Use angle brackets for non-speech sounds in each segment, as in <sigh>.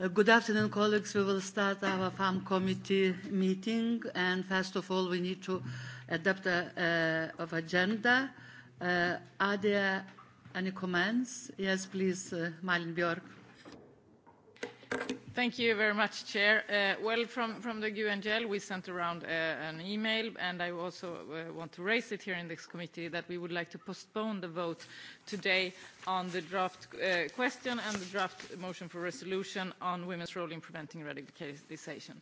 Uh, good afternoon, colleagues. We will start our farm committee meeting. And first of all, we need to adopt a, uh, of agenda. Uh, are there any comments? Yes, please, uh, Malin Björk. Thank you very much, Chair. Uh, well, from, from the GUNGL, we sent around uh, an email, and I also uh, want to raise it here in this committee that we would like to postpone the vote today on the draft uh, question and the draft motion for resolution on women's role in preventing radicalization.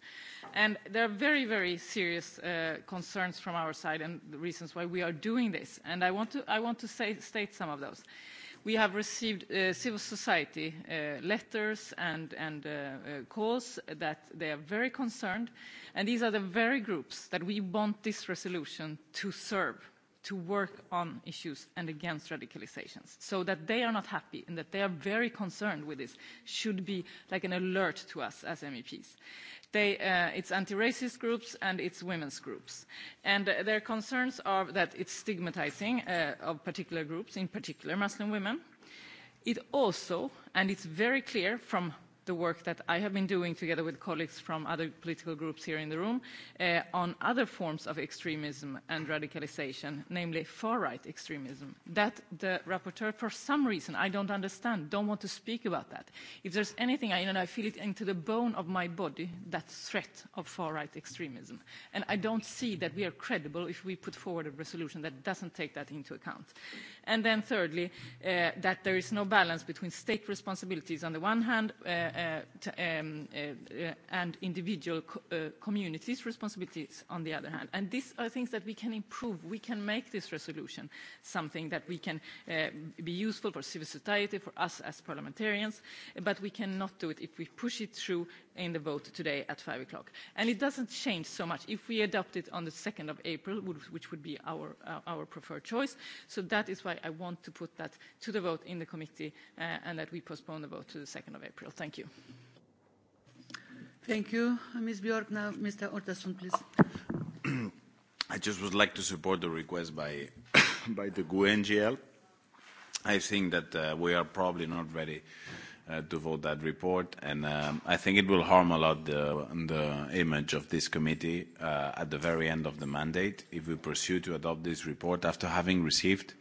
And there are very, very serious uh, concerns from our side and the reasons why we are doing this. And I want to, I want to say, state some of those. Uh, We have received uh, civil society uh, letters and, and uh, uh, calls that they are very concerned, and these are the very groups that we want this resolution to serve to work on issues and against radicalizations so that they are not happy and that they are very concerned with this should be like an alert to us as MEPs. They, uh, it's anti-racist groups and it's women's groups. And uh, their concerns are that it's stigmatizing uh, of particular groups, in particular Muslim women. It also, and it's very clear from the work that I have been doing together with colleagues from other political groups here in the room uh, on other forms of extremism and radicalization, namely far-right extremism, that the rapporteur, for some reason, I don't understand, don't want to speak about that. If there's anything, I, you know, I feel it into the bone of my body, that threat of far-right extremism. And I don't see that we are credible if we put forward a resolution that doesn't take that into account. And then thirdly, uh, that there is no balance between state responsibilities on the one hand uh, uh, t um, uh, uh, and individual co uh, communities' responsibilities, on the other hand. And these are things that we can improve. We can make this resolution something that we can uh, be useful for civil society, for us as parliamentarians, but we cannot do it if we push it through in the vote today at 5 o'clock. And it doesn't change so much if we adopt it on the 2nd of April, which would be our, uh, our preferred choice. So that is why I want to put that to the vote in the committee uh, and that we postpone the vote to the 2nd of April. Thank you. Thank you. Uh, Ms. Bjork, now Mr. Ortasun, please. <clears throat> I just would like to support the request by, <coughs> by the GUNGL. I think that uh, we are probably not ready uh, uh, to vote that report. And um, I think it will harm a lot the, the image of this committee uh, at the very end of the mandate if we pursue to adopt this report after having received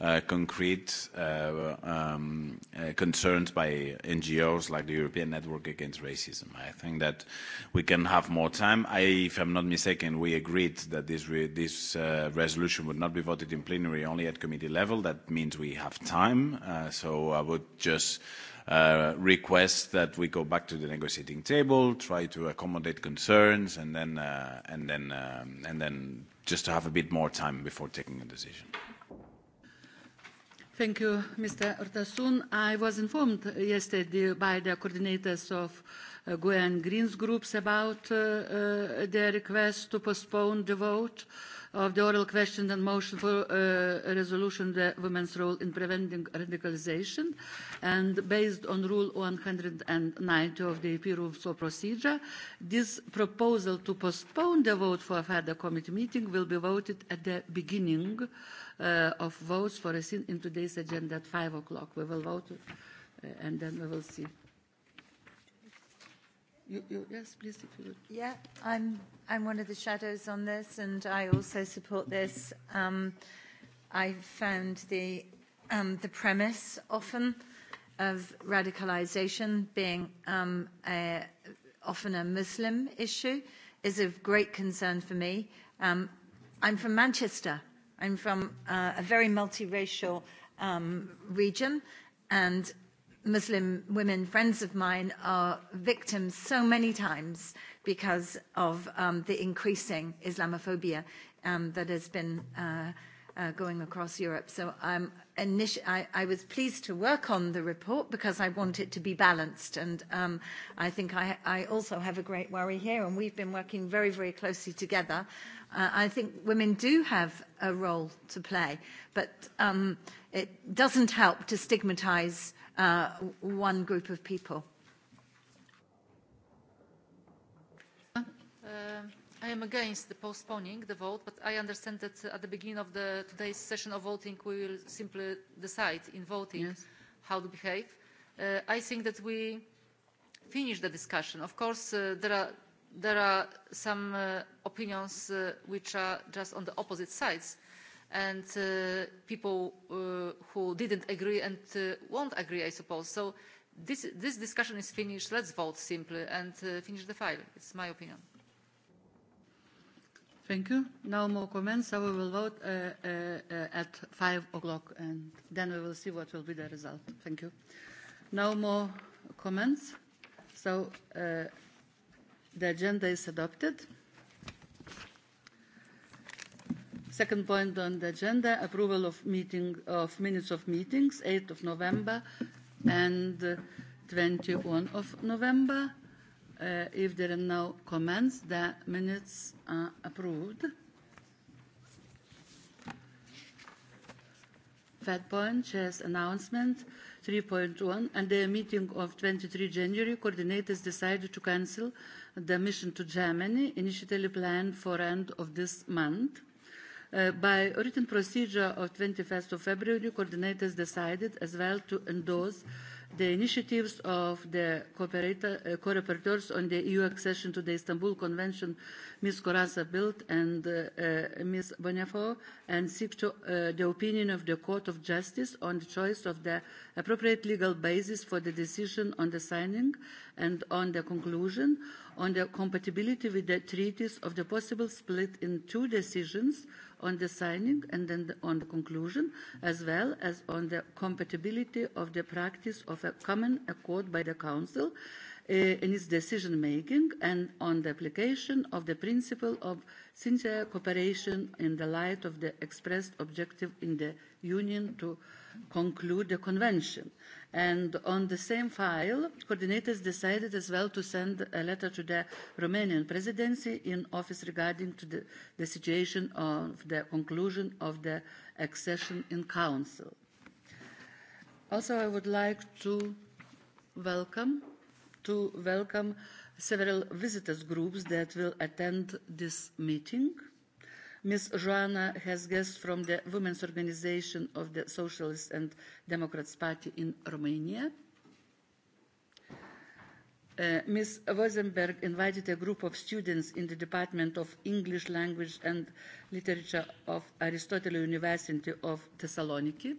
uh, concrete uh, um, uh, concerns by NGOs like the European Network Against Racism. I think that we can have more time. I, if I'm not mistaken, we agreed that this, re this uh, resolution would not be voted in plenary, only at committee level. That means we have time. Uh, so I would just uh, request that we go back to the negotiating table, try to accommodate concerns, and then, uh, and then, um, and then just to have a bit more time before taking a decision. Thank you, Mr. Urtasun. I was informed yesterday by the coordinators of uh, GUE and Greens groups about uh, uh, their request to postpone the vote. Uh, of the oral question and motion for uh, a resolution the women's role in preventing radicalization and based on rule 190 of the EP rules of procedure this proposal to postpone the vote for a further committee meeting will be voted at the beginning uh, of votes foreseen in today's agenda at 5 o'clock we will vote uh, and then we will see you, you, yes please if you would. yeah i'm I'm one of the shadows on this, and I also support this. Um, I found the um, the premise often of radicalization being um, a, often a Muslim issue is of great concern for me. Um, I'm from Manchester. I'm from uh, a very multiracial um, region, and Muslim women friends of mine are victims so many times because of um, the increasing Islamophobia um, that has been uh, uh, going across Europe. So um, initi- I, I was pleased to work on the report because I want it to be balanced. And um, I think I, I also have a great worry here, and we've been working very, very closely together. Uh, I think women do have a role to play, but um, it doesn't help to stigmatize uh, one group of people. Uh, I am against the postponing the vote, but I understand that at the beginning of the today's session of voting, we will simply decide in voting yes. how to behave. Uh, I think that we finish the discussion. Of course, uh, there are there are some uh, opinions uh, which are just on the opposite sides and uh, people uh, who didn't agree and uh, won't agree, I suppose. So this, this discussion is finished. Let's vote simply and uh, finish the file. It's my opinion. Thank you. Now more comments. So we will vote uh, uh, uh at 5 o'clock and then we will see what will be the result. Thank you. Now more comments. So uh, the agenda is adopted. Second point on the agenda, approval of, meeting, of minutes of meetings, 8th of November and 21 of November Uh, if there are no comments, the minutes are approved. Third point, Chair's announcement 3.1. At the meeting of 23 January, coordinators decided to cancel the mission to Germany, initially planned for end of this month. Uh, by written procedure of 21st of February, coordinators decided as well to endorse the initiatives of the co-rapporteurs uh, on the EU accession to the Istanbul Convention, Ms. Corazza Bildt and uh, uh, Ms. Bonafo, and seek to, uh, the opinion of the Court of Justice on the choice of the appropriate legal basis for the decision on the signing and on the conclusion on the compatibility with the treaties of the possible split in two decisions – on the signing and then on the conclusion, as well as on the compatibility of the practice of a common accord by the Council uh, in its decision making and on the application of the principle of sincere cooperation in the light of the expressed objective in the Union to conclude the Convention. Uh, And on the same file, coordinators decided as well to send a letter to the Romanian presidency in office regarding to the, the situation of the conclusion of the accession in council. Also, I would like to welcome to welcome several visitors groups that will attend this meeting. Ms. Joanna Hesges from the Women's Organization of the Socialist and Democrats Party in Romania. Uh, Ms. Rosenberg invited a group of students in the Department of English Language and Literature of Aristotle University of Thessaloniki.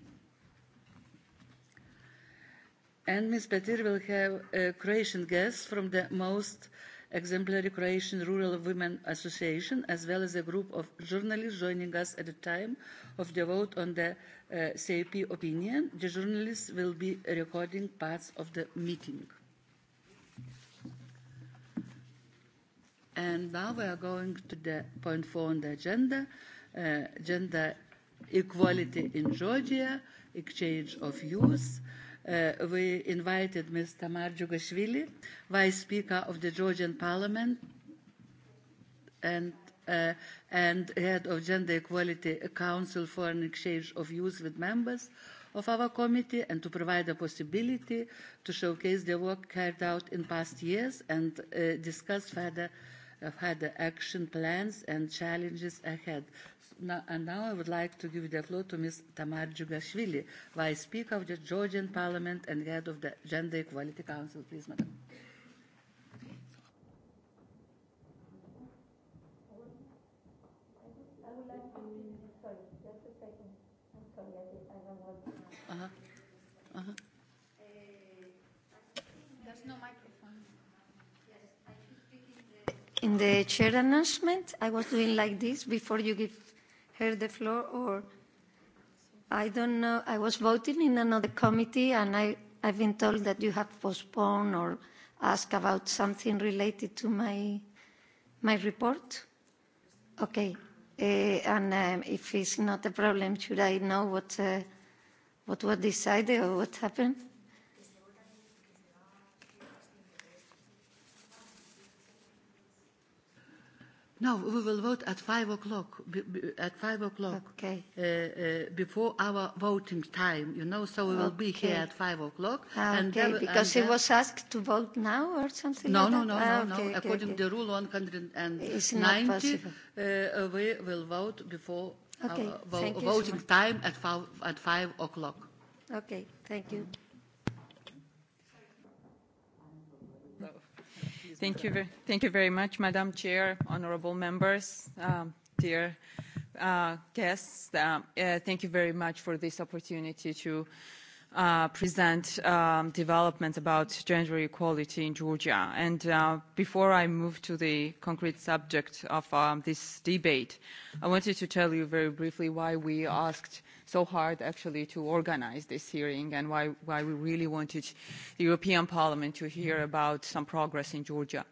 And Ms. Petir will have a uh, Croatian guest from the most uh, exemplary Croatian Rural Women Association, as well as a group of journalists joining us at the time of the vote on the uh, CAP opinion. The journalists will be recording parts of the meeting. And now we are going to the point four on the agenda, uh, gender equality in Georgia, exchange of youth. Uh, uh, we invited Ms. Tamar Djugashvili, Vice Speaker of the Georgian Parliament and, uh, and Head of Gender Equality Council for an Exchange of Views with members of our committee and to provide a possibility to showcase the work carried out in past years and uh, discuss further, uh, further action plans and challenges ahead. Now, and now I would like to give the floor to Ms. Tamar Djugashvili, Vice Speaker of the Georgian Parliament and Head of the Gender Equality Council. Please, Madam. Uh-huh. Uh-huh. Uh, there's no microphone. Yes, I should speak in the... In the chair announcement, I was doing like this before you give heard the floor or I don't know. I was voting in another committee and I, I've been told that you have postponed or asked about something related to my, my report. Okay. Uh, and um, if it's not a problem, should I know what, uh, what was decided or what happened? No, we will vote at 5 o'clock, at 5 o'clock. Okay. Uh, uh, before our voting time, you know, so we will okay. be here at 5 o'clock. Ah, and okay, there, because and it was asked to vote now or something no, like no, that? No, no, ah, no, okay, no. According okay. to the rule 190, uh, we will vote before okay. our vo voting so much. time at 5, at 5 o'clock. Okay, thank you. Mm -hmm. Thank you, thank you very much, Madam Chair, honorable members, um, dear uh, guests. Uh, uh, thank you very much for this opportunity to uh, present um, developments about gender equality in Georgia. And uh, before I move to the concrete subject of um, this debate, I wanted to tell you very briefly why we asked so hard actually to organize this hearing and why, why we really wanted the European Parliament to hear about some progress in Georgia.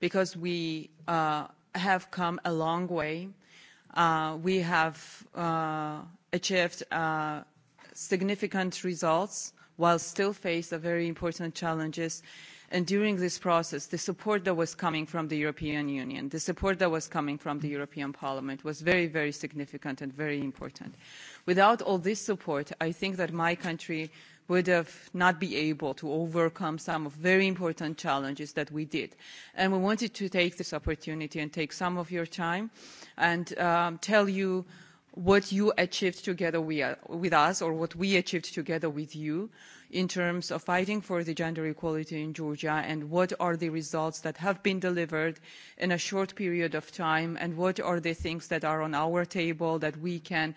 Because we uh, have come a long way. Uh, we have uh, achieved uh, significant results while still face a very important challenges uh, and during this process the support that was coming from the european union the support that was coming from the european parliament was very very significant and very important. without all this support i think that my country would have not been able to overcome some of very important challenges that we did. And we wanted to take this opportunity and take some of your time and um, tell you what you achieved together we, uh, with us or what we achieved together with you in terms of fighting for the gender equality in Georgia and what are the results that have been delivered in a short period of time and what are the things that are on our table that we can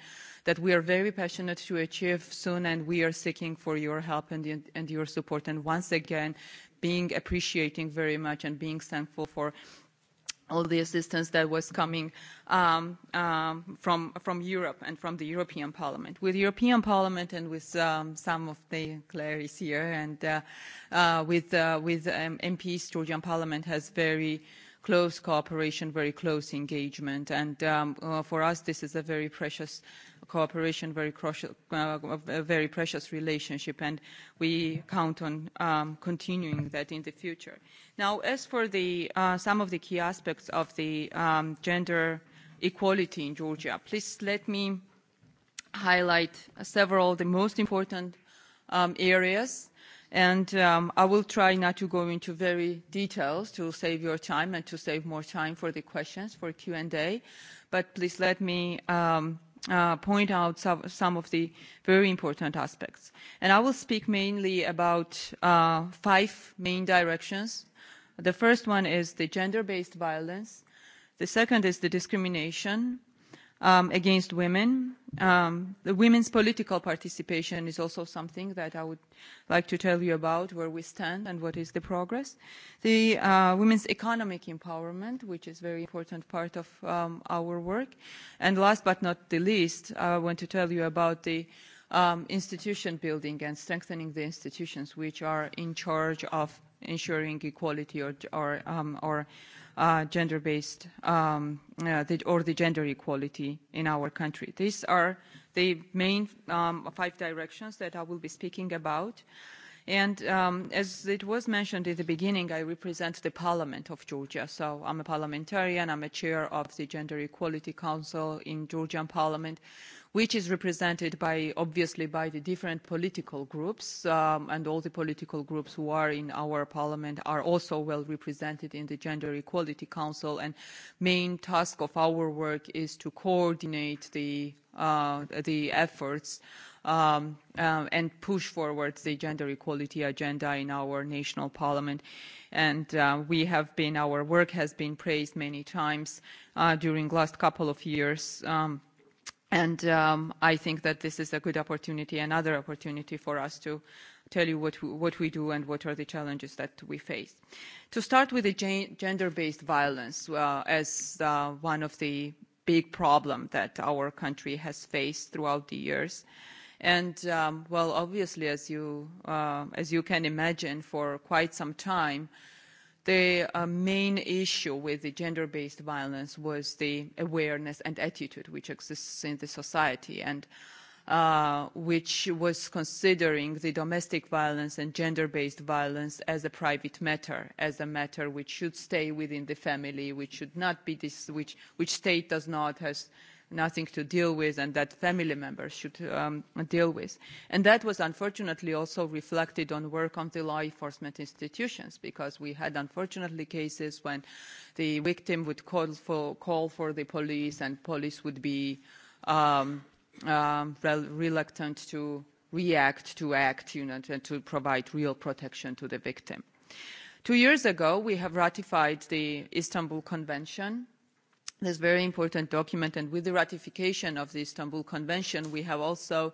that we are very passionate to achieve soon and we are seeking for your help and, and your support and once again being appreciating very much and being thankful for all the assistance that was coming um, um, from, from Europe and from the European Parliament. With European Parliament and with um, some of the Claries here and uh, uh, with, uh, with um, MPs, Georgian Parliament has very uh, close cooperation, very close engagement. And um, uh, for us, this is a very precious cooperation, very, crucial, uh, a very precious relationship, and we count on um, continuing that in the future. Now, as for the, uh, some of the key aspects of the um, gender equality in Georgia, please let me highlight several of the most important um, areas And um, I will try not to go into very details to save your time and to save more time for the questions for Q&A. But please let me um, uh, point out some, some of the very important aspects. And I will speak mainly about uh, five main directions. The first one is the gender-based violence. The second is the discrimination um, against women. Um, the women's political participation is also something that I would like to tell you about where we stand and what is the progress. The uh, women's economic empowerment, which is a very important part of um, our work. And last but not the least, I want to tell you about the um, institution building and strengthening the institutions which are in charge of ensuring equality or, or, um, or uh, gender-based um, uh, the, or the gender equality in our country. These are the main um, five directions that I will be speaking about. And um, as it was mentioned at the beginning, I represent the Parliament of Georgia. So I'm a parliamentarian, I'm a chair of the Gender Equality Council in Georgian Parliament. Uh, which is represented by, obviously, by the different political groups, um, and all the political groups who are in our parliament are also well represented in the Gender Equality Council, and main task of our work is to coordinate the uh, the efforts um, um, and push forward the gender equality agenda in our national parliament. And uh, we have been, our work has been praised many times uh, during last couple of years. Um, And um, I think that this is a good opportunity, another opportunity for us to tell you what we, what we do and what are the challenges that we face. To start with the gender-based violence uh, as uh, one of the big problem that our country has faced throughout the years. And um, well, obviously, as you, uh, as you can imagine, for quite some time, uh, the uh, main issue with the gender-based violence was the awareness and attitude which exists in the society and uh, which was considering the domestic violence and gender-based violence as a private matter, as a matter which should stay within the family, which should not be this, which, which state does not has, nothing to deal with and that family members should um, deal with. And that was unfortunately also reflected on work of the law enforcement institutions because we had unfortunately cases when the victim would call for, call for the police and police would be um, um, rel reluctant to react, to act, you know, and to provide real protection to the victim. Two years ago, we have ratified the Istanbul Convention this very important document. And with the ratification of the Istanbul Convention, we have also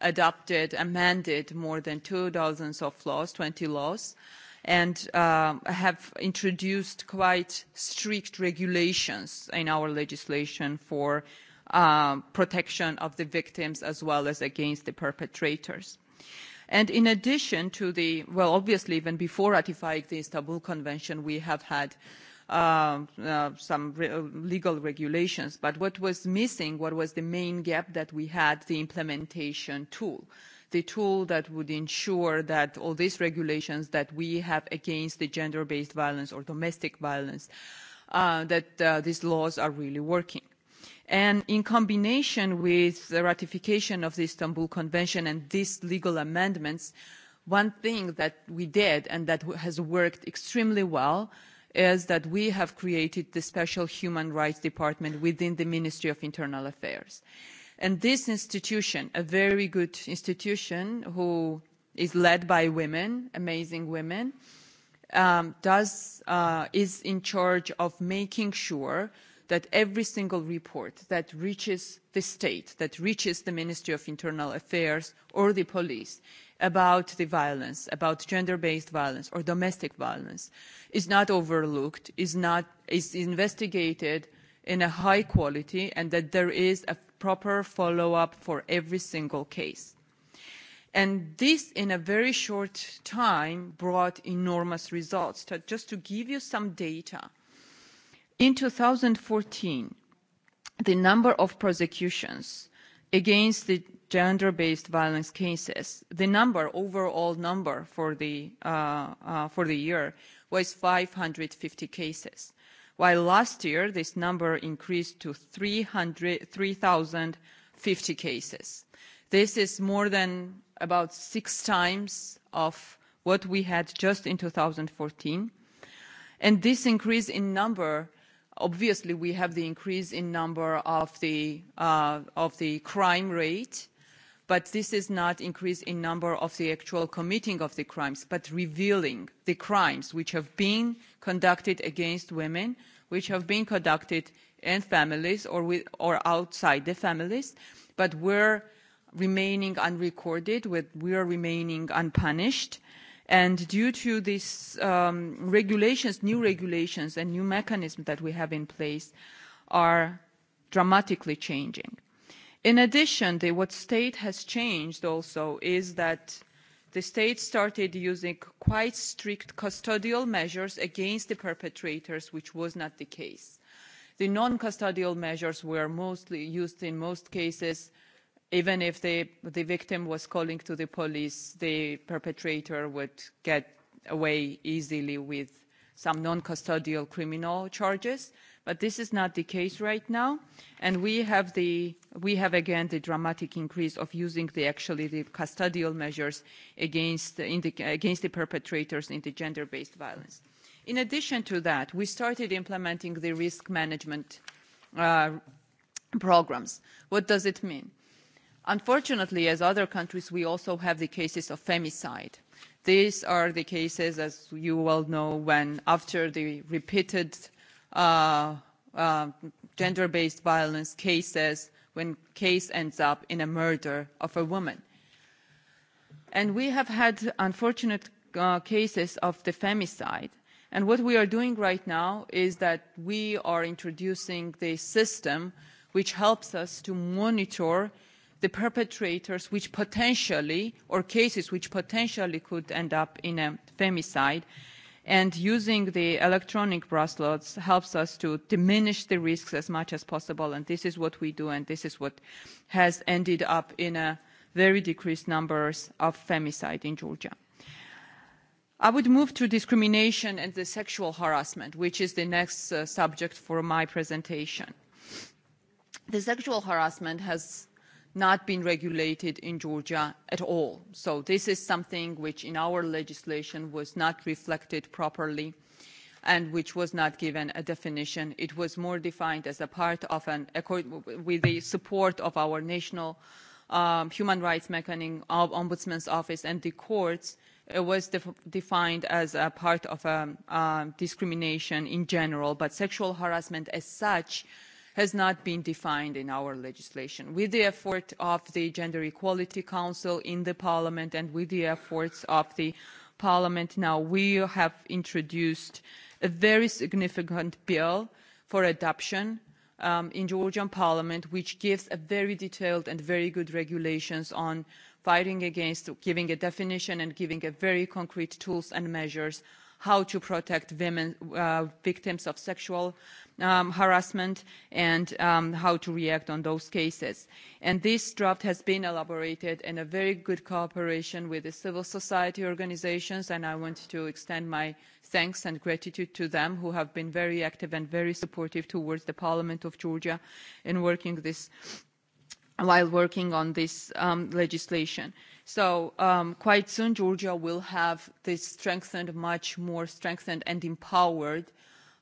adopted, amended more than two dozens of laws, 20 laws, and uh, have introduced quite strict regulations in our legislation for um, protection of the victims as well as against the perpetrators. And in addition to the, well, obviously, even before ratifying the Istanbul Convention, we have had uh, uh, uh, some re uh, legal regulations. But what was missing, what was the main gap that we had, the implementation tool the tool that would ensure that all these regulations that we have against the gender-based violence or domestic violence, uh, that uh, these laws are really working. And in combination with the ratification of the Istanbul Convention and these legal amendments, one thing that we did and that has worked extremely well uh, is that we have created the special human rights department within the Ministry of Internal Affairs. And this institution, a very good institution who is led by women, amazing women, um, does, uh, is in charge of making sure that every single report that reaches the state, that reaches the Ministry of Internal Affairs or the police, about the violence, about gender-based violence or domestic violence is not overlooked, is not, is investigated in a high quality and that there is a proper follow-up for every single case. And this, in a very short time, brought enormous results. So just to give you some data, in 2014, the number of prosecutions against the gender-based violence cases, the number, overall number for the, uh, uh, for the year was 550 cases, while last year this number increased to 3,050 cases. This is more than about six times of what we had just in 2014. And this increase in number uh, Obviously, we have the increase in number of the, uh, of the crime rate, but this is not increase in number of the actual committing of the crimes, but revealing the crimes which have been conducted against women, which have been conducted in families or, with, or outside the families, but were remaining unrecorded, with, were remaining unpunished. Uh, And due to these um, regulations, new regulations and new mechanisms that we have in place are dramatically changing. In addition, the, what state has changed also is that the state started using quite strict custodial measures against the perpetrators, which was not the case. The non-custodial measures were mostly used in most cases even if they, the victim was calling to the police, the perpetrator would get away easily with some non-custodial criminal charges. But this is not the case right now. And we have, the, we have again the dramatic increase of using the actually the custodial measures against the, in the, against the perpetrators in the gender-based violence. In addition to that, we started implementing the risk management uh, programs. What does it mean? Unfortunately, as other countries, we also have the cases of femicide. These are the cases, as you well know, when after the repeated uh, uh, gender-based violence cases, when case ends up in a murder of a woman. And we have had unfortunate uh, cases of the femicide. And what we are doing right now is that we are introducing the system which helps us to monitor uh, the perpetrators which potentially, or cases which potentially could end up in a femicide. And using the electronic bracelets helps us to diminish the risks as much as possible. And this is what we do, and this is what has ended up in a very decreased numbers of femicide in Georgia. I would move to discrimination and the sexual harassment, which is the next uh, subject for my presentation. The sexual harassment has not been regulated in Georgia at all. So this is something which in our legislation was not reflected properly and which was not given a definition. It was more defined as a part of an, with the support of our national um, human rights mechanism, of Ombudsman's office and the courts, it was def defined as a part of um, uh, discrimination in general, but sexual harassment as such uh, has not been defined in our legislation. With the effort of the Gender Equality Council in the Parliament and with the efforts of the Parliament now, we have introduced a very significant bill for adoption um, in Georgian Parliament, which gives a very detailed and very good regulations on fighting against, giving a definition and giving a very concrete tools and measures how to protect women uh, victims of sexual um, harassment and um, how to react on those cases. And this draft has been elaborated in a very good cooperation with the civil society organizations, and I want to extend my thanks and gratitude to them who have been very active and very supportive towards the Parliament of Georgia in working this while working on this um, legislation. So um, quite soon, Georgia will have this strengthened, much more strengthened and empowered,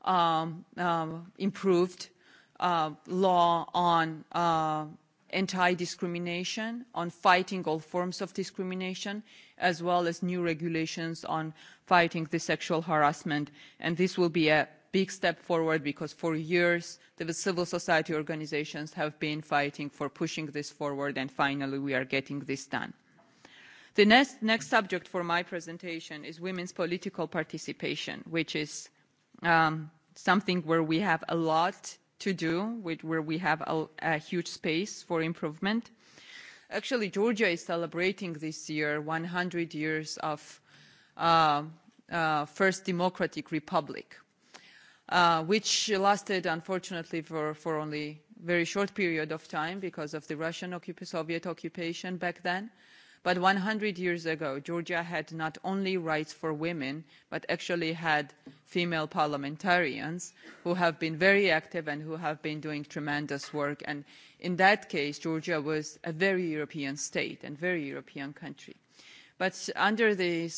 um, um, improved uh, law on uh, anti-discrimination, on fighting all forms of discrimination, as well as new regulations on fighting the sexual harassment. And this will be a big step forward because for years the civil society organizations have been fighting for pushing this forward and finally we are getting this done the next, next subject for my presentation is women's political participation which is um, something where we have a lot to do with, where we have a, a huge space for improvement actually georgia is celebrating this year 100 years of uh, uh, first democratic republic uh, which lasted unfortunately for, for only a very short period of time because of the russian occup soviet occupation back then uh, but one hundred years ago georgia had not only rights for women but actually had female parliamentarians who have been very active and who have been doing tremendous work and in that case georgia was a very european state and very european country but under the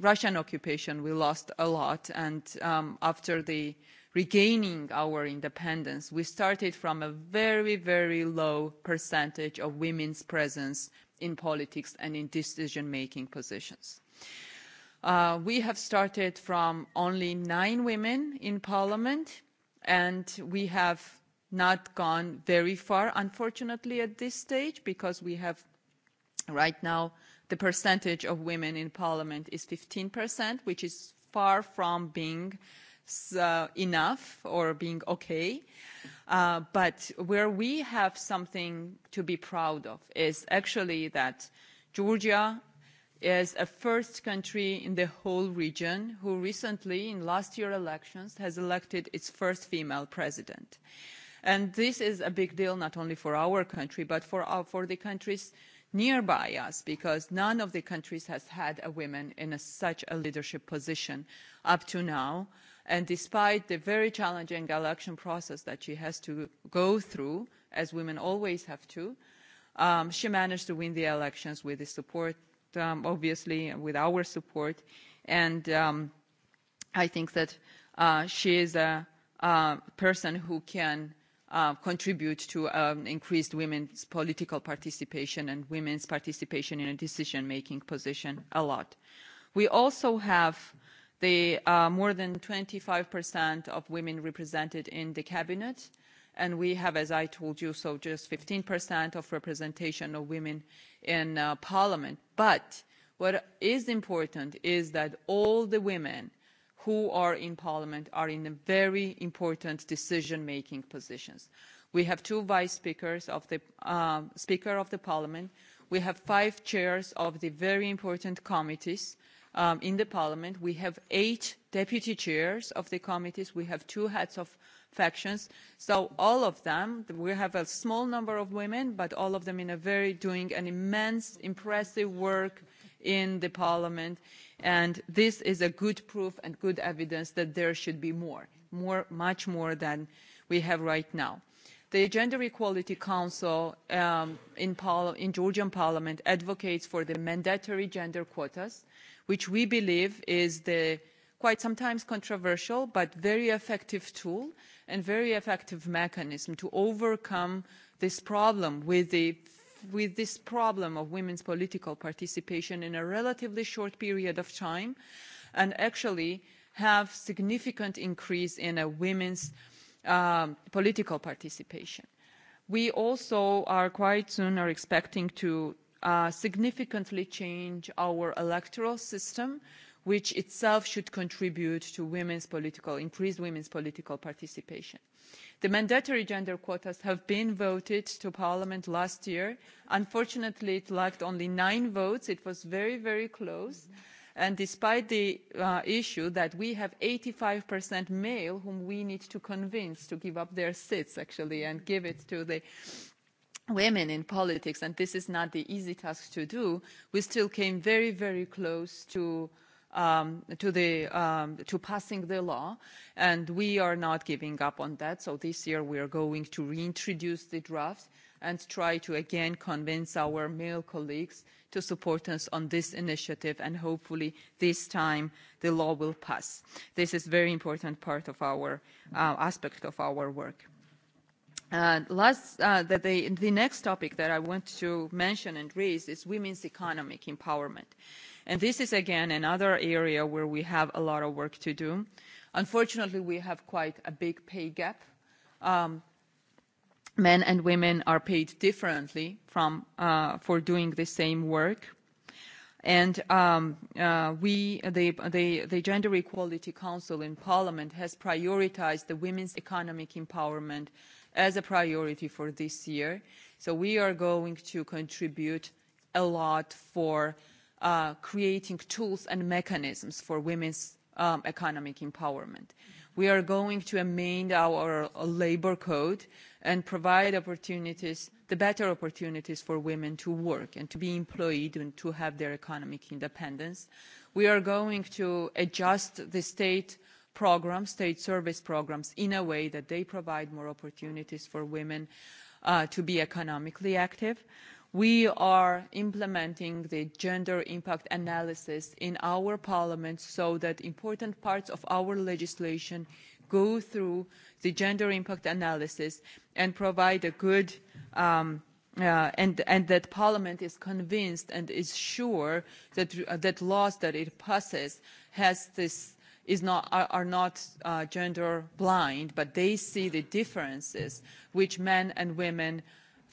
russian occupation we lost a lot and um, after the regaining our independence we started from a very very low percentage of women's presence in politics and in decision-making positions. Uh, we have started from only nine women in parliament, and we have not gone very far, unfortunately, at this stage, because we have right now the percentage of women in parliament is 15%, which is far from being uh, enough or being okay. Uh, Uh, but where we have something to be proud of is actually that Georgia is a first country in the whole region who recently, in last year elections, has elected its first female president. And this is a big deal not only for our country, but for, our, uh, for the countries nearby us, because none of the countries has had a woman in a, such a leadership position up to now. Uh, And despite the very challenging election process that she has to go through, as women always have to, um, she managed to win the elections with the support, um, obviously, with our support. And um, I think that uh, she is a, a person who can uh, contribute to um, increased women's political participation and women's participation in a decision-making position a lot. We also have the uh, more than 25% of women represented in the cabinet, and we have, as I told you, so just 15% of representation of women in uh, parliament. But what is important is that all the women who are in parliament are in very important decision-making positions. We have two vice speakers of the uh, speaker of the parliament. We have five chairs of the very important committees. Uh, um, in the parliament. We have eight deputy chairs of the committees. We have two heads of factions. So all of them, we have a small number of women, but all of them in a very doing an immense, impressive work in the parliament. And this is a good proof and good evidence that there should be more, more, much more than we have right now. The Gender Equality Council um, in, Pol in Georgian Parliament advocates for the mandatory gender quotas which we believe is the quite sometimes controversial but very effective tool and very effective mechanism to overcome this problem with the with this problem of women's political participation in a relatively short period of time and actually have significant increase in a women's um, political participation. We also are quite soon are expecting to uh, significantly change our electoral system, which itself should contribute to women's political, increased women's political participation. The mandatory gender quotas have been voted to Parliament last year. Unfortunately, it lacked only nine votes. It was very, very close. Mm -hmm and despite the uh, issue that we have 85% male whom we need to convince to give up their seats actually and give it to the women in politics, and this is not the easy task to do, we still came very, very close to um, to the um, to passing the law, and we are not giving up on that. So this year we are going to reintroduce the draft and try to again convince our male colleagues to support us on this initiative and hopefully this time the law will pass. This is very important part of our uh, aspect of our work. Uh, last, uh, the, the, the next topic that I want to mention and raise is women's economic empowerment. And this is, again, another area where we have a lot of work to do. Unfortunately, we have quite a big pay gap. Um, men and women are paid differently from, uh, for doing the same work. And um, uh, we, the, the, the Gender Equality Council in Parliament has prioritized the women's economic empowerment as a priority for this year. So we are going to contribute a lot for uh, creating tools and mechanisms for women's um, economic empowerment. We are going to amend our labor code and provide opportunities, the better opportunities for women to work and to be employed and to have their economic independence. We are going to adjust the state uh, programs, state service programs, in a way that they provide more opportunities for women uh, to be economically active. We are implementing the gender impact analysis in our parliament so that important parts of our legislation go through the gender impact analysis and provide a good um, uh, and and that parliament is convinced and is sure that uh, that laws that it passes has this is not, are, are not uh, gender blind, but they see the differences which men and women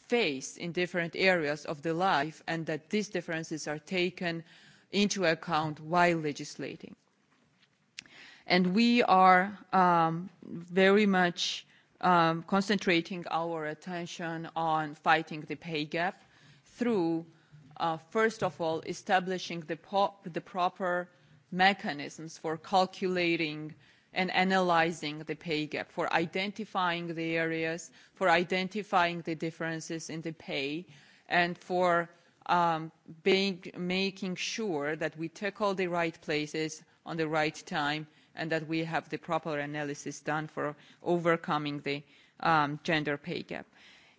face in different areas of the life and that these differences are taken into account while legislating. And we are um, very much um, concentrating our attention on fighting the pay gap through, uh, first of all, establishing the, po- the proper uh, mechanisms for calculating and analyzing the pay gap, for identifying the areas, for identifying the differences in the pay, and for um, being, making sure that we tackle the right places on the right time and that we have the proper analysis done for overcoming the um, gender pay gap.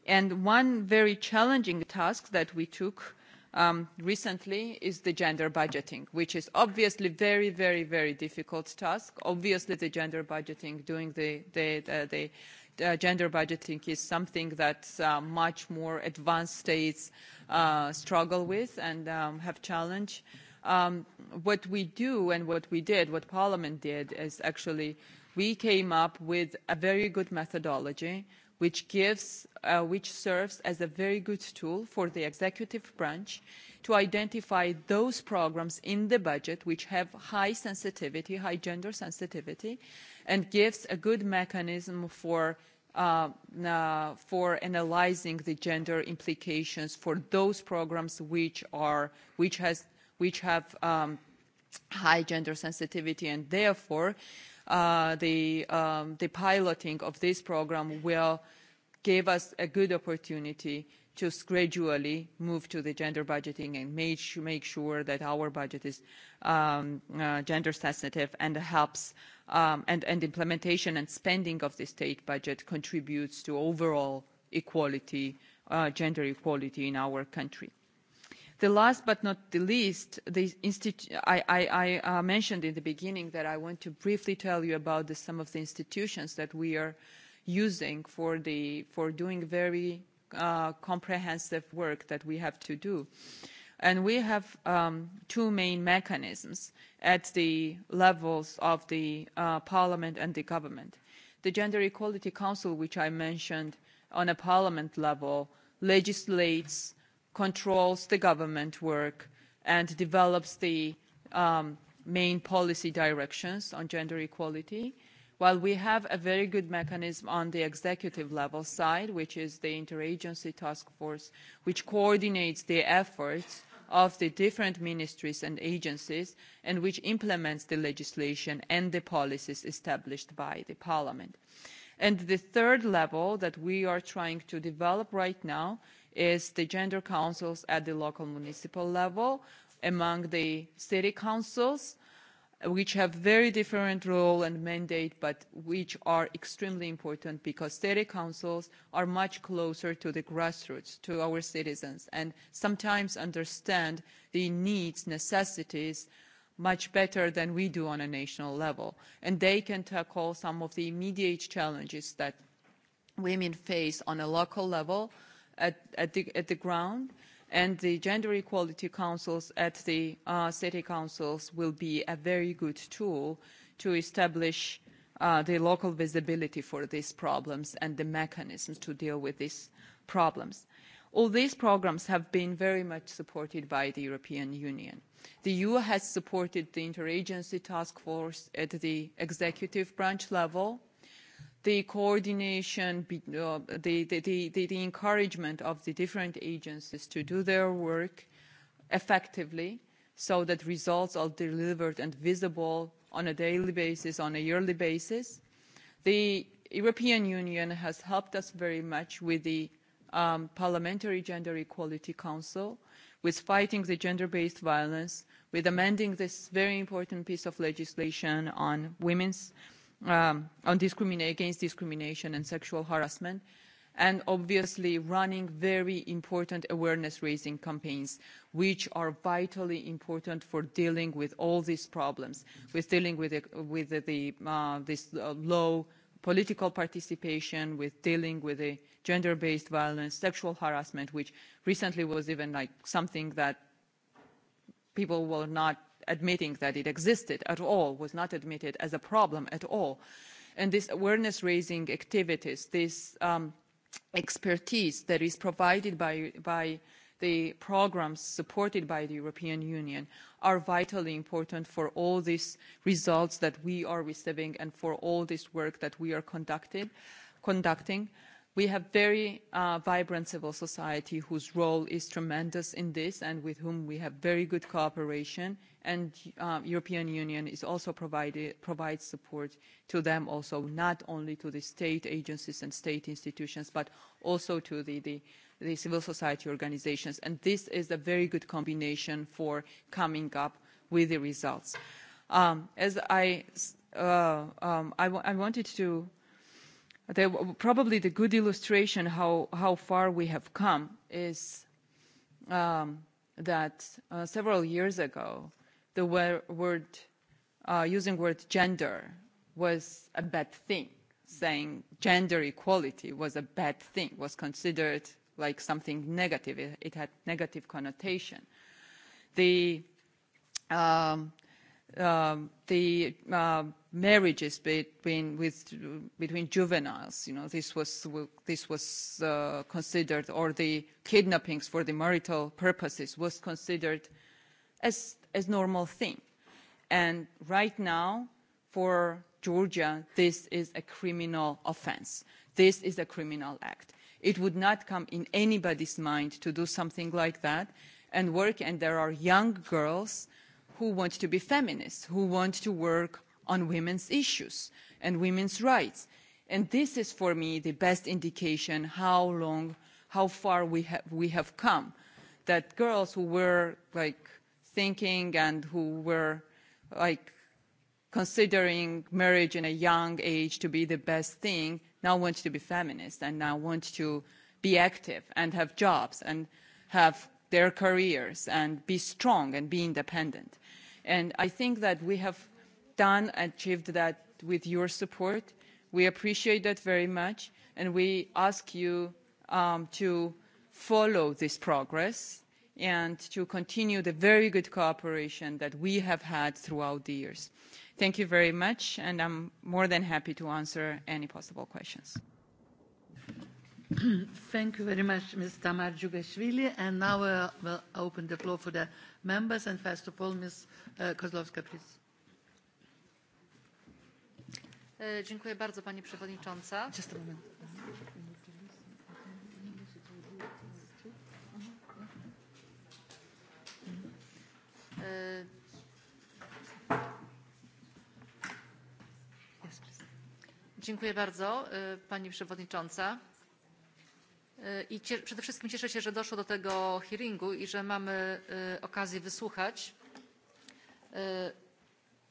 And one very challenging task that we took um, recently is the gender budgeting, which is obviously very, very, very difficult task. Obviously, the gender budgeting, doing the, the, the, the uh, gender budgeting is something that uh, much more advanced states uh, struggle with and um, have challenge. Um, what we do and what we did, what Parliament did, is actually we came up with a very good methodology uh, which, gives, uh, which serves as a very good tool for the executive branch to identify those programs in the budget which have high sensitivity, high gender sensitivity, and gives a good mechanism for uh, uh, for analyzing the gender implications for those programs which are which has which have um, high gender sensitivity and therefore uh, uh, the, um, the piloting of this program will give us a good opportunity to gradually move to the gender budgeting and make, make sure that our budget is um, uh, gender sensitive and helps um, and, and implementation and spending of the state budget contributes to overall equality, uh, gender equality in our country. The last but not the least, the I, I, I uh, mentioned in the beginning that I want to briefly tell you about the, some of the institutions that we are using for, the, for doing very uh, comprehensive work that we have to do. And we have um, two main mechanisms at the levels of the uh, parliament and the government. The Gender Equality Council, which I mentioned on a parliament level, legislates controls the government work, and develops the um, main policy directions on gender equality. While we have a very good mechanism on the executive level side, which is the interagency task force, which coordinates the efforts of the different ministries and agencies and which implements the legislation and the policies established by the parliament. Uh, And the third level that we are trying to develop right now is the gender councils at the local municipal level among the city councils which have very different role and mandate but which are extremely important because city councils are much closer to the grassroots to our citizens and sometimes understand the needs necessities uh, much better than we do on a national level. And they can tackle some of the immediate challenges that women face on a local level at, at, the, at the ground. And the gender equality councils at the uh, city councils will be a very good tool to establish uh, the local visibility for these problems and the mechanisms to deal with these problems. All these programs have been very much supported by the European Union. The EU has supported the interagency task force at the executive branch level, the coordination, uh, the, the, the, the encouragement of the different agencies to do their work effectively so that results are delivered and visible on a daily basis, on a yearly basis. The European Union has helped us very much with the um, Parliamentary Gender Equality Council, with fighting the gender-based violence, with amending this very important piece of legislation on women's, um, on discrimination, against discrimination and sexual harassment, and obviously running very important awareness-raising campaigns, which are vitally important for dealing with all these problems, with dealing with, the, with the, the, uh, this uh, low political participation, with dealing with the gender-based violence, sexual harassment, which recently was even like something that people were not admitting that it existed at all, was not admitted as a problem at all. And this awareness-raising activities, this um, expertise that is provided by, by the programs supported by the European Union are vitally important for all these results that we are receiving and for all this work that we are conducted, conducting we have very uh, vibrant civil society whose role is tremendous in this and with whom we have very good cooperation and uh, European Union is also provided, provides support to them also, not only to the state agencies and state institutions, but also to the, the, the civil society organizations. And this is a very good combination for coming up with the results. Um, as I, uh, um, I, w I wanted to uh, They, probably the good illustration how, how far we have come is um, that uh, several years ago, the word, uh, using word gender was a bad thing. Saying gender equality was a bad thing, was considered like something negative. It, it had negative connotation. The um, um, the uh, marriages between with between juveniles you know this was this was uh, considered or the kidnappings for the marital purposes was considered as as normal thing and right now for georgia this is a criminal offense this is a criminal act it would not come in anybody's mind to do something like that and work and there are young girls uh, who want to be feminists, who want to work on women's issues and women's rights. And this is for me the best indication how long, how far we, ha we have come. That girls who were like thinking and who were like considering marriage in a young age to be the best thing now want to be feminists and now want to be active and have jobs and have their careers and be strong and be independent and i think that we have done and achieved that with your support. we appreciate that very much and we ask you um, to follow this progress and to continue the very good cooperation that we have had throughout the years. Thank you very much, and I'm more than happy to answer any possible questions. <coughs> Thank you very much, Ms. Tamar Djugashvili. And now uh, we'll open the floor for the members. And first of all, Ms. Uh, Kozlowska, please. E, dziękuję bardzo Pani Przewodnicząca. Just a moment. E, dziękuję bardzo e, Pani Przewodnicząca I cier, przede wszystkim cieszę się, że doszło do tego hearingu i że mamy e, okazję wysłuchać e,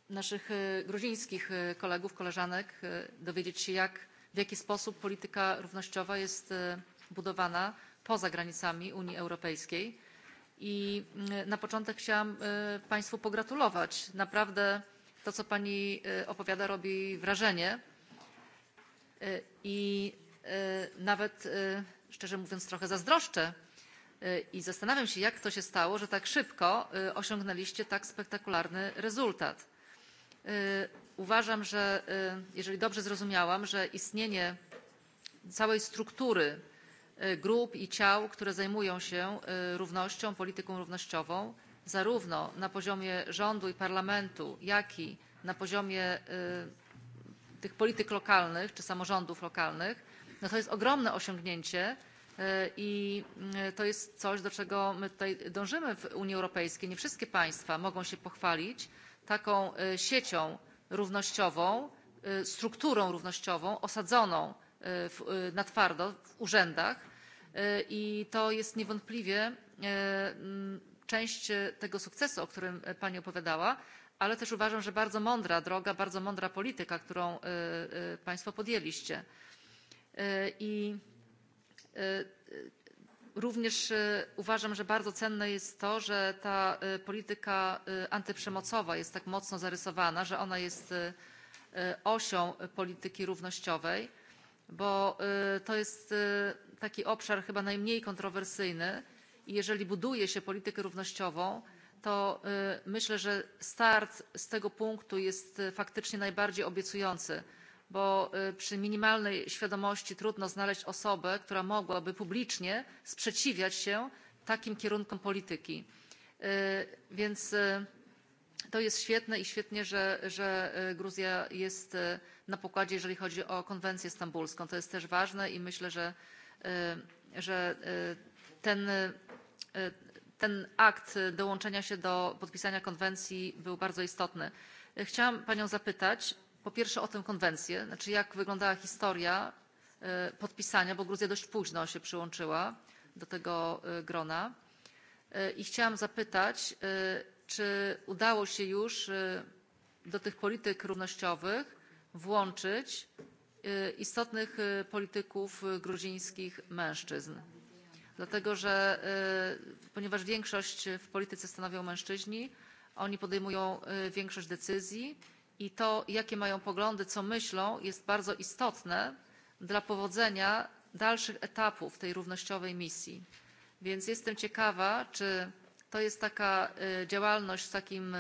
naszych e, gruzińskich kolegów, koleżanek, dowiedzieć się, jak, w jaki sposób polityka równościowa jest budowana poza granicami Unii Europejskiej. I mm, na początek chciałam Państwu pogratulować. Naprawdę to, co Pani opowiada, robi wrażenie. I nawet szczerze mówiąc trochę zazdroszczę i zastanawiam się jak to się stało że tak szybko osiągnęliście tak spektakularny rezultat. uważam że jeżeli dobrze zrozumiałam że istnienie całej struktury grup i ciał które zajmują się równością polityką równościową zarówno na poziomie rządu i parlamentu jak i na poziomie tych polityk lokalnych czy samorządów lokalnych No to jest ogromne osiągnięcie e, i e, to jest coś, do czego my tutaj dążymy w Unii Europejskiej. Nie wszystkie państwa mogą się pochwalić taką e, siecią równościową, strukturą równościową osadzoną w, na twardo w urzędach i to jest niewątpliwie część tego sukcesu, o którym Pani opowiadała, ale też uważam, że bardzo mądra droga, bardzo mądra polityka, którą Państwo podjęliście. E, i e, również e, uważam że bardzo cenne jest to że ta polityka antyprzemocowa jest tak mocno zarysowana że ona jest osią polityki równościowej bo to jest taki obszar chyba najmniej kontrowersyjny i jeżeli buduje się politykę równościową to myślę że start z tego punktu jest faktycznie najbardziej obiecujący bo przy minimalnej świadomości trudno znaleźć osobę która mogłaby publicznie sprzeciwiać się takim kierunkom polityki więc to jest świetne i świetnie że gruzja jest na pokładzie jeżeli chodzi o konwencję stambulską to jest też ważne i myślę że ten akt dołączenia się do podpisania konwencji był bardzo istotny. chciałam panią zapytać po pierwsze o tę konwencję, znaczy jak wyglądała historia e, podpisania, bo Gruzja dość późno się przyłączyła do tego e, grona. E, I chciałam zapytać, czy udało się już do tych polityk równościowych włączyć istotnych polityków gruzińskich mężczyzn. Dlatego, że ponieważ większość w polityce stanowią mężczyźni, oni podejmują większość decyzji i to, jakie mają poglądy, co myślą, jest bardzo istotne dla powodzenia dalszych etapów tej równościowej misji. Więc jestem ciekawa, czy to jest taka działalność w takim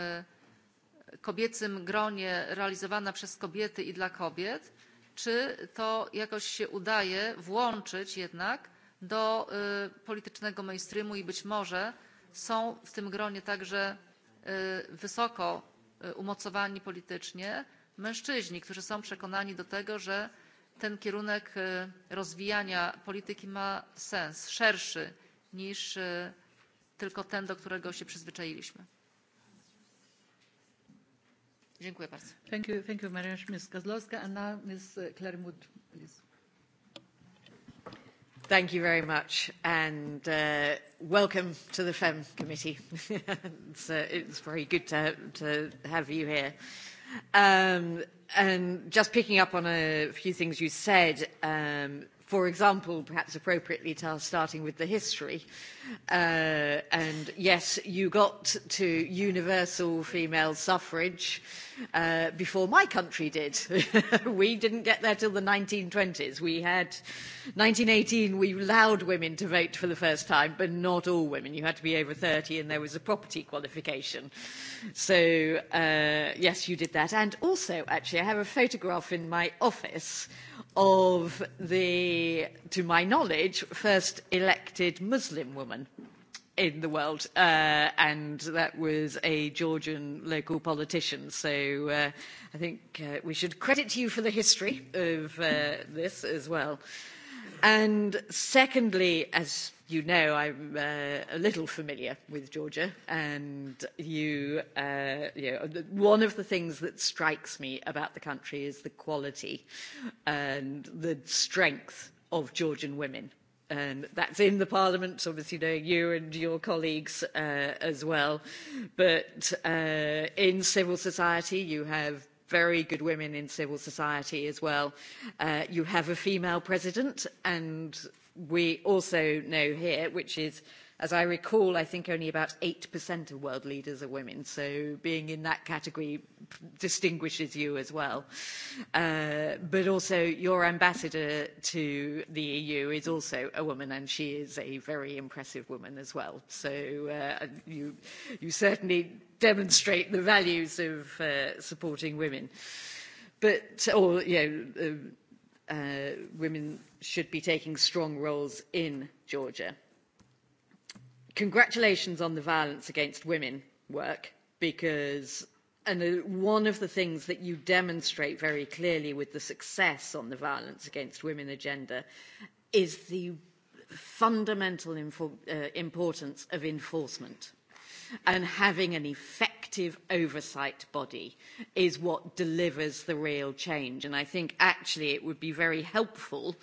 kobiecym gronie realizowana przez kobiety i dla kobiet, czy to jakoś się udaje włączyć jednak do politycznego mainstreamu i być może są w tym gronie także wysoko umocowani politycznie mężczyźni, którzy są przekonani do tego, że ten kierunek rozwijania polityki ma sens szerszy niż tylko ten, do którego się przyzwyczailiśmy. Dziękuję bardzo. Thank you, thank you very much, Ms. Kozlowska. And now Ms. Klermut, please. Thank you very much, and uh, welcome to the FEM committee. <laughs> it's, uh, it's very good to, to have you here. Um, and just picking up on a few things you said, um, for example, perhaps appropriately to us, starting with the history. Uh, and yes, you got to universal female suffrage uh, before my country did. <laughs> we didn't get there till the 1920s. We had 1918, we allowed women to vote for the first time, but not all women. You had to be over 30, and there was a property qualification. So uh, yes, you did that. And also, actually, I have a photograph in my office. Uh, of the, to my knowledge, first elected Muslim woman in the world, uh, and that was a Georgian local politician. So uh, I think uh, we should credit you for the history of uh, this as well. Uh, And secondly, as you know, I'm uh, a little familiar with Georgia, and you, uh, you know, one of the things that strikes me about the country is the quality and the strength of Georgian women. And that's in the parliament, obviously, you know, you and your colleagues uh, as well. But uh, in civil society, you have very good women in civil society as well. Uh, you have a female president, and we also know here, which is uh, as I recall, I think only about 8% of world leaders are women. So being in that category distinguishes you as well. Uh, but also, your ambassador to the EU is also a woman, and she is a very impressive woman as well. So uh, you, you certainly demonstrate the values of uh, supporting women. But, or, you know, uh, uh, women should be taking strong roles in Georgia congratulations on the violence against women work because and one of the things that you demonstrate very clearly with the success on the violence against women agenda is the fundamental infor- uh, importance of enforcement and having an effective effective oversight body is what delivers the real change. And I think actually it would be very helpful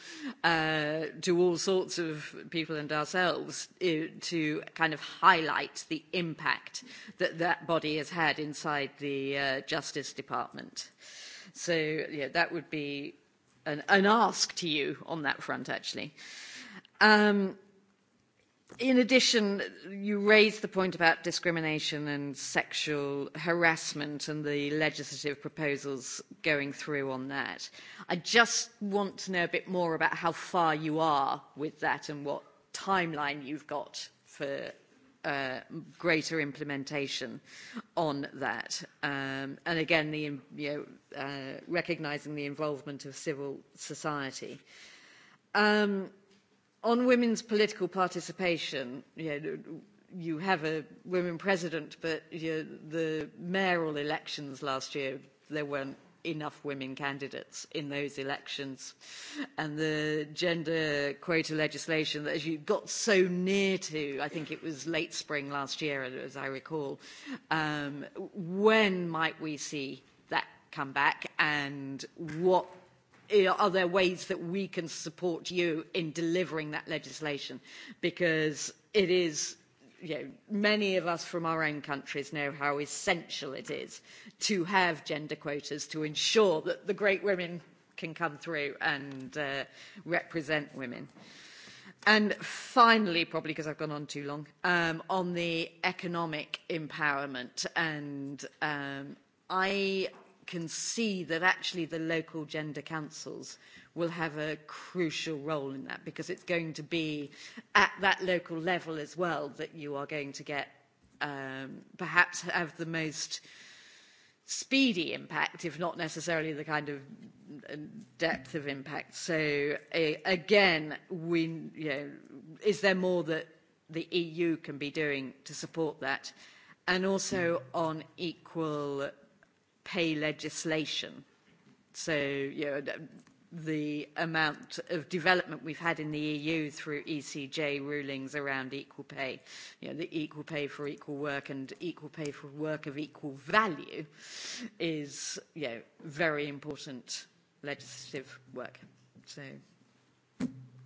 uh, to all sorts of people and ourselves uh, to kind of highlight the impact that that body has had inside the uh, Justice Department. So yeah, that would be an, an ask to you on that front, actually. Um, in addition, you raised the point about discrimination and sexual harassment and the legislative proposals going through on that. I just want to know a bit more about how far you are with that and what timeline you've got for uh, greater implementation on that. Um, and again, the, you know, uh, recognizing the involvement of civil society. Um, on women's political participation, you, know, you have a women president, but you know, the mayoral elections last year, there weren't enough women candidates in those elections. And the gender quota legislation that as you got so near to, I think it was late spring last year, as I recall, um, when might we see that come back and what are there ways that we can support you in delivering that legislation? Because it is, you know, many of us from our own countries know how essential it is to have gender quotas to ensure that the great women can come through and uh, represent women. And finally, probably because I've gone on too long, um, on the economic empowerment. And um, I can see that actually the local gender councils will have a crucial role in that because it's going to be at that local level as well that you are going to get um, perhaps have the most speedy impact, if not necessarily the kind of um, depth of impact. So a, again, we, you know, is there more that the EU can be doing to support that? And also hmm. on equal pay legislation. So, you know, the amount of development we've had in the EU through ECJ rulings around equal pay, you know, the equal pay for equal work and equal pay for work of equal value is, you know, very important legislative work. So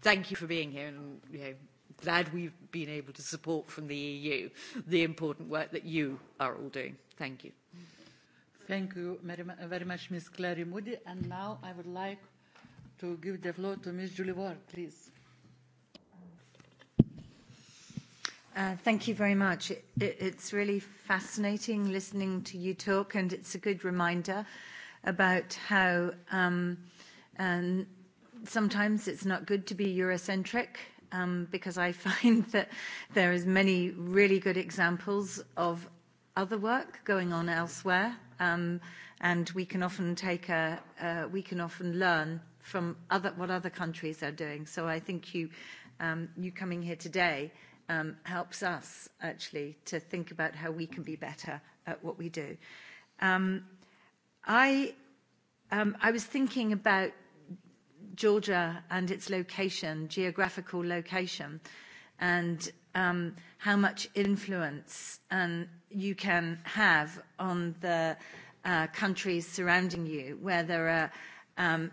thank you for being here and, you know, glad we've been able to support from the EU the important work that you are all doing. Thank you. Thank you very, very much, Ms. Clary Moody. And now I would like to give the floor to Ms. Julie Ward, please. Uh, thank you very much. It, it, it's really fascinating listening to you talk, and it's a good reminder about how um, and sometimes it's not good to be Eurocentric, um, because I <laughs> find that there is many really good examples of other work going on elsewhere um, and we can often take a, uh, we can often learn from other, what other countries are doing. So I think you, um, you coming here today um, helps us actually to think about how we can be better at what we do. Um, I, um, I was thinking about Georgia and its location, geographical location, and um, how much influence um, you can have on the uh, countries surrounding you, where there are, um,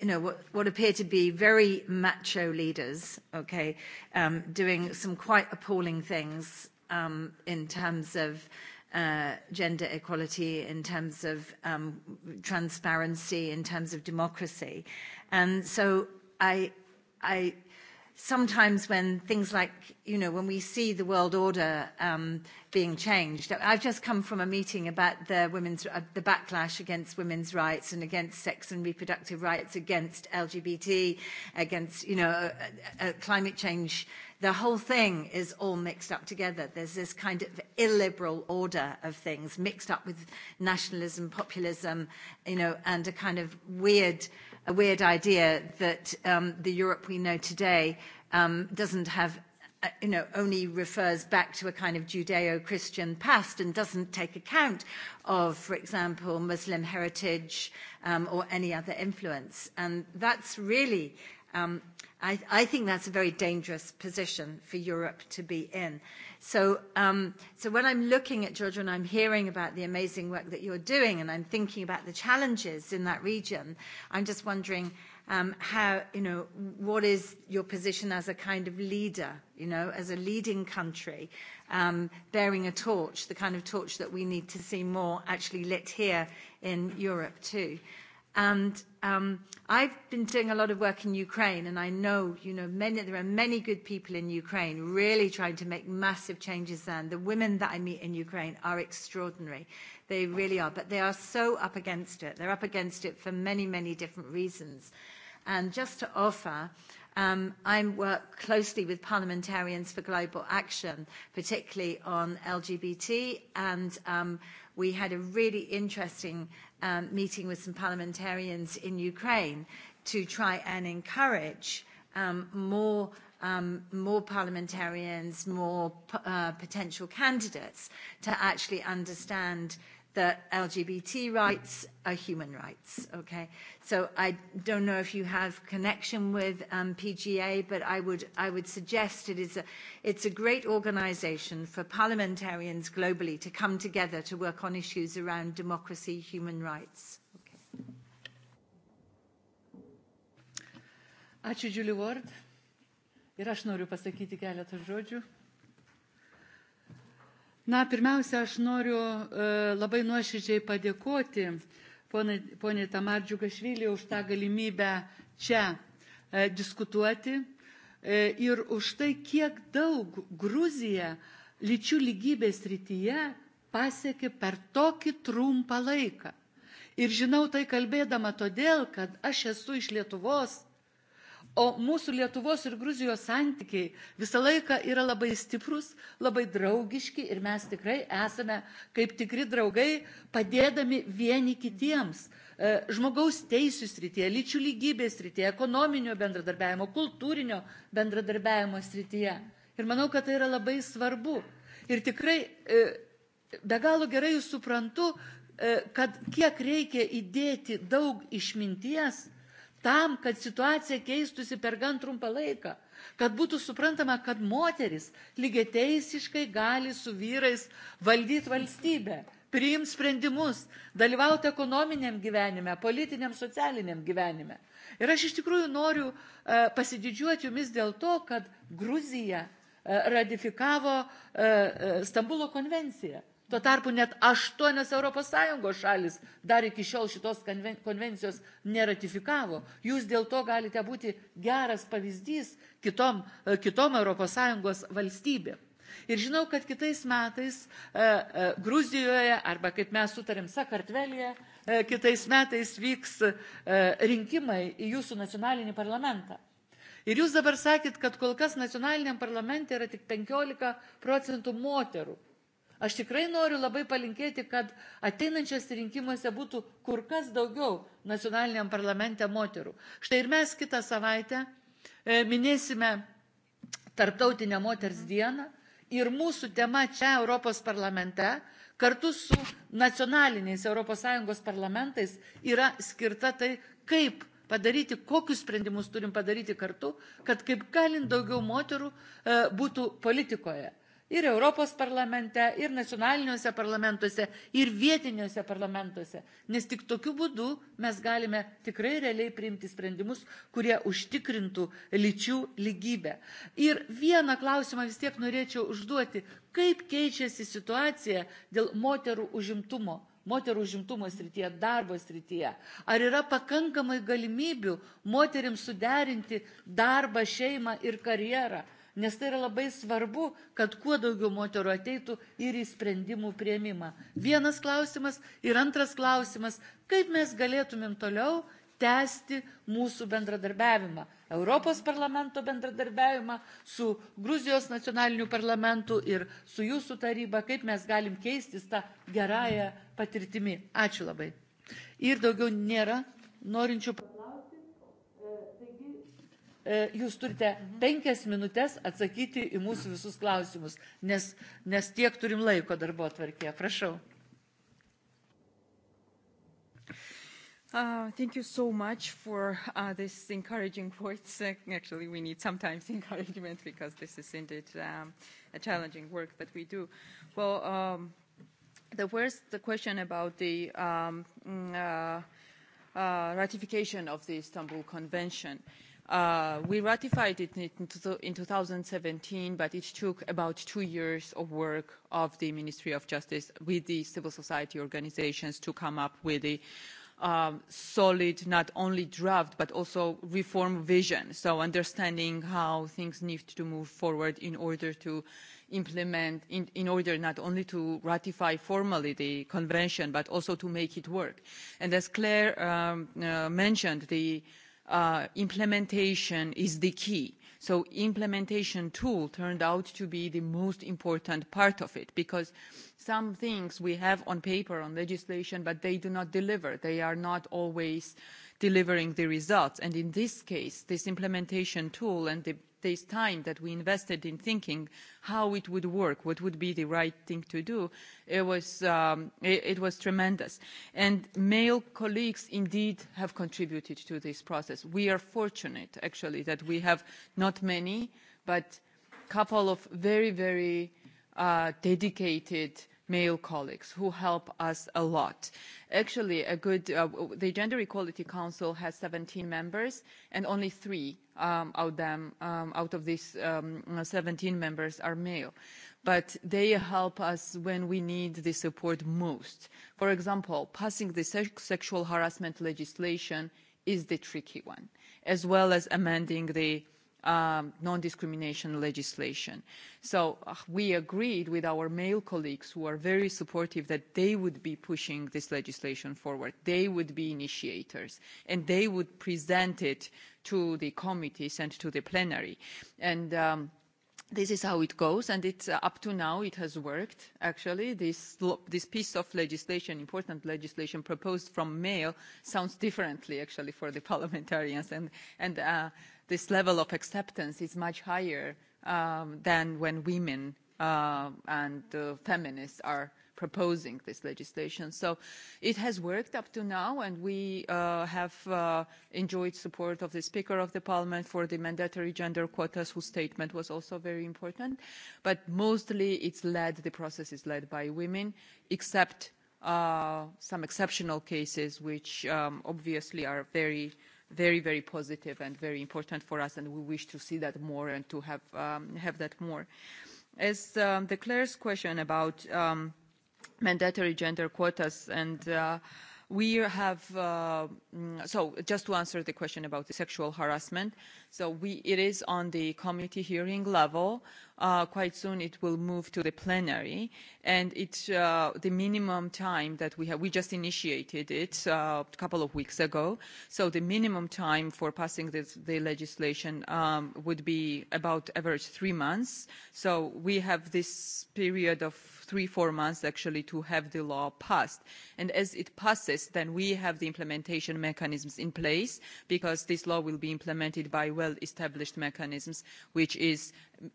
you know, what, what appear to be very macho leaders, okay, um, doing some quite appalling things um, in terms of uh, gender equality, in terms of um, transparency, in terms of democracy. And so I, I sometimes when things like, you know, when we see the world order um, being changed, I've just come from a meeting about the women's, uh, the backlash against women's rights and against sex and reproductive rights, against LGBT, against, you know, uh, uh, uh, climate change. The whole thing is all mixed up together. There's this kind of illiberal order of things mixed up with nationalism, populism, you know, and a kind of weird, uh, a weird idea that um, the Europe we know today um, doesn't have uh, you know, only refers back to a kind of Judeo-Christian past and doesn't take account of, for example, Muslim heritage um, or any other influence. And that's really, um, I, I think that's a very dangerous position for Europe to be in. So, um, so when I'm looking at Georgia and I'm hearing about the amazing work that you're doing and I'm thinking about the challenges in that region, I'm just wondering um, how, you know, what is your position as a kind of leader, you know, as a leading country, um, bearing a torch, the kind of torch that we need to see more actually lit here in Europe too. And um, I've been doing a lot of work in Ukraine, and I know, you know, many, there are many good people in Ukraine really trying to make massive changes there. And the women that I meet in Ukraine are extraordinary. They really are. But they are so up against it. They're up against it for many, many different reasons. And just to offer, um, I work closely with parliamentarians for global action, particularly on LGBT, and um, we had a really interesting um, meeting with some parliamentarians in Ukraine to try and encourage um, more um, more parliamentarians, more uh, potential candidates to actually understand that LGBT rights are human rights. Okay, so I don't know if you have connection with um, PGA, but I would I would suggest it is a it's a great organisation for parliamentarians globally to come together to work on issues around democracy, human rights. Okay. Ačiū, Julie Ward. Ir aš noriu pasakyti keletą žodžių. Na, pirmiausia, aš noriu e, labai nuoširdžiai padėkoti poniai Tamardžių Gašvylį už tą galimybę čia e, diskutuoti e, ir už tai, kiek daug Gruzija lyčių lygybės rytyje pasiekė per tokį trumpą laiką. Ir žinau tai kalbėdama todėl, kad aš esu iš Lietuvos O mūsų Lietuvos ir Gruzijos santykiai visą laiką yra labai stiprus, labai draugiški ir mes tikrai esame kaip tikri draugai padėdami vieni kitiems. E, žmogaus teisų srityje, lyčių lygybės srityje, ekonominio bendradarbiajimo, kultūrinio bendradarbiajimo srityje. Ir manau, kad tai yra labai svarbu. Ir tikrai e, be galo gerai suprantu, e, kad kiek reikia įdėti daug išminties tam, kad situacija keistusi per gan trumpą laiką, kad būtų suprantama, kad moteris lygiai teisiškai gali su vyrais valdyti valstybę, priimti sprendimus, dalyvauti ekonominiam gyvenime, politiniam, socialiniam gyvenime. Ir aš iš tikrųjų noriu e, pasididžiuoti jumis dėl to, kad Gruzija e, ratifikavo e, Stambulo konvenciją. Tuo tarpu net aštuonios ES šalis dar iki šiol šitos konvencijos neratifikavo. Jūs dėl to galite būti geras pavyzdys kitom, kitom ES valstybėm. Ir žinau, kad kitais metais e, e, Gruzijoje arba, kaip mes sutarėm, Sakartvelėje, e, kitais metais vyks e, rinkimai į jūsų nacionalinį parlamentą. Ir jūs dabar sakėt, kad kol kas nacionaliniam parlamente yra tik 15 procentų moterų. Aš tikrai noriu labai palinkėti, kad ateinančiose rinkimuose būtų kur kas daugiau nacionaliniam parlamente moterų. Štai ir mes kitą savaitę e, minėsime Tarptautinę moters dieną ir mūsų tema čia Europos parlamente kartu su nacionaliniais ES parlamentais yra skirta tai, kaip padaryti, kokius sprendimus turim padaryti kartu, kad kaip galint daugiau moterų e, būtų politikoje ir Europos parlamente, ir nacionaliniuose parlamentuose, ir vietiniuose parlamentuose. Nes tik tokiu būdu mes galime tikrai realiai priimti sprendimus, kurie užtikrintų lyčių lygybę. Ir vieną klausimą vis tiek norėčiau užduoti, kaip keičiasi situacija dėl moterų užimtumo moterų užimtumo srityje, darbo srityje? Ar yra pakankamai galimybių moteriams suderinti darbą, šeimą ir karjerą? Nes tai yra labai svarbu, kad kuo daugiau moterų ateitų ir į sprendimų prieimimą. Vienas klausimas ir antras klausimas, kaip mes galėtumėm toliau tęsti mūsų bendradarbiavimą. Europos parlamento bendradarbiavimą su Gruzijos nacionaliniu parlamentu ir su jūsų taryba, kaip mes galim keistis tą gerąją patirtimį. Ačiū labai. Ir daugiau nėra norinčių. E, jūs turite penkias minutės atsakyti į mūsų visus klausimus, nes, nes tiek turim laiko darbo atvarkė. Prašau. Uh, thank you so much for uh, this encouraging words. Uh, actually, we need sometimes <laughs> encouragement because this is indeed um, a challenging work that we do. Well, um, the first the question about the um, mm, uh, uh, ratification of the Istanbul Convention. Uh, Uh, we ratified it in, in 2017, but it took about two years of work of the Ministry of Justice with the civil society organizations to come up with a um, solid, not only draft, but also reform vision. So understanding how things need to move forward in order to implement, in, in order not only to ratify formally the convention, but also to make it work. And as Claire um, uh, mentioned, the uh, uh, implementation is the key. So implementation tool turned out to be the most important part of it because some things we have on paper, on legislation, but they do not deliver. They are not always delivering the results. And in this case, this implementation tool and the this time that we invested in thinking how it would work, what would be the right thing to do, it was, um, it, it was tremendous. And male colleagues indeed have contributed to this process. We are fortunate, actually, that we have not many, but couple of very, very uh, dedicated uh, male colleagues who help us a lot. Actually, a good, uh, the Gender Equality Council has 17 members and only three um, out, them, um, out of these um, 17 members are male. But they help us when we need the support most. For example, passing the se sexual harassment legislation is the tricky one, as well as amending the uh, um, non-discrimination legislation. So uh, we agreed with our male colleagues who are very supportive that they would be pushing this legislation forward. They would be initiators and they would present it to the committees and to the plenary. And um, this is how it goes and it's uh, up to now it has worked actually this this piece of legislation important legislation proposed from mail sounds differently actually for the <laughs> parliamentarians and and uh, this level of acceptance is much higher um, than when women uh, and uh, feminists are uh, proposing this legislation. So it has worked up to now, and we uh, have uh, enjoyed support of the Speaker of the Parliament for the mandatory gender quotas, whose statement was also very important. But mostly it's led, the process is led by women, except uh, some exceptional cases, which um, obviously are very very, very positive and very important for us, and we wish to see that more and to have um, have that more. As um, the Claire's question about um, mandatory gender quotas and uh, we have uh, mm, so just to answer the question about the sexual harassment so we it is on the committee hearing level uh, quite soon it will move to the plenary and it's uh, the minimum time that we have we just initiated it uh, a couple of weeks ago so the minimum time for passing this, the legislation um, would be about average three months so we have this period of three, four months actually to have the law passed. And as it passes, then we have the implementation mechanisms in place because this law will be implemented by well-established mechanisms, which is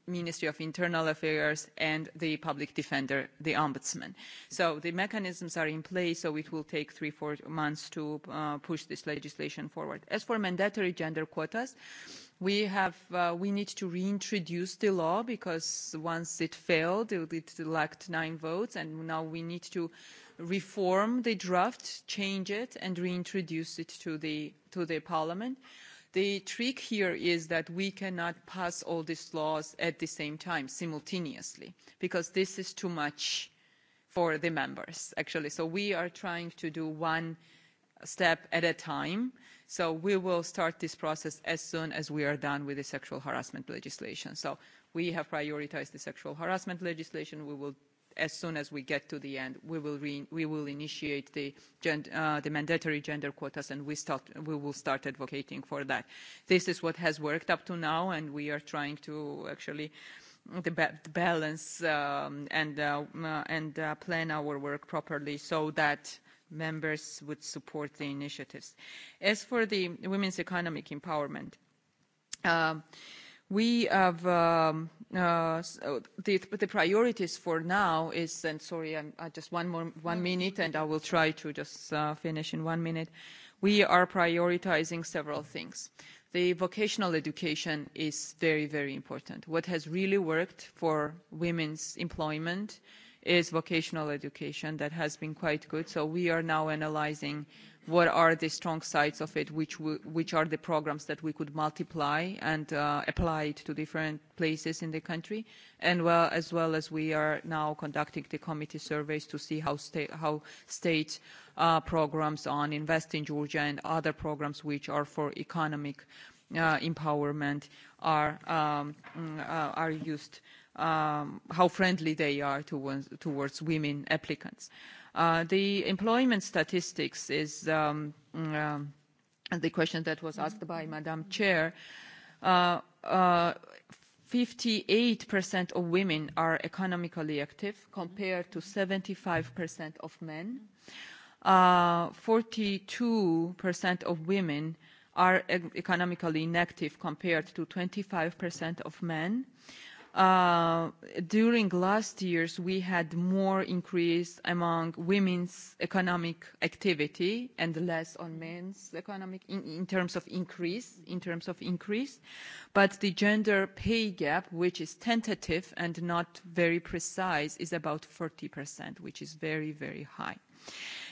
Ministry of Internal Affairs and the public defender, the ombudsman. So the mechanisms are in place, so it will take three, four months to uh, push this legislation forward. As for mandatory gender quotas, uh, we have uh, we need to reintroduce the law because once it failed it, it lacked nine votes and now we need to reform the draft change it and reintroduce it to the to the parliament the trick here is that we cannot pass all these laws at the same time simultaneously because this is too much for the members actually so we are trying to do one uh, step at a time. So we will start this process as soon as we are done with the sexual harassment legislation. So we have prioritized the sexual harassment legislation. We will, as soon as we get to the end, we will, re, we will initiate the, gen, uh, the mandatory gender quotas and we, start, we will start advocating for that. This is what has worked up to now and we are trying to actually the, ba the balance um, and, uh, uh, and uh, plan our work properly so that uh, members would support the initiatives. As for the women's economic empowerment, uh, we have um, uh, so uh, the, the priorities for now is, and sorry, I'm, I uh, just one more one minute, and I will try to just uh, finish in one minute. We are prioritizing several things. The vocational education is very, very important. What has really worked for women's employment uh, is vocational education that has been quite good. So we are now analyzing what are the strong sides of it, which, which are the programs that we could multiply and uh, apply it to different places in the country, and well, as well as we are now conducting the committee surveys to see how, sta how state uh, programs on Invest in Georgia and other programs which are for economic uh, empowerment are, um, mm, uh, are used um, how friendly they are towards, towards women applicants. Uh, the employment statistics is um, um, the question that was asked by Madam Chair. Uh, uh, 58% of women are economically active compared to 75% of men. Uh, 42% of women are e-, economically inactive compared to 25% of men. Uh, Uh, during last years, we had more increase among women's economic activity and less on men's economic in, in terms of increase, in terms of increase. But the gender pay gap, which is tentative and not very precise, is about 40%, which is very, very high.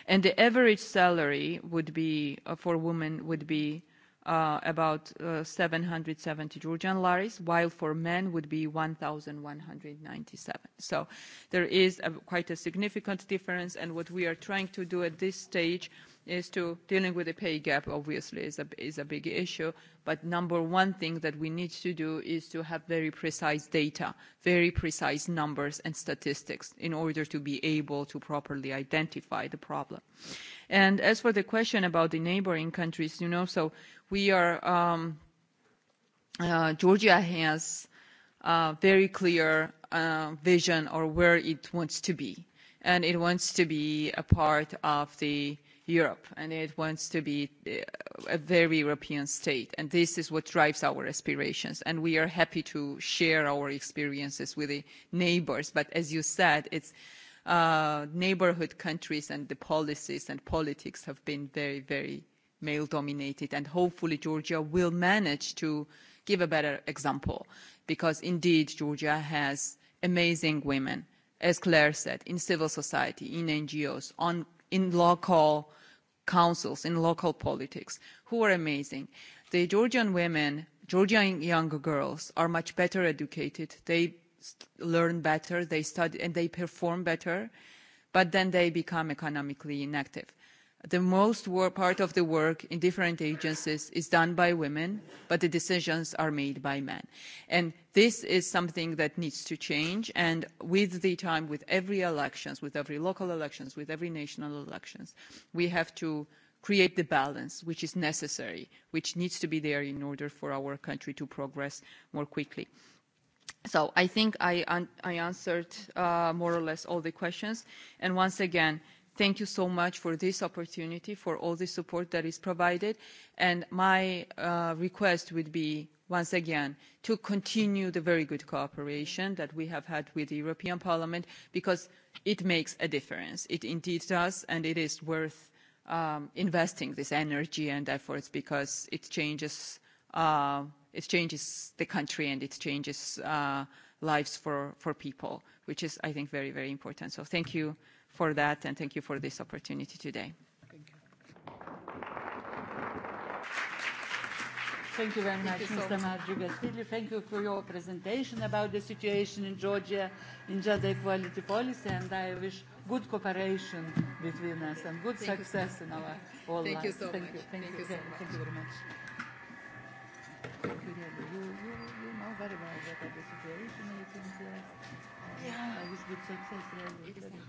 And the average salary would be, uh, for women, would be uh, about uh, 770 Georgian laris, while for men would be 1,197. So there is a, quite a significant difference, and what we are trying to do at this stage is to dealing with the pay gap obviously is a, is a big issue but number one thing that we need to do is to have very precise data very precise numbers and statistics in order to be able to properly identify the problem and as for the question about the neighboring countries you know so we are um, uh, Georgia has uh, very clear uh, vision or where it wants to be. And it wants to be a part of the uh, Europe, and it wants to be uh, a very European state. And this is what drives our aspirations. And we are happy to share our experiences with the neighbors. But as you said, it's uh, neighborhood countries and the policies and politics have been very, very male dominated. And hopefully Georgia will manage to give a better example because indeed Georgia has amazing women, as Claire said, in civil society, in NGOs, on in local councils in local politics who are amazing. The Georgian women, Georgian young girls are much better educated. They learn better, they study, and they perform better, but then they become economically inactive the most part of the work in different agencies is done by women but the decisions are made by men and this is something that needs to change and with the time with every elections with every local elections with every national elections we have to create the balance which is necessary which needs to be there in order for our country to progress more quickly so i think i i answered uh, more or less all the questions and once again uh, Thank you so much for this opportunity, for all the support that is provided. And my uh, request would be, once again, to continue the very good cooperation that we have had with the European Parliament, because it makes a difference. It indeed does, and it is worth um, investing this energy and efforts because it changes, uh, it changes the country and it changes uh, lives for, for people, which is, I think, very, very important. So thank you for that, and thank you for this opportunity today. Thank you, thank you very much, thank you so Mr. Margiu-Basili. Thank you for your presentation about the situation in Georgia in gender equality policy, and I wish good cooperation between us and good thank success so in our all Thank lives. you so thank much. You, thank, thank you, you so much. Thank you very much. Thank you, really. You, you, you know very well that the situation is in there. Yeah. I wish good success, really. It is very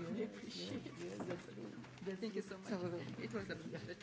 really appreciate yes, yes, that's true. Thank you so much. It was a pleasure.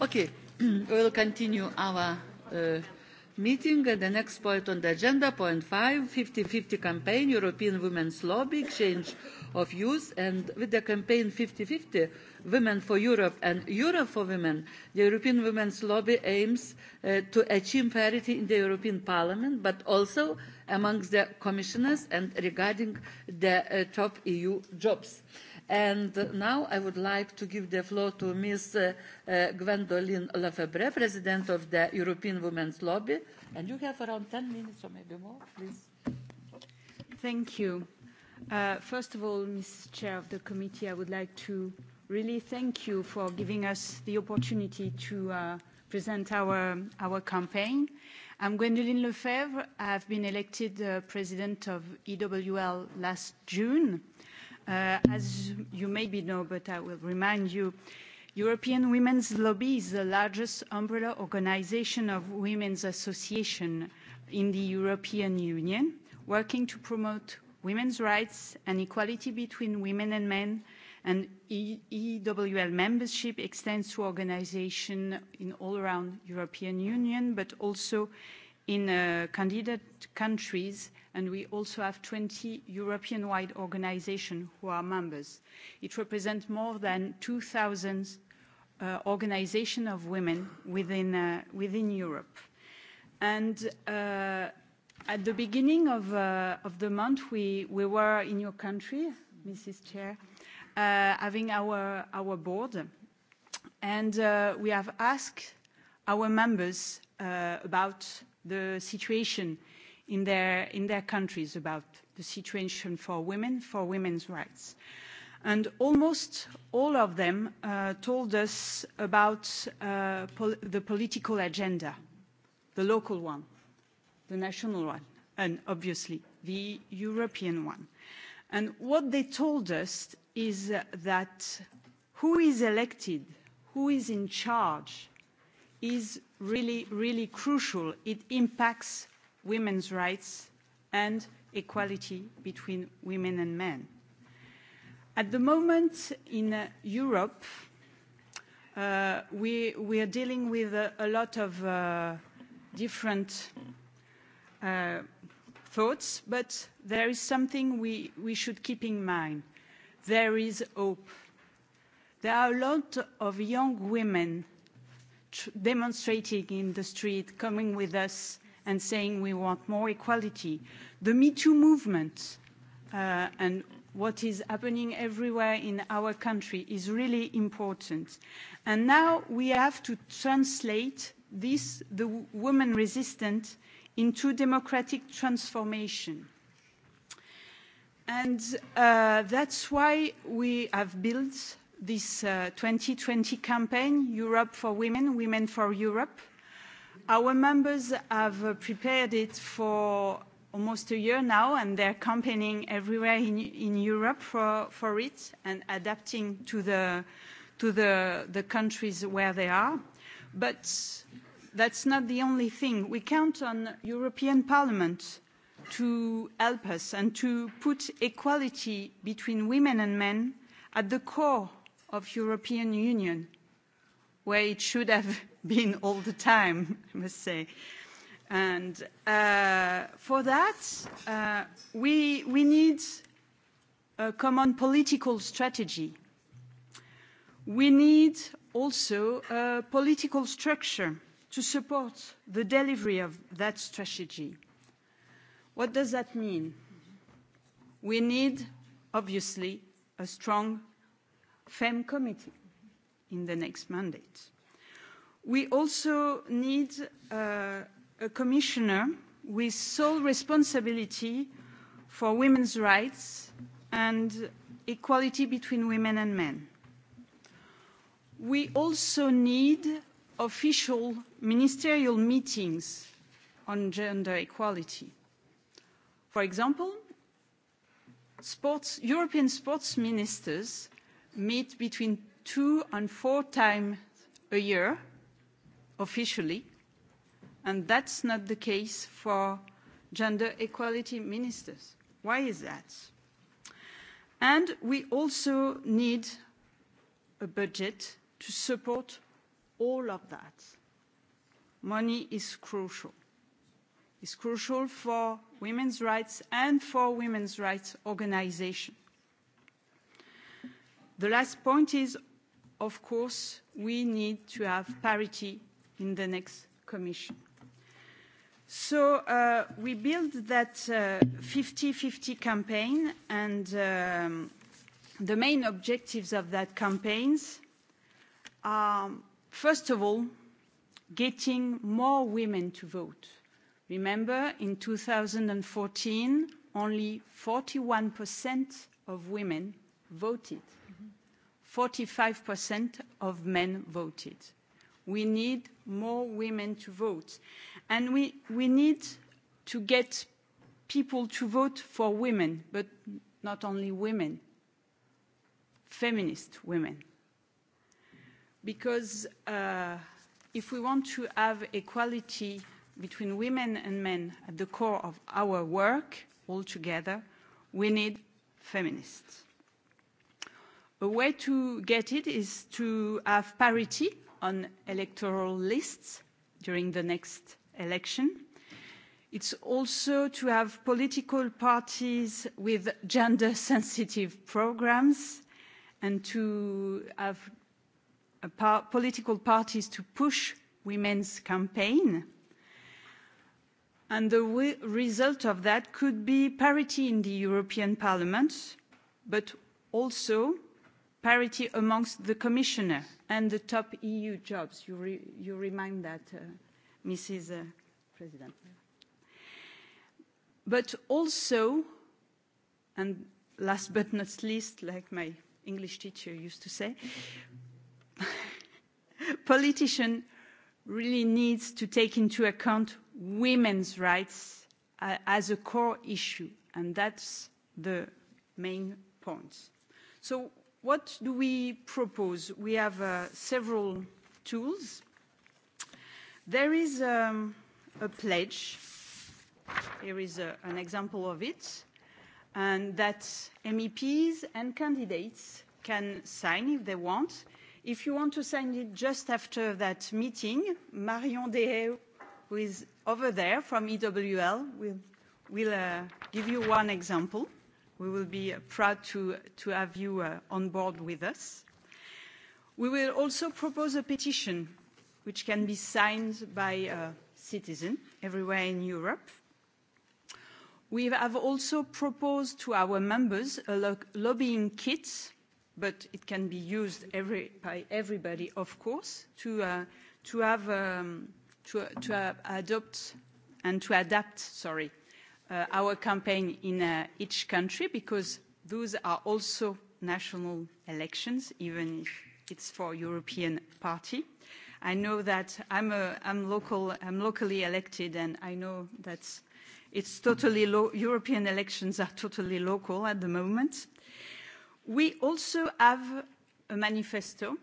Okay, <clears throat> we'll continue our uh, meeting. The next point on the agenda, point five, 50-50 campaign, European Women's Lobby, exchange of youth. And with the campaign 50-50, Women for Europe and Europe for Women, the European Women's Lobby aims uh, to achieve parity in the European Parliament, but also amongst the commissioners and regarding the uh, top EU jobs. Uh, And now I would like to give the floor to Ms. Uh, uh, Gwendoline Lefebvre, President of the European Women's Lobby. And you have around 10 minutes or maybe more, please. Thank you. Uh, first of all, Ms. Chair of the committee, I would like to really thank you for giving us the opportunity to uh, present our, our campaign. I'm Gwendoline Lefebvre. I've been elected uh, president of EWL last June. Uh, Uh, as you maybe know, but I will remind you, European Women's Lobby is the largest umbrella organization of women's association in the European Union, working to promote women's rights and equality between women and men, and EWL e membership extends to organization in all around European Union, but also in uh, candidate countries, and we also have 20 European-wide organizations who are members. It represents more than 2,000 uh, organizations of women within, uh, within Europe. And uh, at the beginning of, uh, of the month, we, we were in your country, Mrs. Chair, uh, having our, our board, and uh, we have asked our members uh, about the situation in their, in their countries, about the situation for women, for women's rights. And almost all of them uh, told us about uh, pol the political agenda, the local one, the national one, and obviously the European one. And what they told us is that who is elected, who is in charge is really, really crucial. It impacts women's rights and equality between women and men. At the moment in uh, Europe, uh, we, we are dealing with a, a lot of uh, different uh, thoughts, but there is something we, we should keep in mind. There is hope. There are a lot of young women tr- demonstrating in the street, coming with us and saying we want more equality. The Me Too movement uh, and what is happening everywhere in our country is really important. And now we have to translate this, the woman resistance, into democratic transformation. And uh, that's why we have built this uh, 2020 campaign, Europe for Women, Women for Europe. Our members have uh, prepared it for almost a year now, and they're campaigning everywhere in, in Europe for, for it and adapting to the, to the, the countries where they are. But that's not the only thing. We count on European Parliament to help us and to put equality between women and men at the core of European Union, where it should have <laughs> been all the time, I must say. And uh, for that, uh, we, we need a common political strategy. We need also a political structure to support the delivery of that strategy. What does that mean? We need, obviously, a strong FEM committee in the next mandate. We also need uh, a commissioner with sole responsibility for women's rights and equality between women and men. We also need official ministerial meetings on gender equality. For example, sports, European sports ministers meet between two and four times a year officially, and that's not the case for gender equality ministers. Why is that? And we also need a budget to support all of that. Money is crucial. It's crucial for women's rights and for women's rights organizations The last point is, of course, we need to have parity in the next commission. So uh, we built that 50/50 uh, campaign, and um, the main objectives of that campaigns are, first of all, getting more women to vote. Remember, in 2014, only 41% of women voted 45% of men voted. We need more women to vote. And we, we need to get people to vote for women, but not only women, feminist women. Because uh, if we want to have equality between women and men at the core of our work altogether, we need feminists. A way to get it is to have parity on electoral lists during the next election. It's also to have political parties with gender sensitive programs and to have par political parties to push women's campaign. And the result of that could be parity in the European Parliament, but also parity amongst the commissioner and the top EU jobs. You, re, you remind that, uh, Mrs. Uh, President. But also, and last but not least, like my English teacher used to say, <laughs> politician really needs to take into account women's rights uh, as a core issue, and that's the main point. So what do we propose? We have uh, several tools. There is um, a pledge. Here is a, uh, an example of it. And that MEPs and candidates can sign if they want. If you want to sign it just after that meeting, Marion Dehaye, who is over there from EWL, will, will uh, give you one example. We will be proud to, to have you uh, on board with us. We will also propose a petition which can be signed by a citizen everywhere in Europe. We have also proposed to our members a lo lobbying kit, but it can be used every, by everybody, of course, to, uh, to, have, um, to, to uh, adopt and to adapt, sorry, uh, our campaign in uh, each country because those are also national elections, even if it's for European party. I know that I'm, a, I'm, local, I'm locally elected and I know that it's totally lo- European elections are totally local at the moment. We also have a manifesto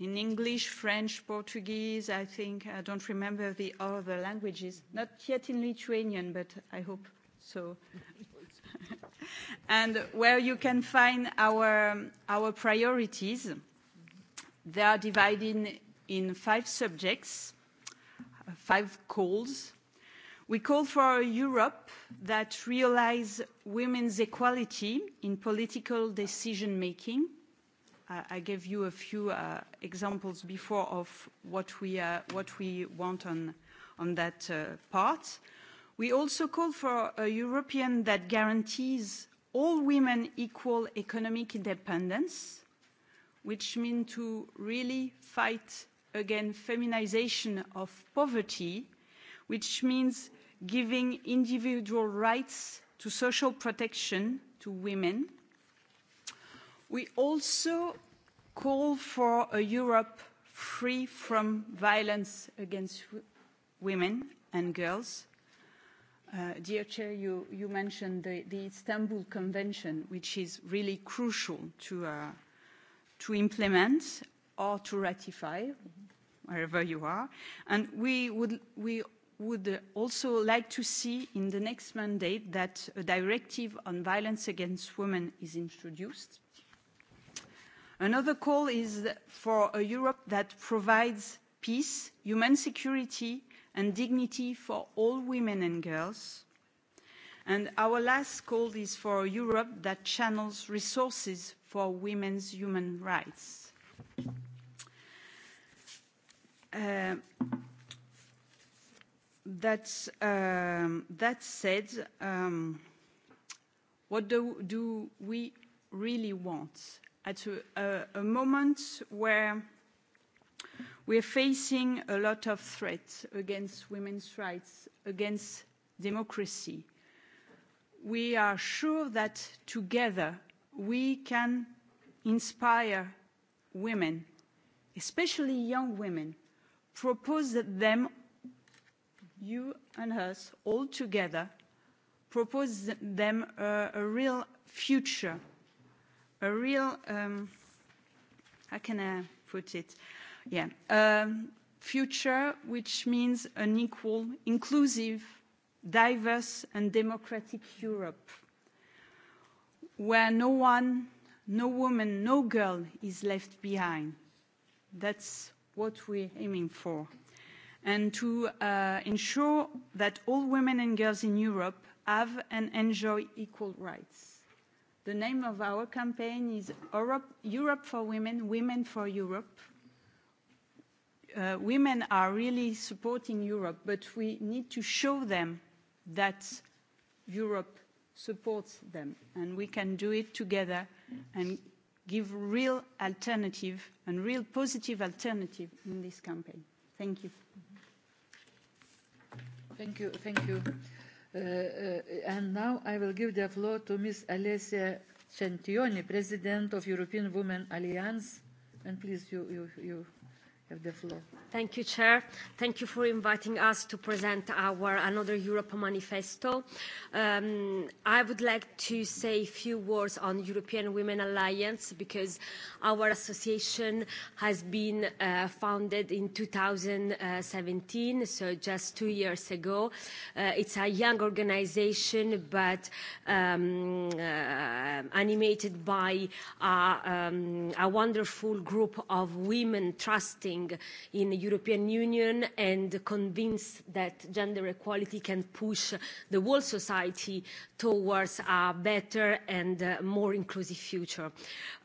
in English, French, Portuguese, I think, I don't remember the other languages, not yet in Lithuanian, but I hope So, <laughs> and where you can find our, our priorities, they are divided in five subjects, five calls. We call for a Europe that realize women's equality in political decision-making. Uh, I gave you a few uh, examples before of what we, uh, what we want on, on that uh, part We also call for a European that guarantees all women equal economic independence, which means to really fight against feminization of poverty, which means giving individual rights to social protection to women. We also call for a Europe free from violence against women and girls, Uh, dear Chair, you, you mentioned the, the Istanbul Convention, which is really crucial to, uh, to implement or to ratify, wherever you are. And we would, we would also like to see in the next mandate that a directive on violence against women is introduced. Another call is for a Europe that provides peace, human security, and dignity for all women and girls. And our last call is for a Europe that channels resources for women's human rights. Uh, that, um, that said, um, what do, do we really want? At a, a, a moment where We are facing a lot of threats against women's rights, against democracy. We are sure that together we can inspire women, especially young women, propose them, you and us, all together, propose them a, a real future, a real, um, how can I put it, uh, yeah. Um, future, which means an equal, inclusive, diverse and democratic Europe, where no one, no woman, no girl is left behind. That's what we're aiming for. And to uh, ensure that all women and girls in Europe have and enjoy equal rights. The name of our campaign is Europe, Europe for Women, Women for Europe uh, women are really supporting Europe, but we need to show them that Europe supports them, and we can do it together and give real alternative and real positive alternative in this campaign. Thank you. Thank you. Thank you. Uh, uh, and now I will give the floor to Ms. Alessia Centioni, President of European Women Alliance. And please, you, you, you have the floor. Thank you, Chair. Thank you for inviting us to present our Another Europe manifesto. Um, I would like to say a few words on European Women Alliance because our association has been uh, founded in 2017, so just two years ago. Uh, it's a young organization, but um, uh, animated by a, um, a wonderful group of women trusting working in the European Union and convinced that gender equality can push the whole society towards a better and uh, more inclusive future.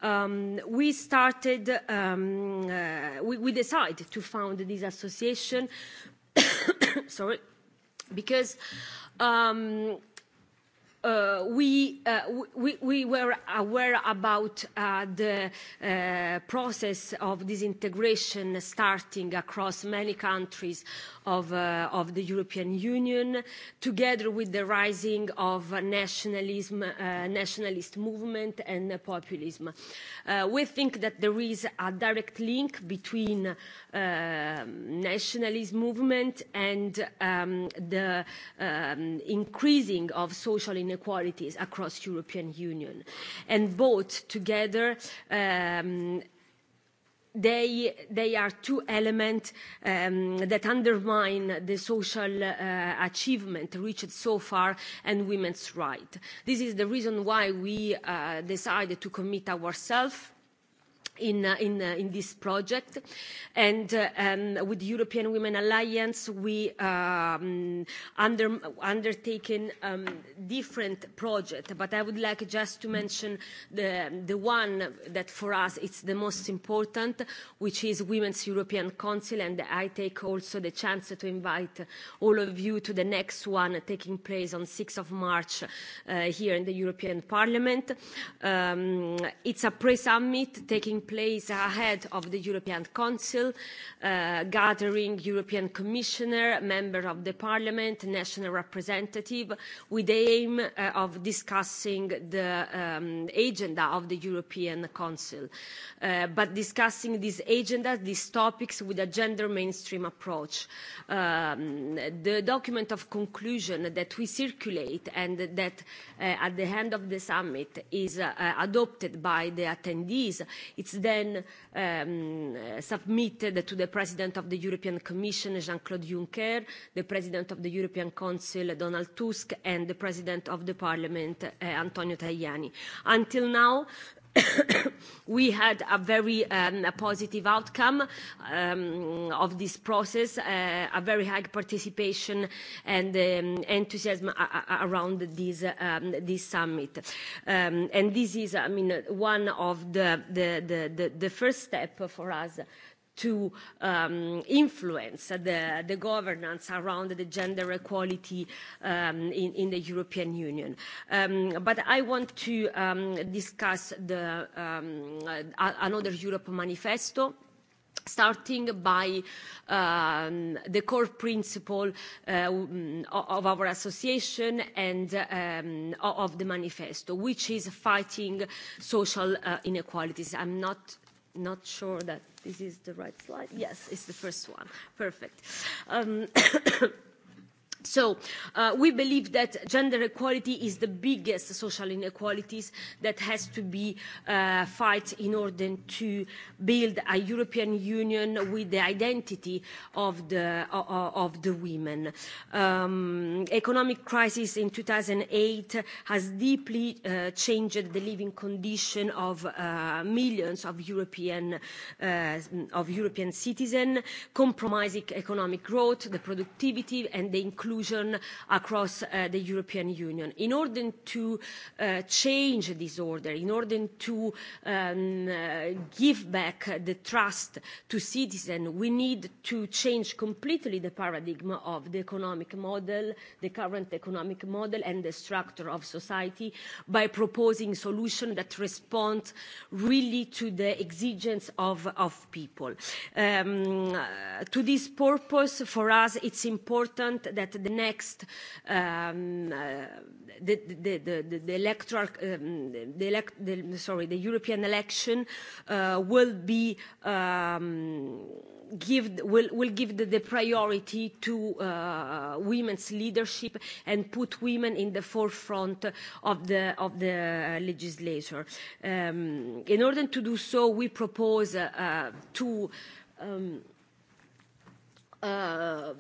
Um, we started, um, uh, we, we decided to found this association, <coughs> sorry, because um, uh, we, uh, we, we were aware about uh, the uh, process of disintegration starting across many countries of, uh, of the European Union, together with the rising of nationalism, uh, nationalist movement and uh, populism. Uh, we think that there is a direct link between uh, nationalist movement and um, the um, increasing of social inequality inequalities across the European Union. And both together um, they, they are two elements um, that undermine the social uh, achievement reached so far and women's rights. This is the reason why we uh, decided to commit ourselves in, uh, in, uh, in this project. And uh, um, with the European Women Alliance, we um, under, undertaken um, different projects, but I would like just to mention the, the one that for us it's the most important, which is Women's European Council, and I take also the chance to invite all of you to the next one taking place on 6th of March uh, here in the European Parliament. Um, it's a pre-summit taking place ahead of the European Council, uh, gathering European Commissioner, Member of the Parliament, National Representative, with the aim uh, of discussing the um, agenda of the European Council. Uh, but discussing this agenda, these topics with a gender mainstream approach. Um, the document of conclusion that we circulate and that uh, at the end of the summit is uh, adopted by the attendees. It's then um, uh, submitted to the President of the European Commission, Jean-Claude Juncker, the President of the European Council, Donald Tusk, and the President of the Parliament, uh, Antonio Tajani. Until now, <coughs> we had a very um, a positive outcome um, of this process, uh, a very high participation and um, enthusiasm around this, um, this summit. Um, and this is, I mean, one of the, the, the, the, the first step for us to um, influence the, the governance around the gender equality um, in, in the European Union. Um, but I want to um, discuss the, um, uh, another Europe manifesto starting by um, the core principle uh, of our association and um, of the manifesto, which is fighting social uh, inequalities. I'm not not sure that this is the right slide. Yes, it's the first one. Perfect. Um, <coughs> So uh, we believe that gender equality is the biggest social inequalities that has to be uh, fight in order to build a European Union with the identity of the, uh, of the women. Um, economic crisis in 2008 has deeply uh, changed the living condition of uh, millions of European, uh, of European citizens, compromising economic growth, the productivity and the inclusion inclusion across uh, the European Union. In order to uh, change this order, in order to um, uh, give back the trust to citizens, we need to change completely the paradigm of the economic model, the current economic model and the structure of society by proposing solutions that respond really to the exigence of, of people. Um, uh, to this purpose, for us, it's important that the next um, uh, the, the, the, the, the electoral um, the, elect, the sorry the European election uh, will be um, give will will give the, the priority to uh, women's leadership and put women in the forefront of the of the legislature. Um, in order to do so, we propose uh, uh, to. Um, uh,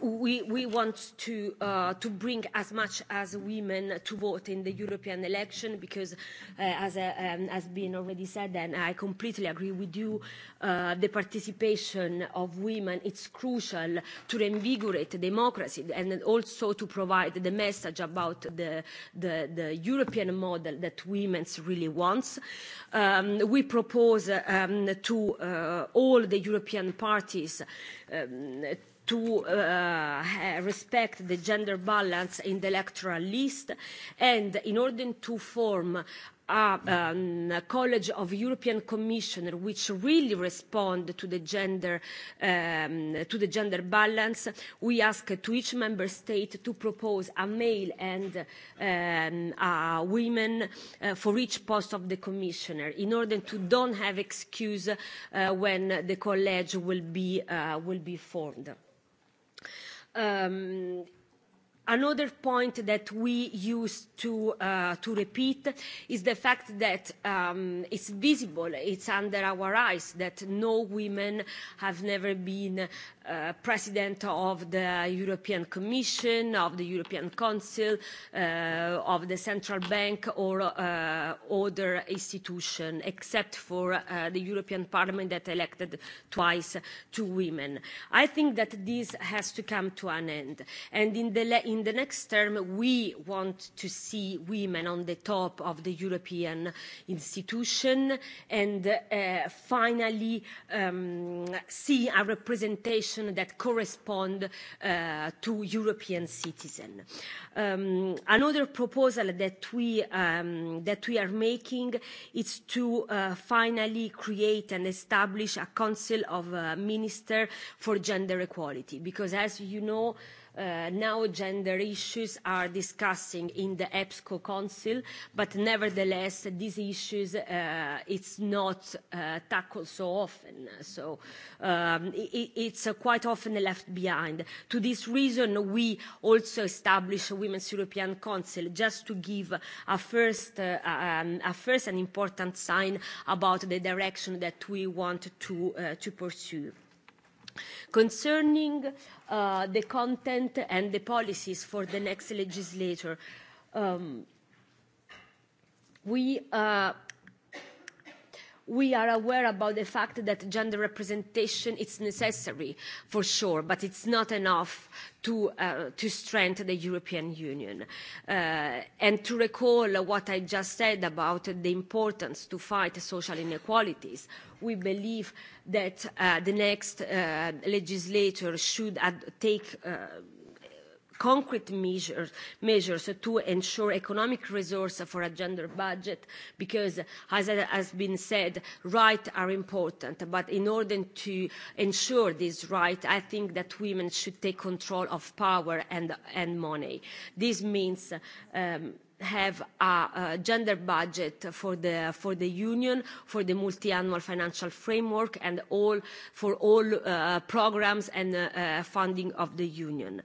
we, we want to, uh, to bring as much as women to vote in the European election because, uh, as uh, um, has been already said, and I completely agree with you, uh, the participation of women is crucial to reinvigorate democracy and also to provide the message about the, the, the European model that women really wants. Um, we propose um, to uh, all the European parties um, to uh, uh, respect the gender balance in the electoral list and in order to form a um, a College of European Commissioners which really respond to the gender um, to the gender balance. We ask to each member state to propose a male and um, a woman uh, for each post of the commissioner in order to don't have excuse uh, when the college will be uh, will be formed um, Another point that we used to, uh, to repeat is the fact that um, it's visible, it's under our eyes that no women have never been uh, president of the European Commission, of the European Council, uh, of the Central Bank or uh, other institution, except for uh, the European Parliament that elected twice two women. I think that this has to come to an end. And in the in the next term, we want to see women on the top of the European institution and uh, finally um, see a representation that corresponds uh, to European citizens. Um, another proposal that we, um, that we are making is to uh, finally create and establish a Council of uh, Ministers for Gender Equality because as you know, uh, now gender issues are discussing in the EPSCO Council, but nevertheless, these issues, uh, it's not uh, tackled so often. So um, it, it's uh, quite often left behind. To this reason, we also established a Women's European Council just to give a first, uh, um, a first and important sign about the direction that we want to, uh, to pursue. Concerning uh, the content and the policies for the next legislature, um, we uh, we are aware about the fact that gender representation is necessary for sure but it's not enough to uh, to strengthen the European Union uh, and to recall what I just said about the importance to fight social inequalities we believe that uh, the next uh, legislature should ad- take uh, concrete measures, measures to ensure economic resources for a gender budget because, as has been said, rights are important. But in order to ensure these rights, I think that women should take control of power and, and money. This means um, have a, a gender budget for the for the union for the multi-annual financial framework and all for all uh, programs and uh, funding of the union uh,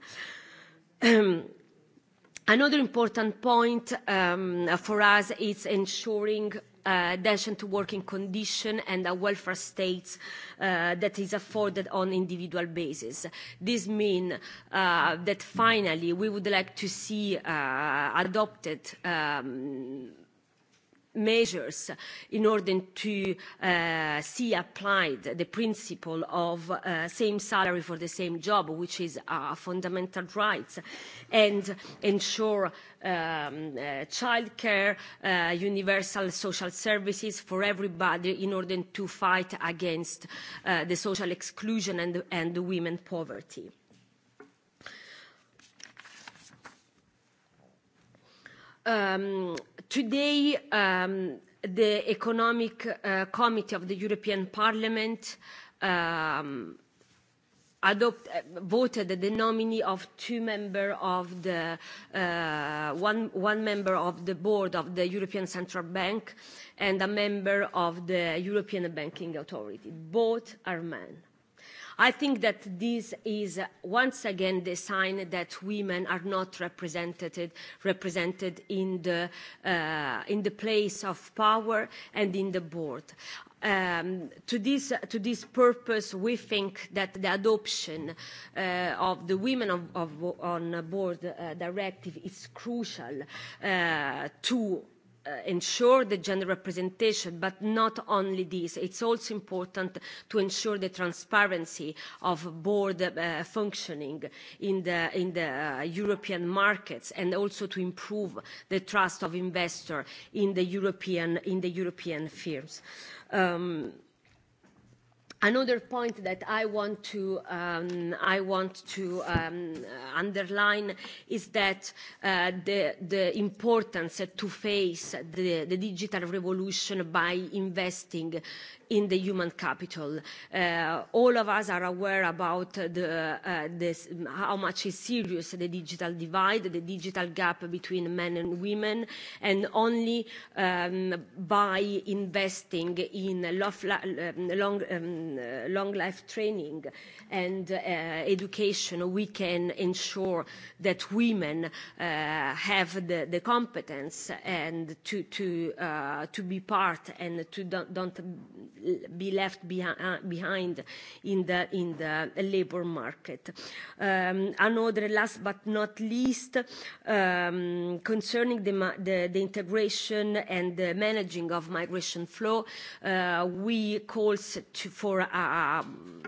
Another important point um, for us is ensuring uh, attention to working condition and a welfare state uh, that is afforded on individual basis. This means uh, that finally we would like to see uh, adopted um, measures in order to uh, see applied the principle of uh, same salary for the same job, which is a fundamental right, and ensure um, uh, childcare, uh, universal social services for everybody in order to fight against uh, the social exclusion and, and women poverty. Um, Today, um, the Economic uh, Committee of the European Parliament um, adopt, uh, voted the nominee of two member of the uh, one, one member of the board of the European Central Bank and a member of the European Banking Authority. Both are men. Uh, I think that this is uh, once again the sign that women are not represented, represented in, the, uh, in the place of power and in the board. Um, to, this, uh, to this purpose, we think that the adoption uh, of the Women of, of, on Board uh, Directive is crucial uh, to uh, ensure the gender representation, but not only this. It's also important to ensure the transparency of board uh, functioning in the, in the uh, European markets and also to improve the trust of investor in the European, in the European firms. Um, Another point that I want to, um, I want to um, underline is that uh, the, the importance to face the, the digital revolution by investing in the human capital. Uh, all of us are aware about the, uh, this, how much is serious the digital divide, the digital gap between men and women, and only um, by investing in um, long, um, long life training and uh, education, we can ensure that women uh, have the, the competence and to, to, uh, to be part and to don't, don't be left uh, behind in the, in the labor market. Um, another, last but not least, um, concerning the, the, the integration and the managing of migration flow, uh, we calls to, for uh, um,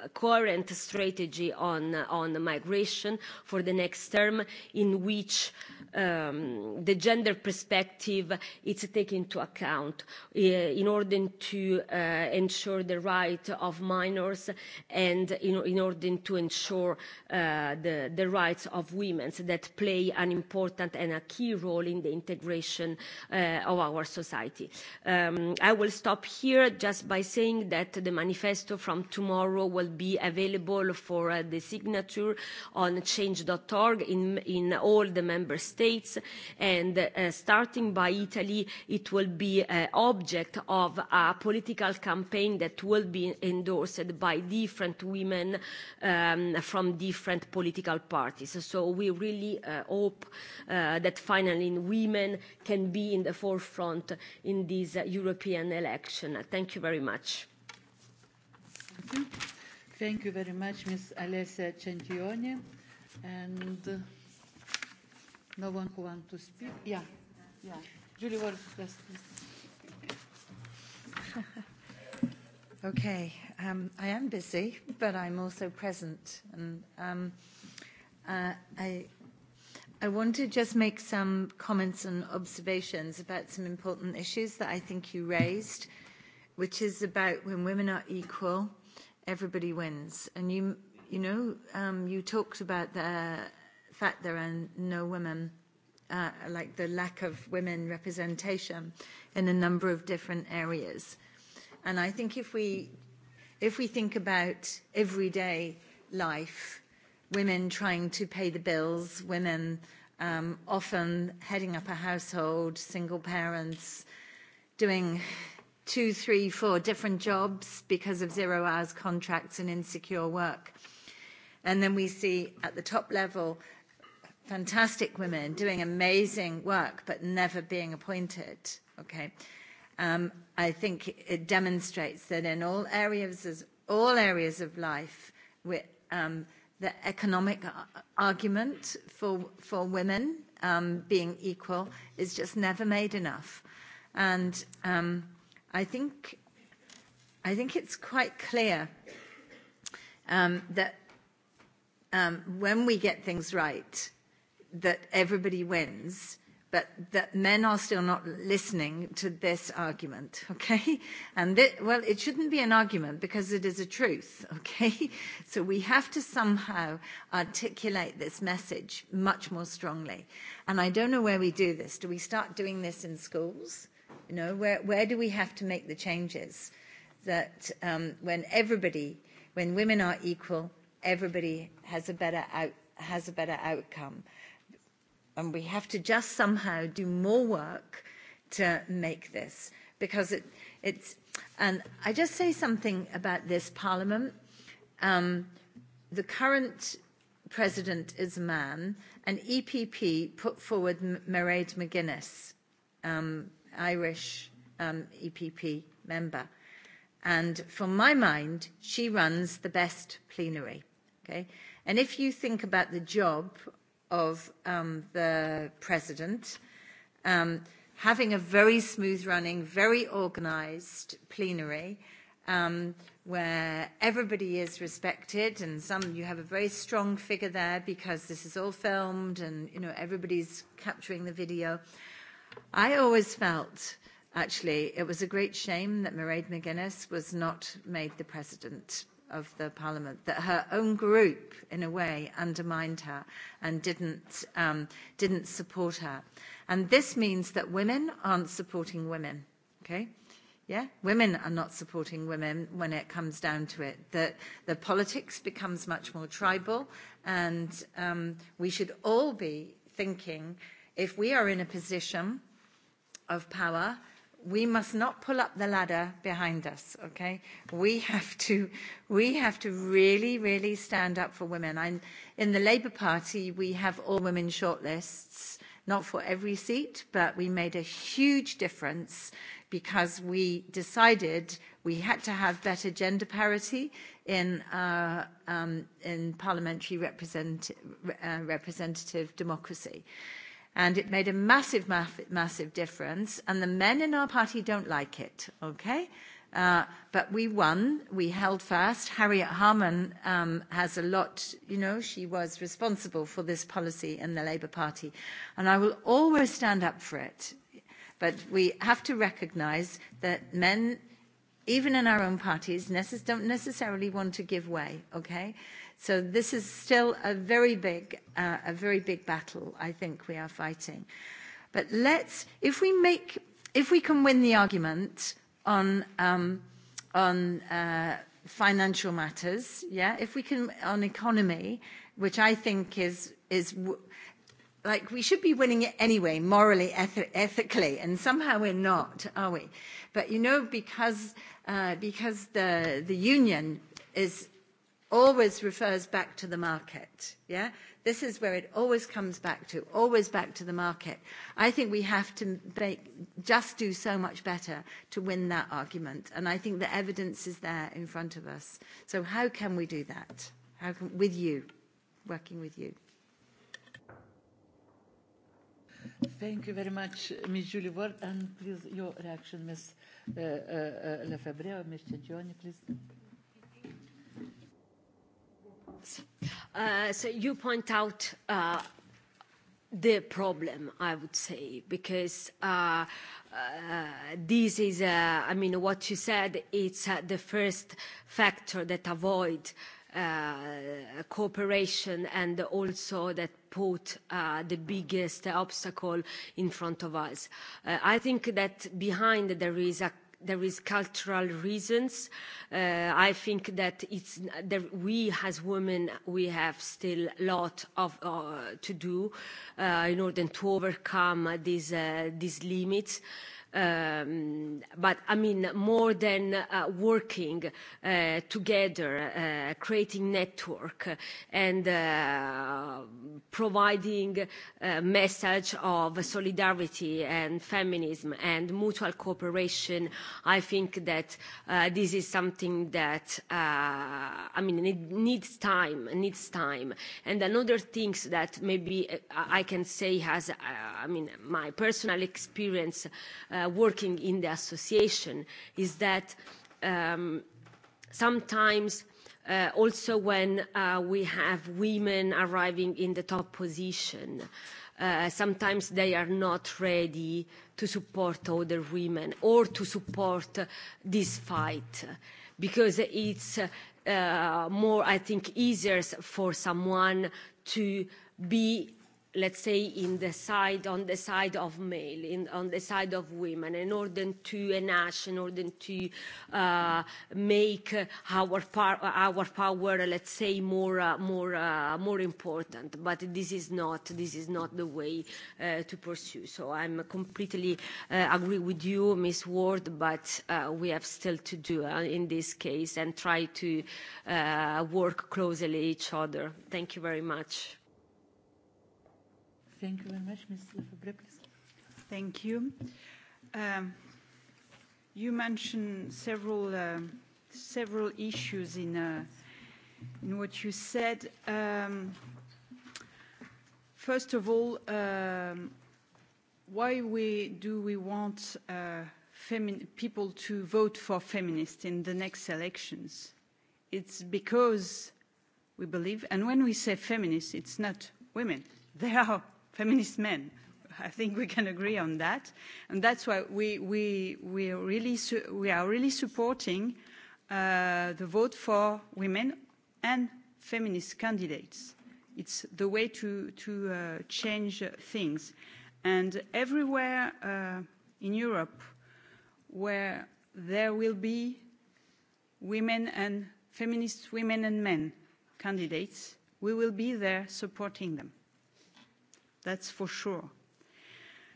a, a current strategy on, on migration for the next term in which uh, um, the gender perspective is taken into account uh, in order to uh, ensure the right of minors and in, in order to ensure uh, the, the rights of women that play an important and a key role in the integration uh, of our society. Um, I will stop here just by saying that the manifesto from tomorrow will be available for uh, the signature on change.org in, in all the member states States and uh, starting by Italy, it will be uh, object of a political campaign that will be endorsed by different women um, from different political parties. So we really uh, hope uh, that finally women can be in the forefront in this uh, European election. Thank you very much. Thank you. Thank you very much, Ms. Alessia Centioni. And No one who wants to speak? Yeah. Yeah. Julie Wolf, yes, please. okay. Um, I am busy, but I'm also present. And um, uh, I, I want to just make some comments and observations about some important issues that I think you raised, which is about when women are equal, everybody wins. And you, you know, um, you talked about the fact there are no women, uh, like the lack of women representation in a number of different areas. And I think if we, if we think about everyday life, women trying to pay the bills, women um, often heading up a household, single parents, doing two, three, four different jobs because of zero hours contracts and insecure work. And then we see at the top level fantastic women doing amazing work but never being appointed. Okay, um, I think it demonstrates that in all areas, as all areas of life, we, um, the economic argument for for women um, being equal is just never made enough, and um, I think I think it's quite clear um, that um, when we get things right that everybody wins, but that men are still not listening to this argument, <laughs> okay? And th- well, it shouldn't be an argument because it is a truth, <laughs> okay? So we have to somehow articulate this message much more strongly. And I don't know where we do this. Do we start doing this in schools? You know, where, where do we have to make the changes that um, when everybody, when women are equal, everybody has a better out, has a better outcome? And we have to just somehow do more work to make this because it, it's. And I just say something about this parliament. Um, the current president is a man, and EPP put forward Mairead McGuinness, um, Irish um, EPP member. And from my mind, she runs the best plenary. Okay? And if you think about the job of um, the president, um, having a very smooth running, very organized plenary um, where everybody is respected and some you have a very strong figure there because this is all filmed and you know everybody's capturing the video. I always felt actually it was a great shame that Mairead McGuinness was not made the president of the parliament that her own group in a way undermined her and didn't um, didn't support her and this means that women aren't supporting women okay yeah women are not supporting women when it comes down to it that the politics becomes much more tribal and um, we should all be thinking if we are in a position of power we must not pull up the ladder behind us okay we have to we have to really really stand up for women i'm in the labour party we have all women shortlists not for every seat but we made a huge difference because we decided we had to have better gender parity in our uh, um, in parliamentary represent, uh, representative democracy uh, and it made a massive, massive difference. And the men in our party don't like it, okay? Uh, but we won, we held fast. Harriet Harman um, has a lot, you know, she was responsible for this policy in the Labour Party. And I will always stand up for it. But we have to recognise that men, even in our own parties, necess- don't necessarily want to give way, okay? Uh, So this is still a very big, uh, a very big battle I think we are fighting. But let's, if we make, if we can win the argument on, um, on uh, financial matters, yeah, if we can, on economy, which I think is, is w- like we should be winning it anyway, morally, eth- ethically, and somehow we're not, are we? But you know, because uh, because the the union is always refers back to the market. Yeah? This is where it always comes back to, always back to the market. I think we have to make, just do so much better to win that argument. And I think the evidence is there in front of us. So how can we do that? How can, with you, working with you. Thank you very much, Ms. Julie Ward, and please your reaction, Ms. Uh, uh, uh, Lefebvre or Mr. Gianni, please points. Uh, so you point out uh, the problem, I would say, because uh, uh, this is, uh, I mean, what you said, it's uh, the first factor that avoid uh, cooperation and also that put uh, the biggest obstacle in front of us. Uh, I think that behind there is a there is cultural reasons. Uh, I think that it's there, we as women we have still a lot of uh, to do uh, in order to overcome these uh, these limits. Uh, um, but I mean more than uh, working uh, together, uh, creating network uh, and uh, providing a uh, message of solidarity and feminism and mutual cooperation, I think that uh, this is something that, uh, I mean, it needs time, needs time. And another things that maybe uh, I can say has, uh, I mean, my personal experience uh, uh, working in the association is that um, sometimes uh, also when uh, we have women arriving in the top position, uh, sometimes they are not ready to support other women or to support uh, this fight because it's uh, more, I think, easier for someone to be let's say, in the side, on the side of male, in, on the side of women, in order to enact, in order to uh, make our, par- our power, let's say, more, uh, more, uh, more important. But this is not, this is not the way uh, to pursue. So I'm completely uh, agree with you, Ms. Ward, but uh, we have still to do uh, in this case and try to uh, work closely each other. Thank you very much. Thank you very much, Ms. Lefebvre, please. Thank you. Um, you mentioned several, um, several issues in, uh, in what you said. Um, first of all, um, why we, do we want uh, people to vote for feminists in the next elections? It's because we believe, and when we say feminists, it's not women. <laughs> There are feminist men. I think we can agree on that. And that's why we, we, we, really su- we are really supporting uh, the vote for women and feminist candidates. It's the way to, to uh, change things. And everywhere uh, in Europe where there will be women and feminist women and men candidates, we will be there supporting them that's for sure.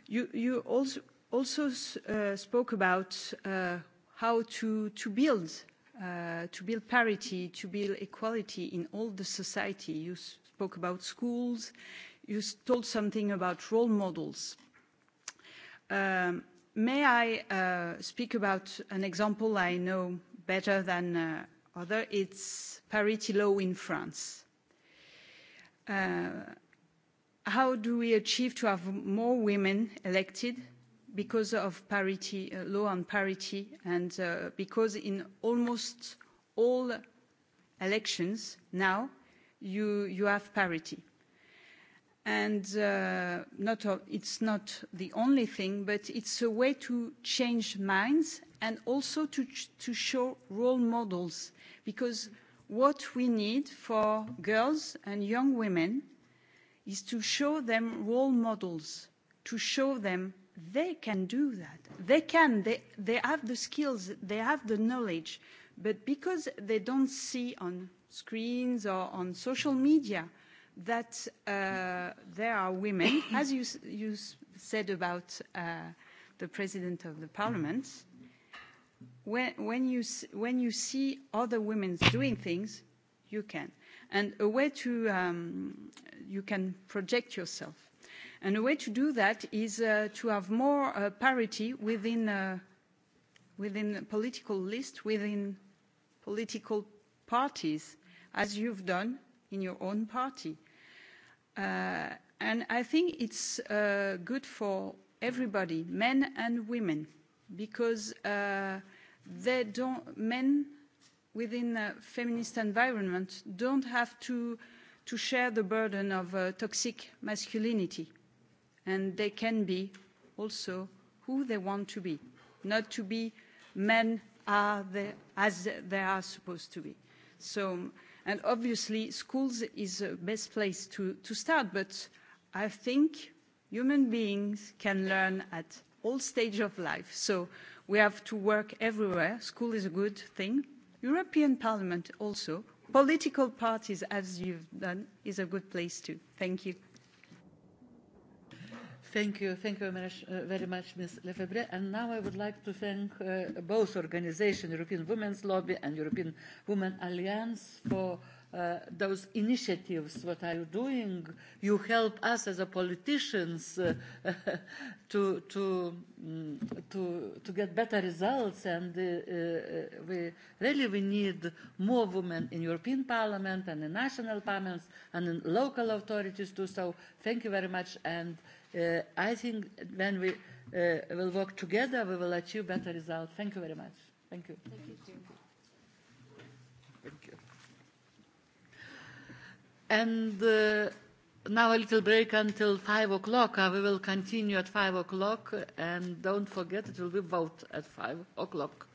You, you also, also uh, spoke about uh, how to, to build uh, to build parity, to build equality in all the society. You spoke about schools. You told something about role models. Um, may I uh, speak about an example I know better than uh, other? It's parity law in France. Uh, how do we achieve to have more women elected because of parity uh, law on parity and uh, because in almost all elections now you you have parity and uh, not it's not the only thing but it's a way to change minds and also to to show role models because what we need for girls and young women is to show them role models, to show them they can do that. They can, they, they have the skills, they have the knowledge, but because they don't see on screens or on social media that uh, there are women, <coughs> as you, you said about uh, the president of the parliament, when, when, you, when you see other women doing things, you can and a way to um, you can project yourself. And a way to do that is uh, to have more uh, parity within uh, within political list, within political parties, as you've done in your own party. Uh, and I think it's uh, good for everybody, men and women, because uh, they don't men within a feminist environment don't have to, to share the burden of uh, toxic masculinity. And they can be also who they want to be, not to be men are they, as they are supposed to be. So, and obviously schools is the best place to, to start, but I think human beings can learn at all stages of life. So we have to work everywhere. School is a good thing, european parliament also political parties as you've done is a good place too. thank you. Thank you. Thank you very much, uh, very much Ms. Lefebvre. And now I would like to thank uh, both organizations, European Women's Lobby and European Women Alliance, for uh, uh, those initiatives, what are you doing? You help us as a politicians uh, <laughs> to, to, um, to, to get better results and uh, uh, we really we need more women in European Parliament and in national parliaments and in local authorities too. So thank you very much and uh, I think when we uh, will work together we will achieve better results. Thank you very much. Thank you. Thank you. Too. Thank you. And uh, now a little break until 5 o'clock. Uh, we will continue at 5 o'clock. And don't forget, it will be vote at 5 o'clock.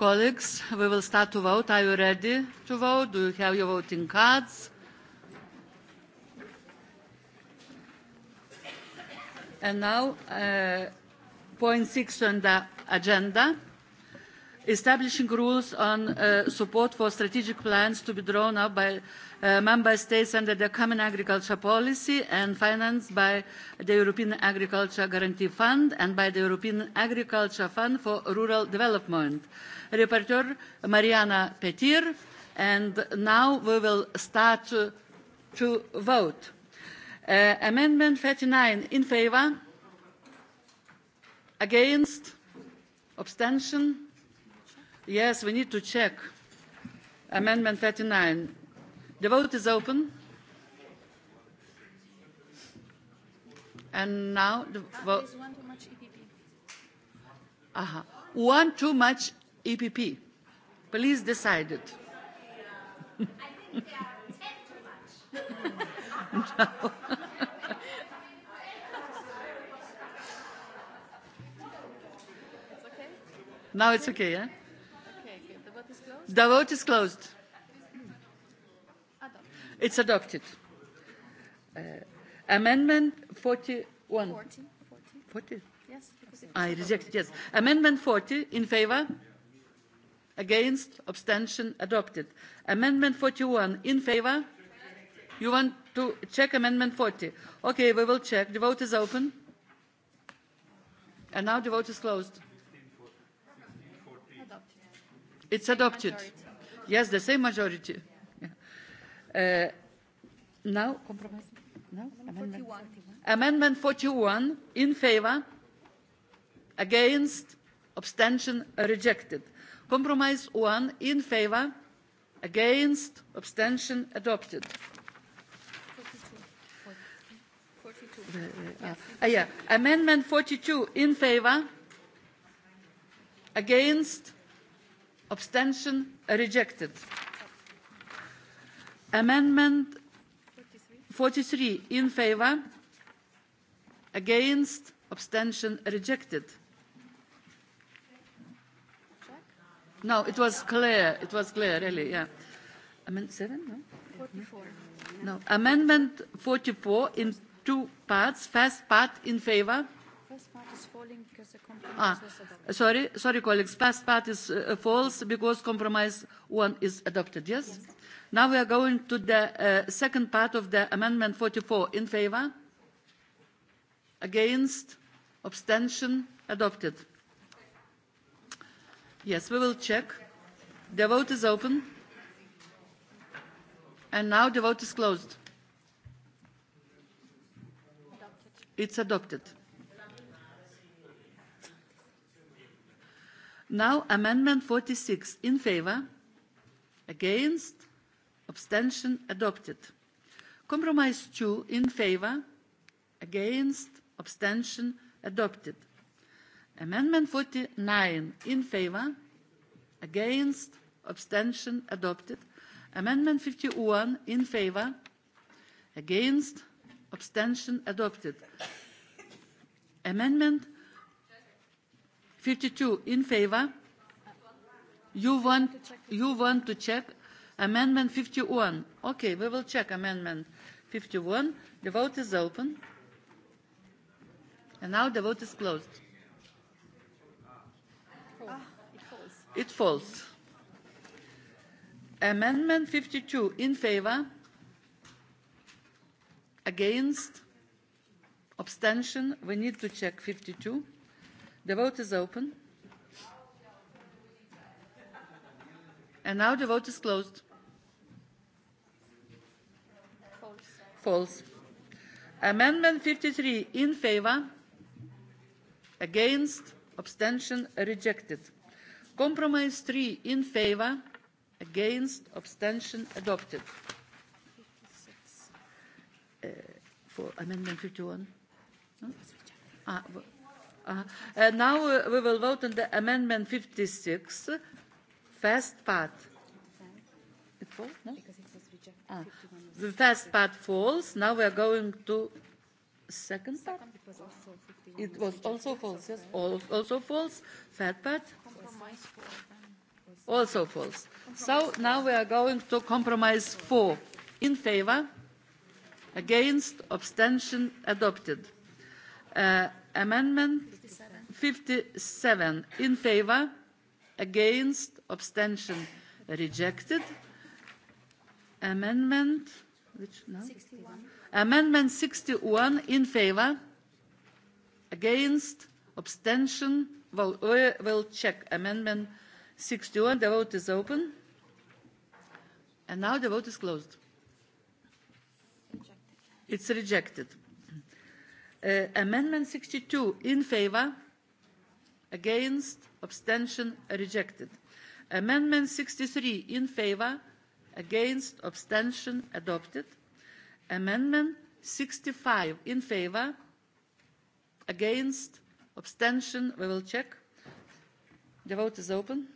Colleagues, we will start to vote. Are you ready to vote? Do you have your voting cards? And now, uh, point six on the agenda establishing rules on uh, support for strategic plans to be drawn up by uh, member states under the common agriculture policy and financed by the european agriculture guarantee fund and by the european agriculture fund for rural development rapporteur mariana petir and now we will start to, to vote. Uh, amendment thirty nine in favour against abstention Yes, we need to check. Amendment 39. The vote is open. And now the vote. There's one too much EPP. Uh-huh. One too much EPP. Please decide it. I think they are 10 too much. no. <laughs> Now it's okay, yeah? The vote is closed. It's adopted. Uh, amendment 41. 40. 40. 40? Yes. I rejected, yes. Amendment 40 in favor? Against? Abstention? Adopted. Amendment 41 in favor? You want to check Amendment 40? Okay, we will check. The vote is open. And now the vote is closed. It's adopted. Majority. Yes, the same majority. Yeah. Uh, now, compromise. No? Amendment 41. Amendment 41 in favor, against, abstention rejected. Compromise 1 in favor, against, abstention adopted. 42. 42. Uh, yes. uh, yeah. Amendment 42 in favor, against, abstention rejected amendment forty three in favour against abstention rejected no it was clear it was clear really yeah amendment seven no 44. no amendment forty four in two parts first part in favour Ah, sorry, sorry, colleagues. Past part is uh, false because compromise one is adopted. Yes. yes. Now we are going to the uh, second part of the amendment 44. In favour? Against? Abstention? Adopted. Yes, we will check. The vote is open. And now the vote is closed. Adopted. It's adopted. Now, Amendment 46 in favor, against, abstention adopted. Compromise 2 in favor, against, abstention adopted. Amendment 49 in favor, against, abstention adopted. Amendment 51 in favor, against, abstention adopted. Amendment 52 in favor. You want, you want to check amendment 51. Okay, we will check amendment 51. The vote is open. And now the vote is closed. Ah, it falls. It falls. Amendment 52 in favor, against, abstention. We need to check 52. The vote is open. And now the vote is closed. False. False. Amendment 53 in favor, against, abstention rejected. Compromise 3 in favor, against, abstention adopted. Uh, for amendment 51? No? Ah, well, Uh, and now uh, we will vote on the amendment 56, first part. It falls, no? Because it was rejected. Ah. The first part falls. Now we are going to second part. Second, it was also, it was also false, yes. All, also false. Third part. Compromise four. Also false. Compromise so now we are going to compromise four. In favor? Against? Abstention? Adopted. Uh, amendment 57 in favor against abstention rejected amendment which no 61. amendment 61 in favor against abstention well uh, we'll check amendment 61 the vote is open and now the vote is closed it's rejected Uh, amendment 62 in favor, against, abstention rejected. Amendment 63 in favor, against, abstention adopted. Amendment 65 in favor, against, abstention, we will check. The vote is open.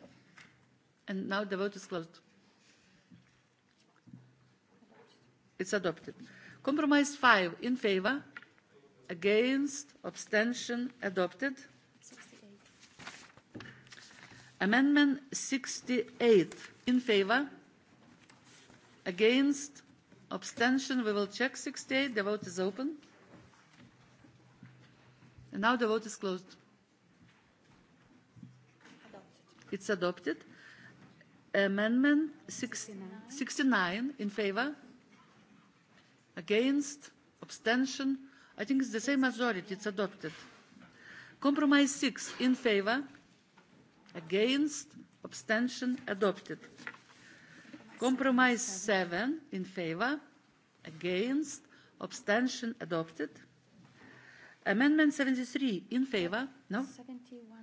And now the vote is closed. It's adopted. Compromise 5 in favor, against abstention adopted 68. amendment 68 in favor against abstention we will check 68 the vote is open and now the vote is closed adopted. it's adopted amendment 69, 69 in favor against abstention I think it's the same majority. It's adopted. Compromise 6 in favor, against, abstention, adopted. Compromise 7 in favor, against, abstention, adopted. Amendment 73 in favor, no? 71.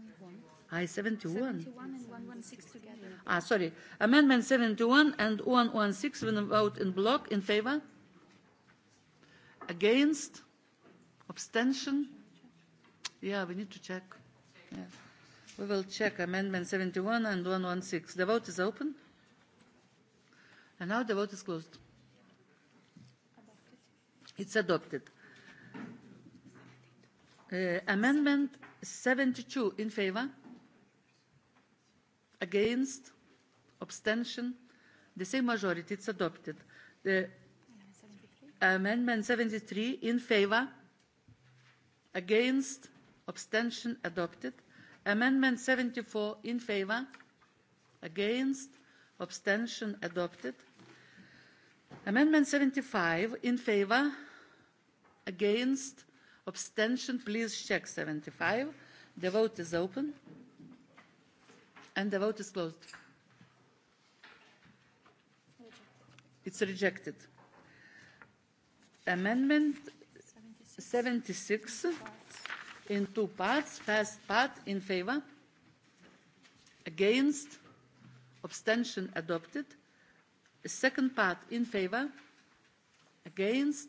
I 71. 71 and 116 together. Ah, sorry. Amendment 71 and 116 when vote in block in favor, against, abstention Abstention? Yeah, we need to check. Yeah. We will check Amendment 71 and 116. The vote is open. And now the vote is closed. It's adopted. Uh, amendment 72 in favor? Against? Abstention? The same majority. It's adopted. The amendment 73 in favor? against abstention adopted amendment seventy four in favour against abstention adopted amendment seventy five in favour against abstention please check seventy five the vote is open and the vote is closed it's rejected amendment 76 in two parts. First part in favor, against, abstention adopted. Second part in favor, against,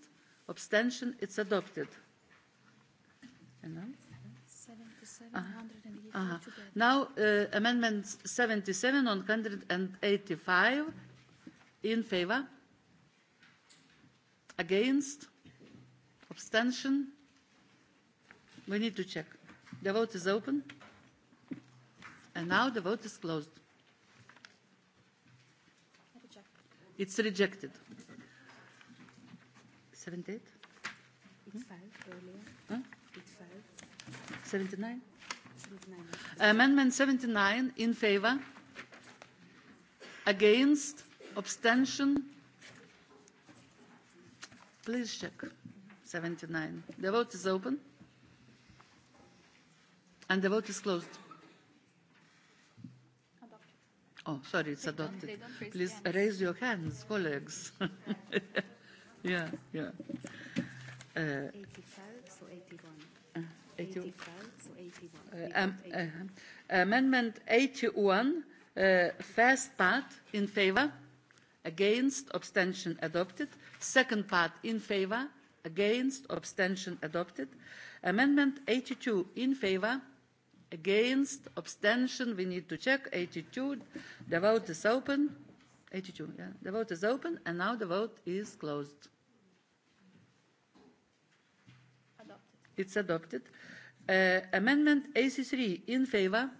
abstention, it's adopted. And now? 77, uh -huh. Uh -huh. Now, uh, amendments 77 on 185 in favor, against, Abstention? We need to check. The vote is open. And now the vote is closed. It's rejected. 78? It's five earlier. Huh? It's five. 79? 79. Amendment 79 in favor. Against? Abstention? Please check. 79. The vote is open. And the vote is closed. Adopted. Oh, sorry, it's they adopted. Don't, don't raise Please hands. raise your hands, colleagues. <laughs> yeah, yeah. Uh, 85, so 81. Uh, 85, so 81. Uh, um, uh, uh amendment 81, uh, first part in favor, against, abstention adopted. Second part in favor, against abstention adopted amendment 82 in favor against abstention we need to check 82 the vote is open 82 yeah the vote is open and now the vote is closed adopted. it's adopted uh, amendment 83 in favor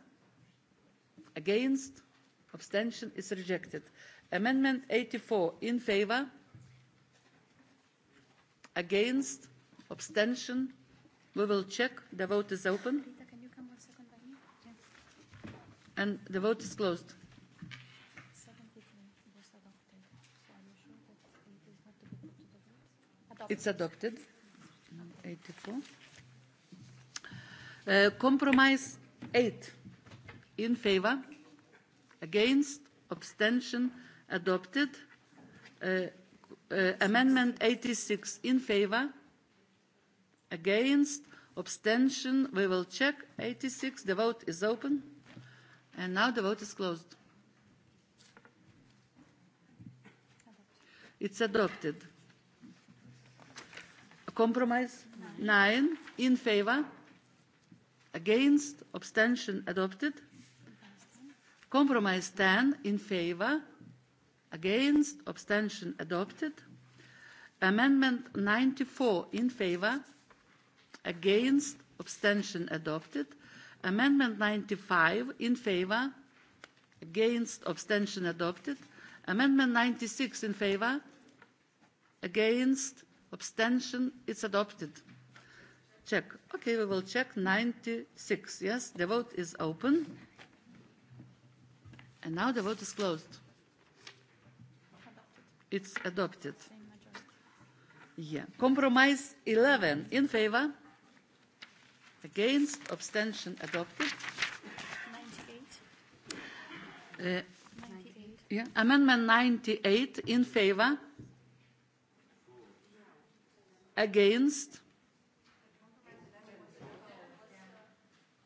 against abstention is rejected amendment 84 in favor Against? Abstention? We will check. The vote is open. And the vote is closed. It's adopted. 84. Uh, compromise 8. In favor? Against? Abstention? Adopted. Uh, Uh, amendment 86 in favor? Against? Abstention? We will check 86. The vote is open. And now the vote is closed. It's adopted. Compromise? Nine. Nine. In favor? Against? Abstention adopted. Compromise 10 in favor against abstention adopted amendment 94 in favor against abstention adopted amendment 95 in favor against abstention adopted amendment 96 in favor against abstention it's adopted check okay we will check 96 yes the vote is open and now the vote is closed It's adopted. Yeah. Compromise 11 in favor. Against. Abstention adopted. 98. Uh, 98. Yeah. Amendment 98 in favor. Against.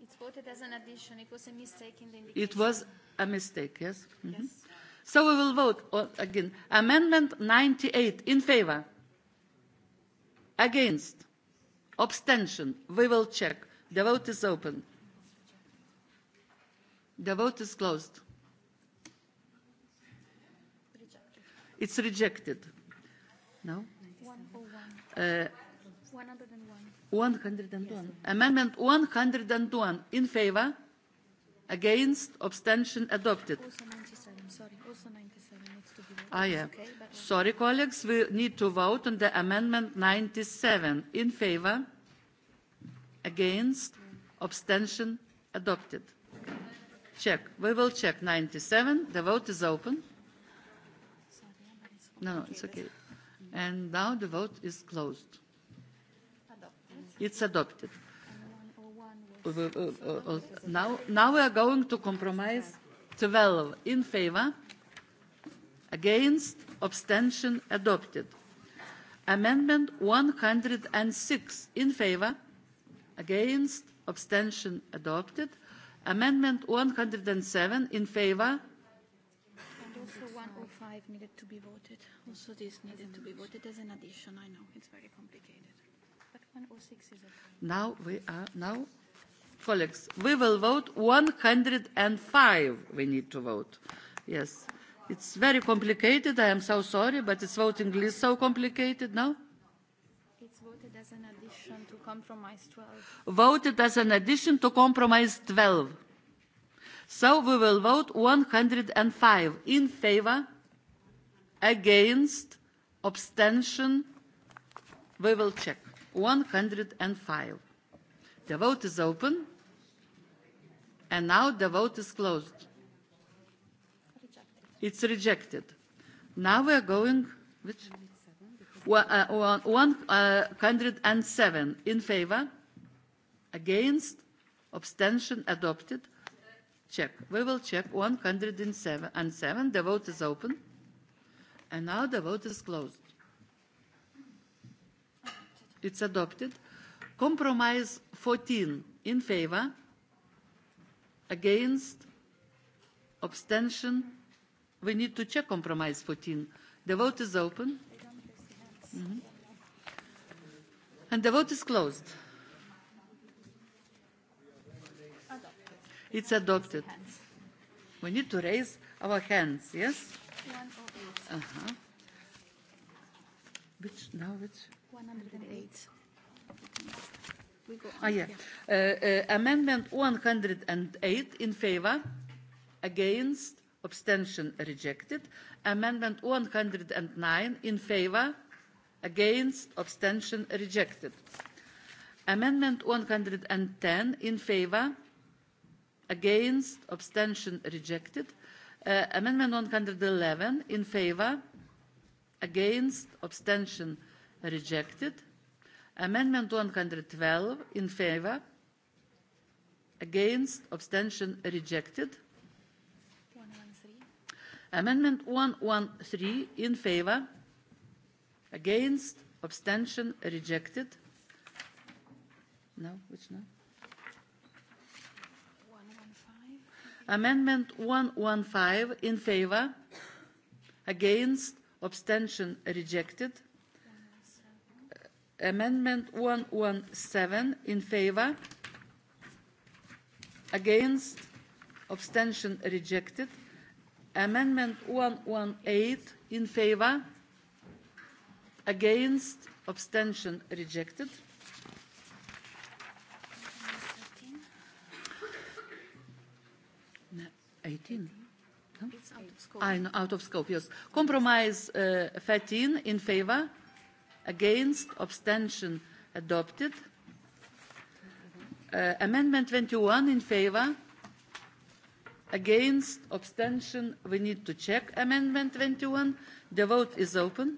It's voted as an addition. It was a mistake in the indication. It was a mistake, yes. Mm -hmm. Yes. So we will vote again. Amendment 98 in favor. Against. Abstention. We will check. The vote is open. The vote is closed. Rejected. It's rejected. No? 101. Uh, 101. 101. Yes. Amendment 101 in favor, against, abstention adopted. Also 97. Ah, yeah. Okay, but... Sorry, colleagues, we need to vote on the amendment 97. In favor? Against? Abstention? Adopted. Check. We will check 97. The vote is open. No, no, it's okay. And now the vote is closed. It's adopted. Oh uh, uh, uh, now, now we are going to compromise 12 in favor against abstention adopted amendment 106 in favor against abstention adopted amendment 107 in favor and also 105 needed to be voted also this needed to be voted as an addition i know it's very complicated but 106 is okay. now we are now colleagues we will vote 105 we need to vote yes It's very complicated. I am so sorry, but it's voting list so complicated now. It's voted as an addition to compromise 12. Voted as an addition to compromise 12. So we will vote 105 in favor, against, abstention. We will check. 105. The vote is open. And now the vote is closed. It's rejected. Now we are going which? 107 uh, uh, in favor, against, abstention adopted. Check. We will check 107. The vote is open. And now the vote is closed. It's adopted. Compromise 14 in favor, against, abstention We need to check compromise 14. The vote is open. Mm-hmm. And the vote is closed. It's adopted. We need to raise our hands, yes? Uh-huh. Which, now which? 108. We go on. Ah, yeah. yeah. Uh, uh, amendment 108 in favor, against, abstention rejected amendment one hundred and nine in favour against abstention rejected amendment one hundred and ten in favour against abstention rejected uh, amendment one hundred and eleven in favour against abstention rejected amendment one hundred and twelve in favour against abstention rejected Amendment 113 in favor, against, abstention, rejected. No, which no? 115. Amendment 115 in favor, against, abstention, rejected. Amendment 117 in favor, against, abstention, rejected. 118 Amendment 118 in favor, against, abstention rejected. No, 18. No? It's out of scope. I know, out of scope, yes. Compromise uh, 13 in favor, against, abstention adopted. Uh, amendment 21 in favor, against abstention we need to check amendment 21 the vote is open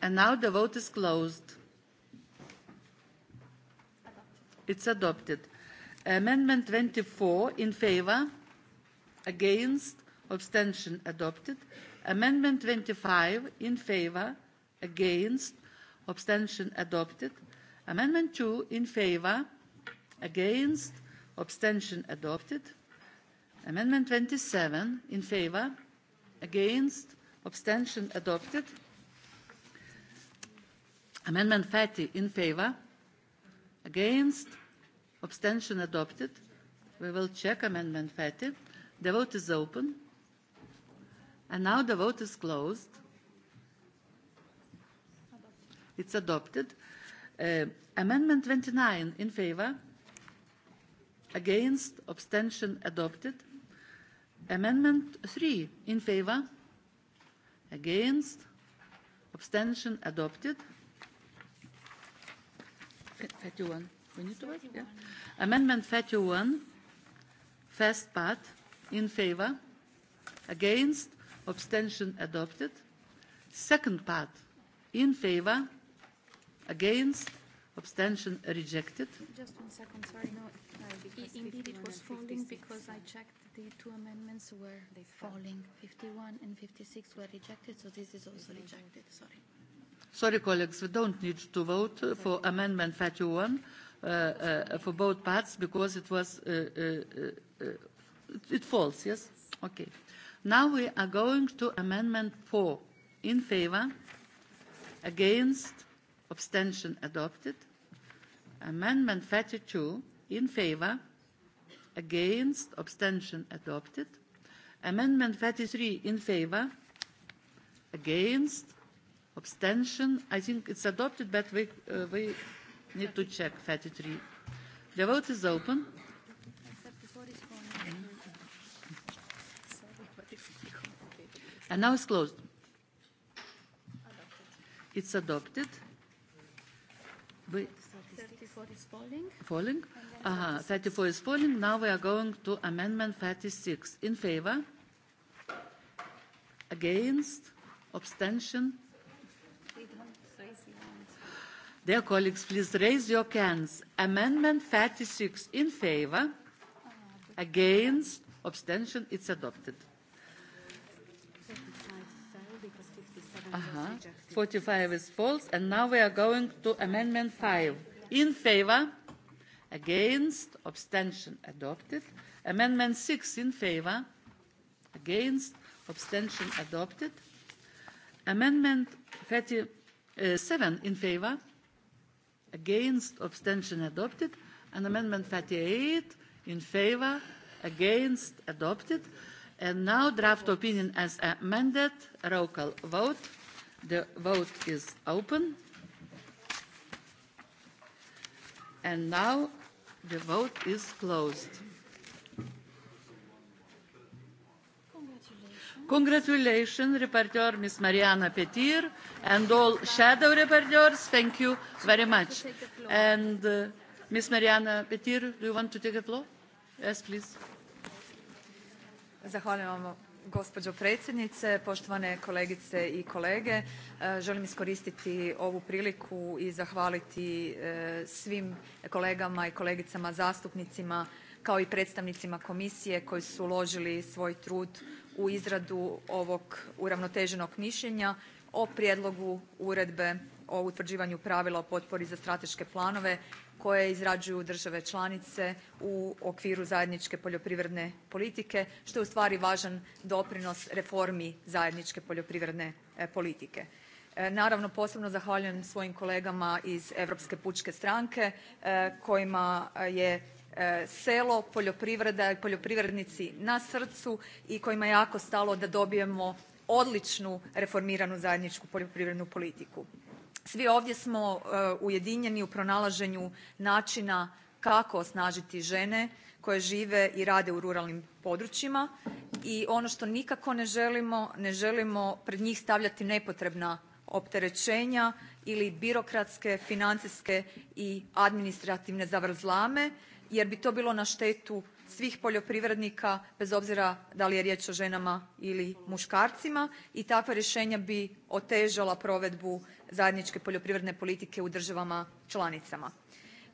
and now the vote is closed it's adopted amendment 24 in favor against abstention adopted amendment 25 in favor against abstention adopted amendment 2 in favor against abstention adopted amendment 27 in favor against abstention adopted amendment 30 in favor against abstention adopted we will check amendment 30 the vote is open and now the vote is closed it's adopted uh, amendment 29 in favor against abstention adopted amendment 3 in favor against abstention adopted 31 we need to vote yeah amendment 31 first part in favor against abstention adopted second part in favor against Abstention rejected. Just one second, sorry, no. no Indeed, it was falling because I checked the two amendments were they falling. 51 and 56 were rejected, so this is also rejected, sorry. Sorry, colleagues, we don't need to vote uh, for Amendment 51 uh, uh, for both parts because it was, uh, uh, uh, it falls, yes? Okay. Now we are going to Amendment 4. In favor? Against? abstention adopted amendment 32 in favor against abstention adopted amendment 33 in favor against abstention i think it's adopted but we, uh, we need to check 33 the vote is open and now it's closed it's adopted We, 34 is falling. Falling? Aha, 34 is falling. Now we are going to amendment 36. In favor? Against? Abstention? Dear colleagues, please raise your hands. Amendment 36 in favor? Ah, Against? Abstention? It's adopted. 35 fell because 57 was rejected. 45 is false. And now we are going to Amendment 5. In favor, against, abstention adopted. Amendment 6 in favor, against, abstention adopted. Amendment 37 uh, in favor, against, abstention adopted. And Amendment 38 in favor, against, adopted. And now draft opinion as amended, roll call vote. The vote is open. And now the vote is closed. Congratulations, Rapporteur Ms. Mariana Petir and all shadow rapporteurs. Thank you very much. And uh, Ms. Mariana Petir, do you want to take the floor? Yes, please. Zahvaljujem vam Gospođo predsjednice, poštovane kolegice i kolege. E, želim iskoristiti ovu priliku i zahvaliti e, svim kolegama i kolegicama zastupnicima kao i predstavnicima komisije koji su uložili svoj trud u izradu ovog uravnoteženog mišljenja o prijedlogu uredbe o utvrđivanju pravila o potpori za strateške planove koje izrađuju države članice u okviru zajedničke poljoprivredne politike što je ustvari važan doprinos reformi zajedničke poljoprivredne e, politike. E, naravno posebno zahvaljujem svojim kolegama iz Europske pučke stranke e, kojima je selo, poljoprivreda i poljoprivrednici na srcu i kojima je jako stalo da dobijemo odličnu reformiranu zajedničku poljoprivrednu politiku. Svi ovdje smo e, ujedinjeni u pronalaženju načina kako osnažiti žene koje žive i rade u ruralnim područjima i ono što nikako ne želimo, ne želimo pred njih stavljati nepotrebna opterećenja ili birokratske, financijske i administrativne zavrzlame jer bi to bilo na štetu svih poljoprivrednika bez obzira da li je riječ o ženama ili muškarcima i takva rješenja bi otežala provedbu zajedničke poljoprivredne politike u državama članicama.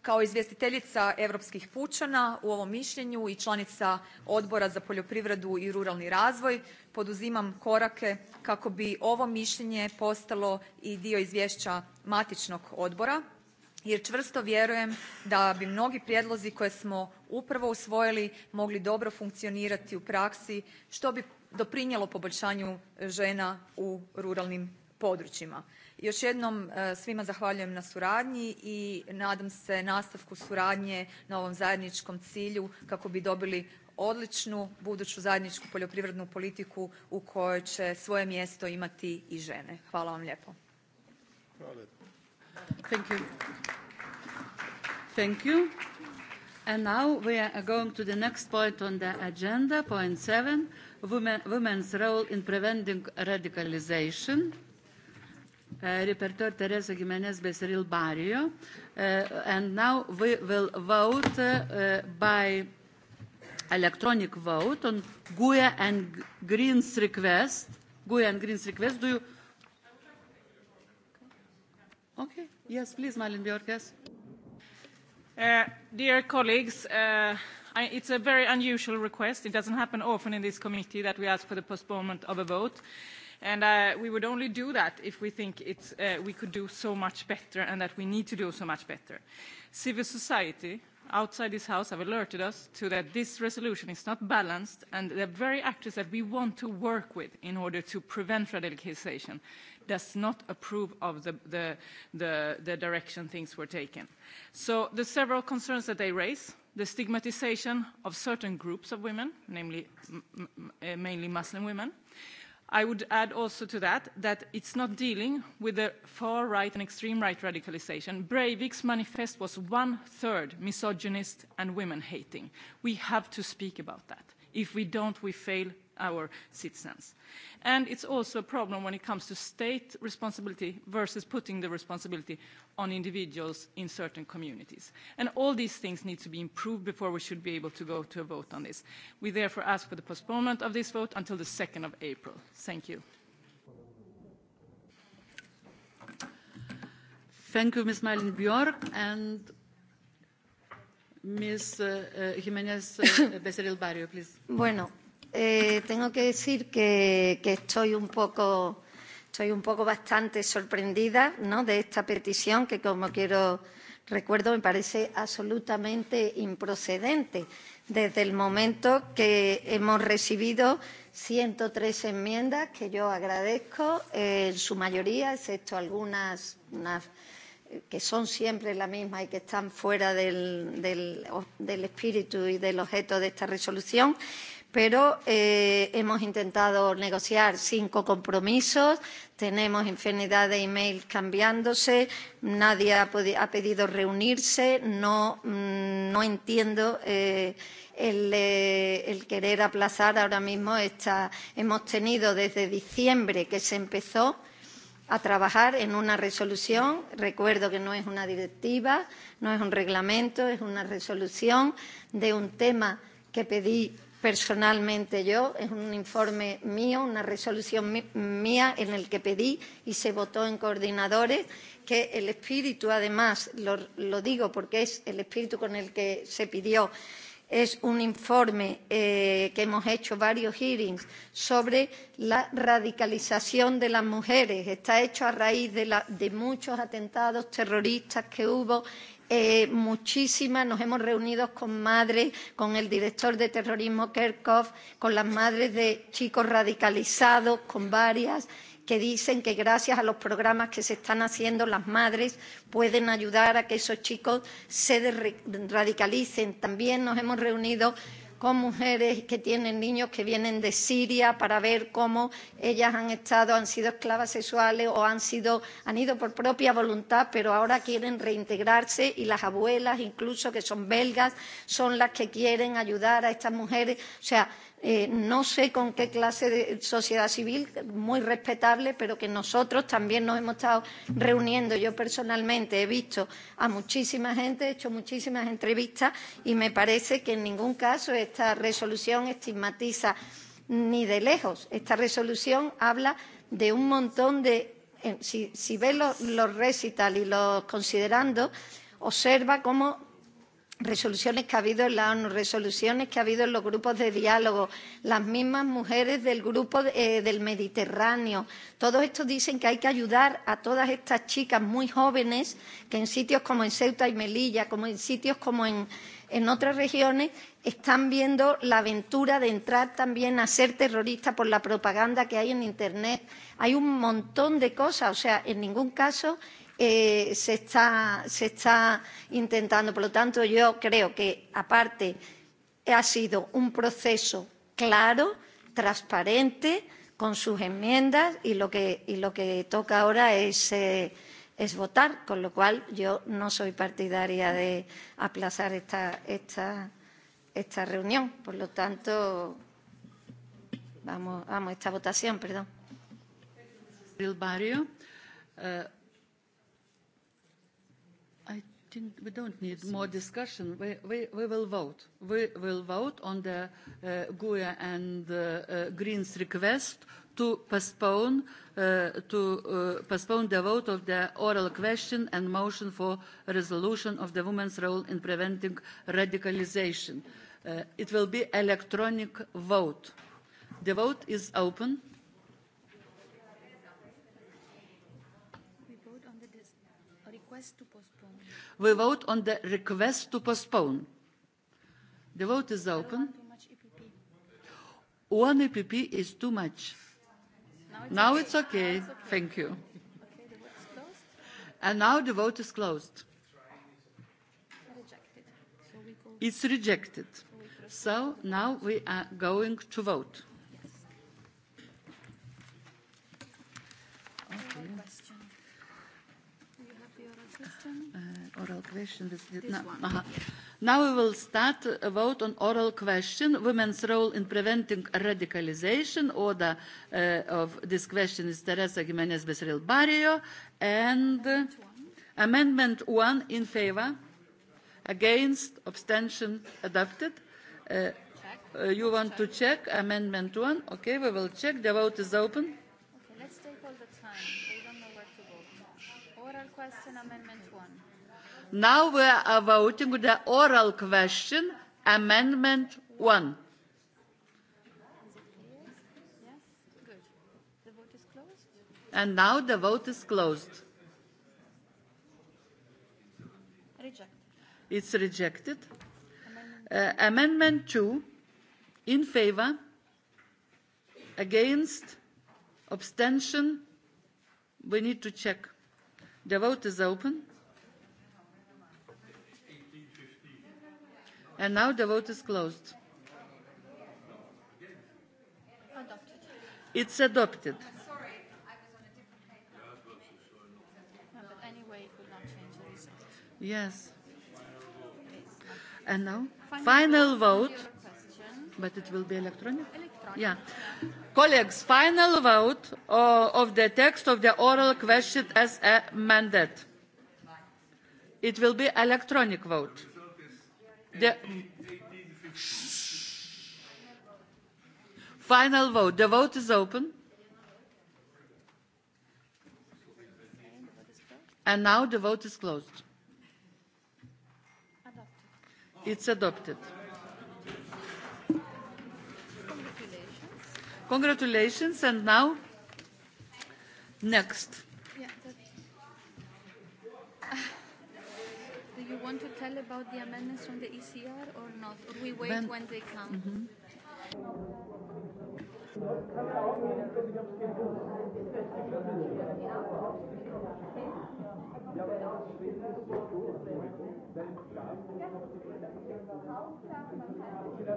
Kao izvjestiteljica europskih pučana u ovom mišljenju i članica Odbora za poljoprivredu i ruralni razvoj poduzimam korake kako bi ovo mišljenje postalo i dio izvješća matičnog odbora jer čvrsto vjerujem da bi mnogi prijedlozi koje smo upravo usvojili mogli dobro funkcionirati u praksi što bi doprinijelo poboljšanju e, žena u ruralnim područjima. Još jednom e, svima zahvaljujem na suradnji i nadam se nastavku suradnje na ovom zajedničkom cilju kako bi dobili odličnu buduću zajedničku poljoprivrednu politiku u kojoj će svoje mjesto imati i žene. Hvala vam lijepo. Hvala. Thank you. Thank you. And now we are going to the next point on the agenda, point seven, women, women's role in preventing radicalization. Uh, Repertor Teresa Jimenez Becerril Barrio. Uh, and now we will vote uh, uh by electronic vote on GUE and Green's request. GUE and Green's request. Do you? Okay. Yes, please, Malin Björkes. Uh, dear colleagues, uh, I, it's a very unusual request. It doesn't happen often in this committee that we ask for the postponement of a vote. And uh, we would only do that if we think it's, uh, we could do so much better and that we need to do so much better. Civil society outside this house have alerted us to that this resolution is not balanced and the very actors that we want to work with in order to prevent radicalisation does not approve of the, the, the, the direction things were taken. So the several concerns that they raise, the stigmatization of certain groups of women, namely m m eh, mainly Muslim women. I would add also to that that it's not dealing with the far right and extreme right radicalization. Breivik's manifest was one third misogynist and women hating. We have to speak about that. If we don't, we fail our citizens. And it's also a problem when it comes to state responsibility versus putting the responsibility on individuals in certain communities. And all these things need to be improved before we should be able to go to a vote on this. We therefore ask for the postponement of this vote until the 2nd of April. Thank you. Thank you, Ms. Malin Björk. And Ms. Uh, uh, Jiménez uh, <coughs> Becerril Barrio, please. Bueno, eh, tengo que decir que, que estoy un poco, estoy un poco bastante sorprendida ¿no? de esta petición que, como quiero recuerdo, me parece absolutamente improcedente desde el momento que hemos recibido 103 enmiendas que yo agradezco eh, en su mayoría, excepto algunas unas, eh, que son siempre las mismas y que están fuera del, del, del espíritu y del objeto de esta resolución. Eh, pero eh, hemos intentado negociar cinco compromisos, tenemos infinidad de emails cambiándose, nadie ha, ha pedido reunirse, no, mmm, no entiendo. Eh, el, eh, el querer aplazar ahora mismo esta. Hemos tenido desde diciembre que se empezó a trabajar en una resolución. Recuerdo que no es una directiva, no es un reglamento, es una resolución de un tema que pedí personalmente yo, es un informe mío, una resolución mía en el que pedí y se votó en coordinadores que el espíritu, además, lo, lo digo porque es el espíritu con el que se pidió, es un informe eh, que hemos hecho varios hearings sobre la radicalización de las mujeres. Está hecho a raíz de, la, de muchos atentados terroristas que hubo eh, muchísimas. Nos hemos reunido con madres, con el director de terrorismo Kerkhoff, con las madres de chicos radicalizados, con varias que dicen que gracias a los programas que se están haciendo las madres pueden ayudar a que esos chicos se radicalicen. También nos hemos reunido con mujeres que tienen niños que vienen de Siria para ver cómo ellas han estado, han sido esclavas sexuales o han, sido, han ido por propia voluntad, pero ahora quieren reintegrarse y las abuelas, incluso que son belgas, son las que quieren ayudar a estas mujeres. O sea, Eh, no sé con qué clase de sociedad civil, muy respetable, pero que nosotros también nos hemos estado reuniendo. Yo personalmente he visto a muchísima gente, he hecho muchísimas entrevistas y me parece que en ningún caso esta resolución estigmatiza ni de lejos. Esta resolución habla de un montón de. Eh, si, si ves los, los recital y los considerando, observa cómo resoluciones que ha habido en la onu resoluciones que ha habido en los grupos de diálogo las mismas mujeres del grupo eh, del mediterráneo todos estos dicen que hay que ayudar a todas estas chicas muy jóvenes que en sitios como en ceuta y melilla como en sitios como en, en otras regiones están viendo la aventura de entrar también a ser terroristas por la propaganda que hay en internet. hay un montón de cosas o sea en ningún caso eh, se, está, se está intentando. Por lo tanto, yo creo que, aparte, ha sido un proceso claro, transparente, con sus enmiendas y lo que, y lo que toca ahora es, eh, es votar, con lo cual yo no soy partidaria de aplazar esta, esta, esta reunión. Por lo tanto, vamos, vamos esta votación, perdón. El barrio. Uh, think we don't need more discussion. We, we, we will vote. We will vote on the uh, GUE and uh, uh, Greens request to postpone, uh, to, uh, postpone the vote of the oral question and motion for resolution of the women's role in preventing radicalization. Uh, it will be electronic vote. The vote is open. we vote on the request to postpone. The vote is open. One EPP is too much. Now it's okay. Now it's okay. Now it's okay. Thank you. Okay, the vote is closed. And now the vote is closed. Rejected. So we go... It's rejected. So, we so now we are going to vote. Yes. Okay system? Uh, oral question. This did this not, one. Uh-huh. Now we will start a vote on oral question, women's role in preventing radicalization. Order uh, of this question is Teresa Jimenez Becerril Barrio. And uh, amendment one in favor, against, abstention, adopted. Uh, uh, you want to check amendment one? Okay, we will check. The vote is open. question amendment one. Now we are voting the oral question amendment one. Yes? Good. The vote is closed. And now the vote is closed. Rejected. It's rejected. Amendment, uh, amendment two in favor against abstention we need to check. The vote is open. And now the vote is closed. It's adopted. Yes. And now, final, final vote. But it will be electronic? Electronic. Yeah. Colleagues, final vote uh, of the text of the oral question as amended. It will be electronic vote. The final vote. The vote is open. And now the vote is closed. Adopted. It's adopted. Congratulations, and now next. Yeah, <laughs> Do you want to tell about the amendments from the ECR or not? Or we wait when, when they come? Mm-hmm. Ja,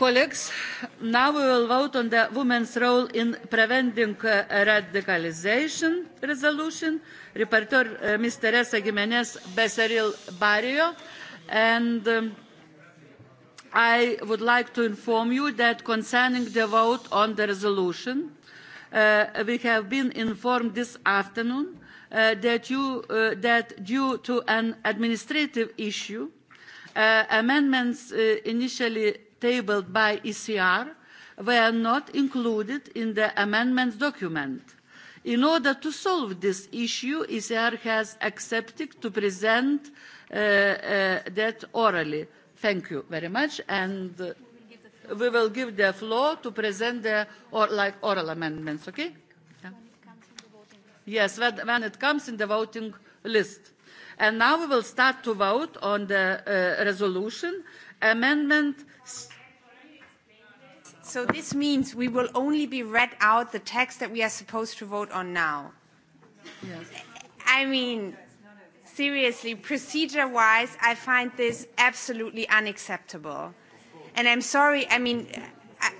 colleagues now we will vote on the women's role in preventing uh, radicalisation resolution rapporteur uh, ms teresa jimnez becerril barrio and um, i would like to inform you that concerning the vote on the resolution uh, we have been informed this afternoon uh, that, you, uh, that due to an administrative issue uh, amendments uh, initially tabled by ECR were not included in the amendments document. In order to solve this issue, ECR has accepted to present uh, uh, that orally. Thank you very much, and uh, we will give the floor to present the or, like oral amendments, okay? Yeah. Yes, when it comes in the voting list. And now we will start to vote on the uh, resolution amendment So this means we will only be read out the text that we are supposed to vote on now. Yes. I mean, seriously, procedure wise, I find this absolutely unacceptable. And I'm sorry, I mean, I,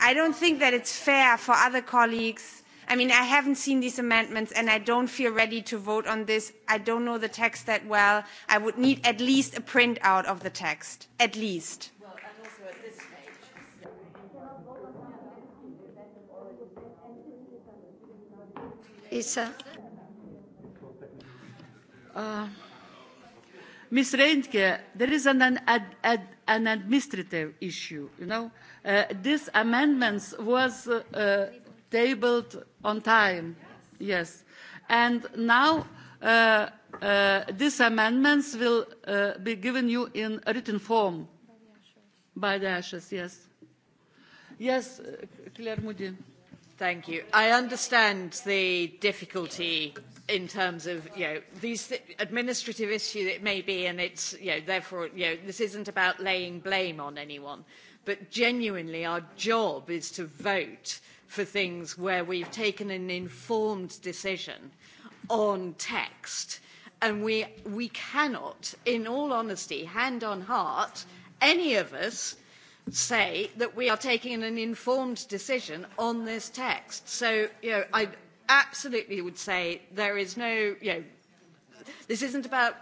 I don't think that it's fair for other colleagues. I mean, I haven't seen these amendments and I don't feel ready to vote on this. I don't know the text that well. I would need at least a printout of the text, at least. is a. Uh, Ms. Reintke, there is an, an, ad, ad, an administrative issue. You know, uh, this amendments was uh, tabled on time. Yes, and now uh, uh, these amendments will uh, be given you in written form by the ashes. Yes. Yes, uh, Claire Moody. Thank you. I understand the difficulty in terms of, you know, these th administrative issue it may be, and it's, you know, therefore, you know, this isn't about laying blame on anyone. But genuinely, our job is to vote for things where we've taken an informed decision on text. And we, we cannot, in all honesty, hand on heart, any of us say that we are taking an informed decision on this text. So, you know, I absolutely would say there is no, you know, this isn't about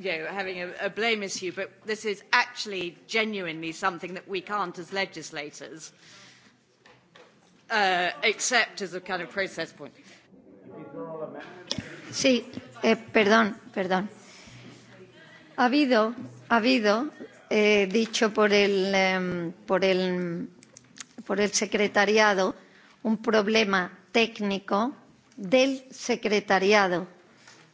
you know, having a, a blame issue, but this is actually genuinely something that we can't as legislators uh, accept as a kind of process point. Sí, eh, perdón, perdón. Ha habido, ha habido eh, dicho por el, eh, por, el, por el secretariado, un problema técnico del secretariado.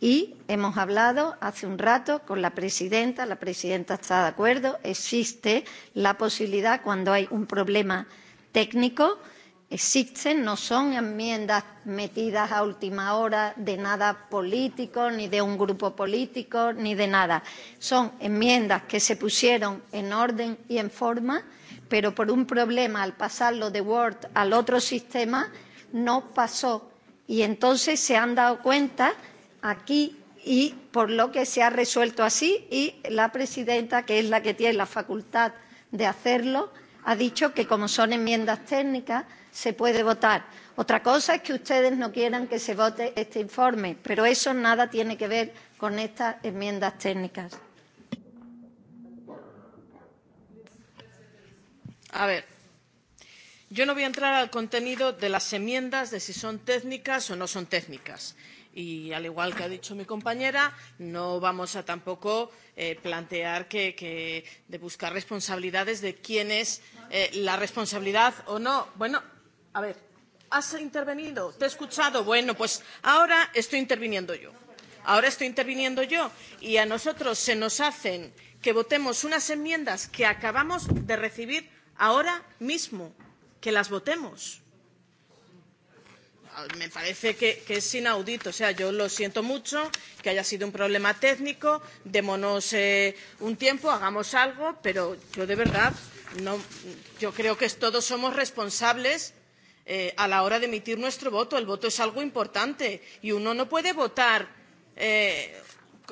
Y hemos hablado hace un rato con la presidenta, la presidenta está de acuerdo, existe la posibilidad cuando hay un problema técnico técnico existen, no son enmiendas metidas a última hora de nada político, ni de un grupo político, ni de nada. Son enmiendas que se pusieron en orden y en forma, pero por un problema al pasarlo de Word al otro sistema no pasó. Y entonces se han dado cuenta aquí y por lo que se ha resuelto así y la presidenta, que es la que tiene la facultad de hacerlo, ha dicho que como son enmiendas técnicas, se puede votar. Otra cosa es que ustedes no quieran que se vote este informe, pero eso nada tiene que ver con estas enmiendas técnicas. A ver, yo no voy a entrar al contenido de las enmiendas, de si son técnicas o no son técnicas y al igual que ha dicho mi compañera, no vamos a tampoco eh, plantear que, que de buscar responsabilidades de quién es eh, la responsabilidad o no. Bueno, A ver, has intervenido, te he escuchado. Bueno, pues ahora estoy interviniendo yo. Ahora estoy interviniendo yo y a nosotros se nos hacen que votemos unas enmiendas que acabamos de recibir ahora mismo. Que las votemos ah, me parece que, que es inaudito. O sea, yo lo siento mucho que haya sido un problema técnico. Démonos eh, un tiempo, hagamos algo, pero yo de verdad no, yo creo que todos somos responsables eh, a la hora de emitir nuestro voto. El voto es algo importante y uno no puede votar eh,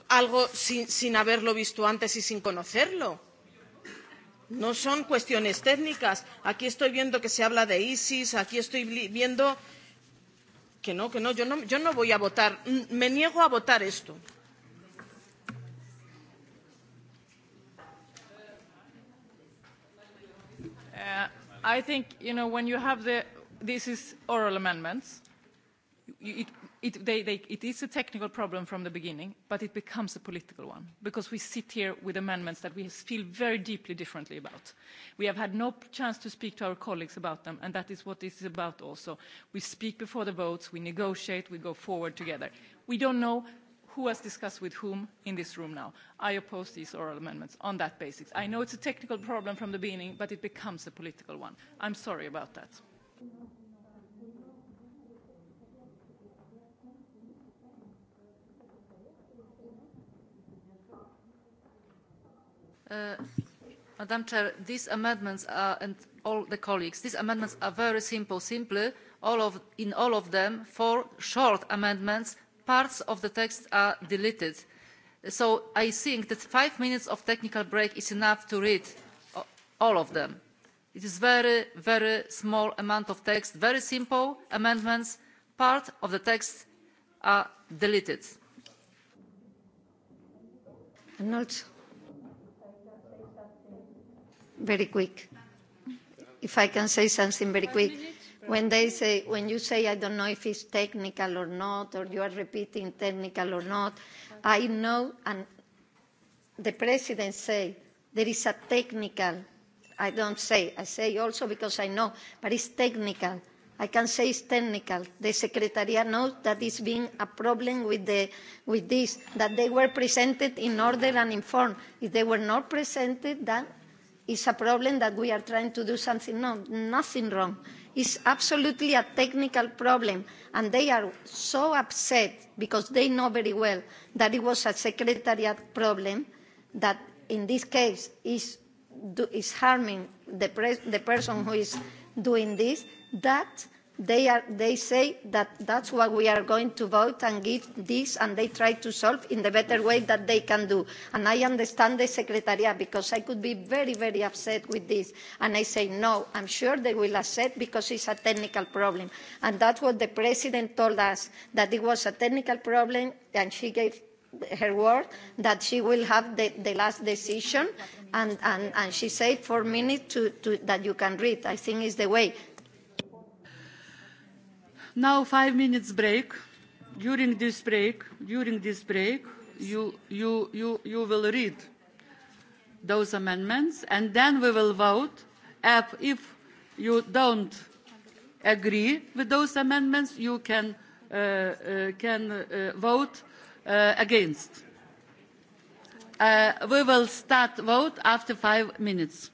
algo sin, sin haberlo visto antes y sin conocerlo. No son cuestiones técnicas. Aquí estoy viendo que se habla de ISIS, aquí estoy viendo que no, que no, yo no, yo no voy a votar, mm, me niego a votar esto. Uh, I think, you know, when you have the this is oral amendments. It, it, they, they, it is a technical problem from the beginning, but it becomes a political one because we sit here with amendments that we feel very deeply differently about. We have had no chance to speak to our colleagues about them, and that is what this is about also. We speak before the votes, we negotiate, we go forward together. We don't know who has discussed with whom in this room now. I oppose these oral amendments on that basis. I know it's a technical problem from the beginning, but it becomes a political one. I'm sorry about that. Uh, madam president these amendments are, and all the colleagues these amendments are very simple simply all of, in all of them four short amendments parts of the text are deleted so i think that five minutes of technical break is enough to read all of them it is a very very small amount of text very simple amendments part of the text are deleted. And also, very quick if i can say something very quick when they say when you say i don't know if it's technical or not or you are repeating technical or not i know and the president said there is a technical I don't say. I say also because I know, but it's technical. I can say it's technical. The Secretariat knows that it's been a problem with, the, with this, that they were presented in order and informed. If they were not presented, that is a problem that we are trying to do something. No, nothing wrong. It's absolutely a technical problem. And they are so upset because they know very well that it was a Secretariat problem that in this case is do, is harming the, pres, the person who is doing this, that they, are, they say that that's what we are going to vote and give this, and they try to solve in the better way that they can do. And I understand the Secretariat because I could be very, very upset with this. And I say, no, I'm sure they will accept because it's a technical problem. And that's what the President told us, that it was a technical problem, and she gave her word that she will have the, the last decision and, and, and she said four minutes to, to, that you can read. I think is the way. Now five minutes break. During this break, during this break, you, you, you, you will read those amendments and then we will vote. If, if you don't agree with those amendments, you can, uh, uh, can uh, vote uh, against Uh, we will start vote after five minutes.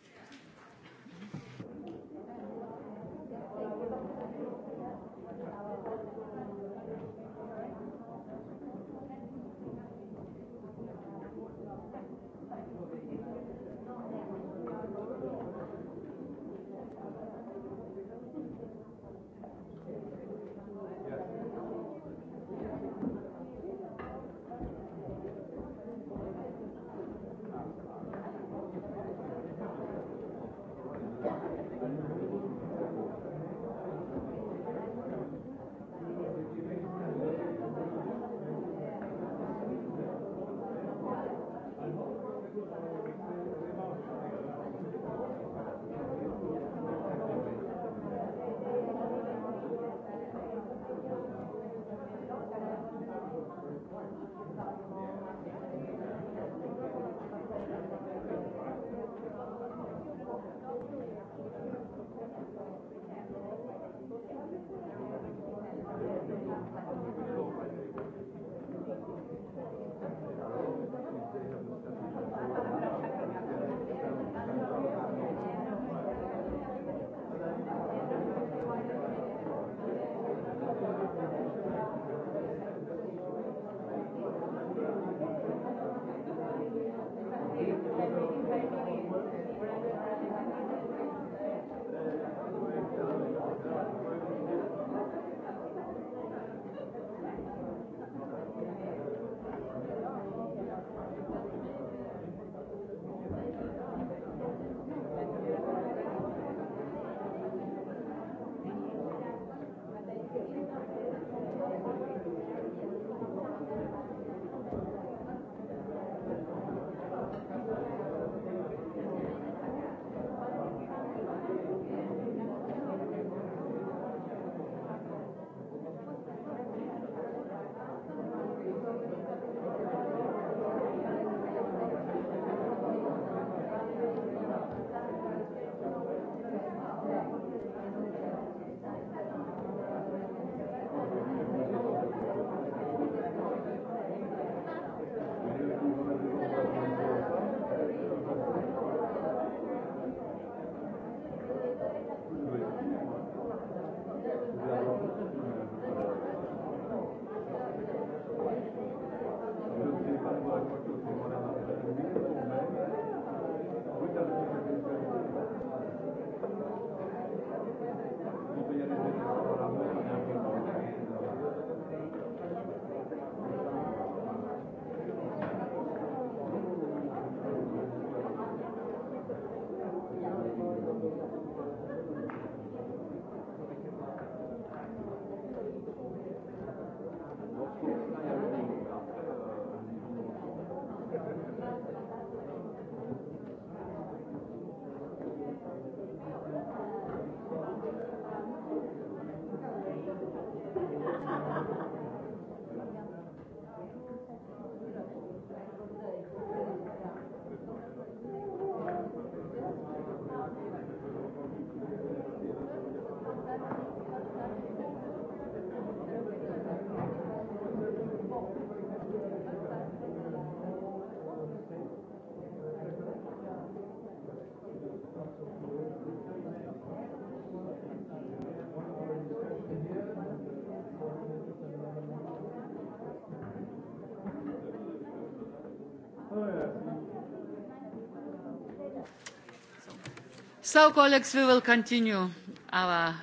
So, colleagues, we will continue our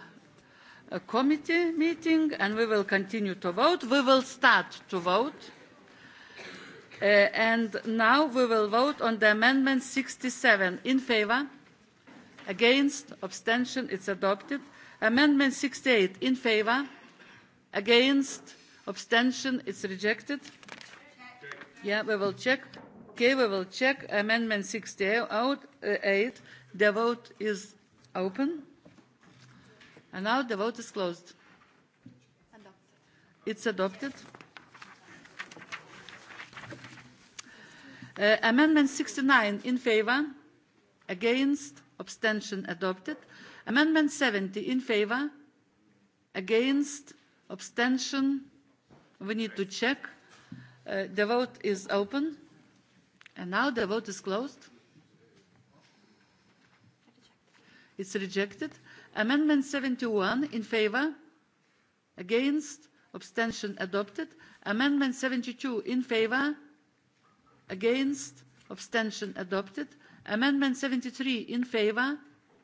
uh, committee meeting and we will continue to vote. We will start to vote. Uh, and now we will vote on the amendment 67 in favor, against, abstention, it's adopted. Amendment 68 in favor, against, abstention, it's rejected. Yeah, we will check. Okay, we will check amendment 68. Out, uh, eight. The vote is open. And now the vote is closed. Adopted. It's adopted. Uh, amendment 69 in favor, against, abstention adopted. Amendment 70 in favor, against, abstention. We need to check. Uh, the vote is open. And now the vote is closed. it's rejected amendment seventy one in favour against abstention adopted amendment seventy two in favour against abstention adopted amendment seventy three in favour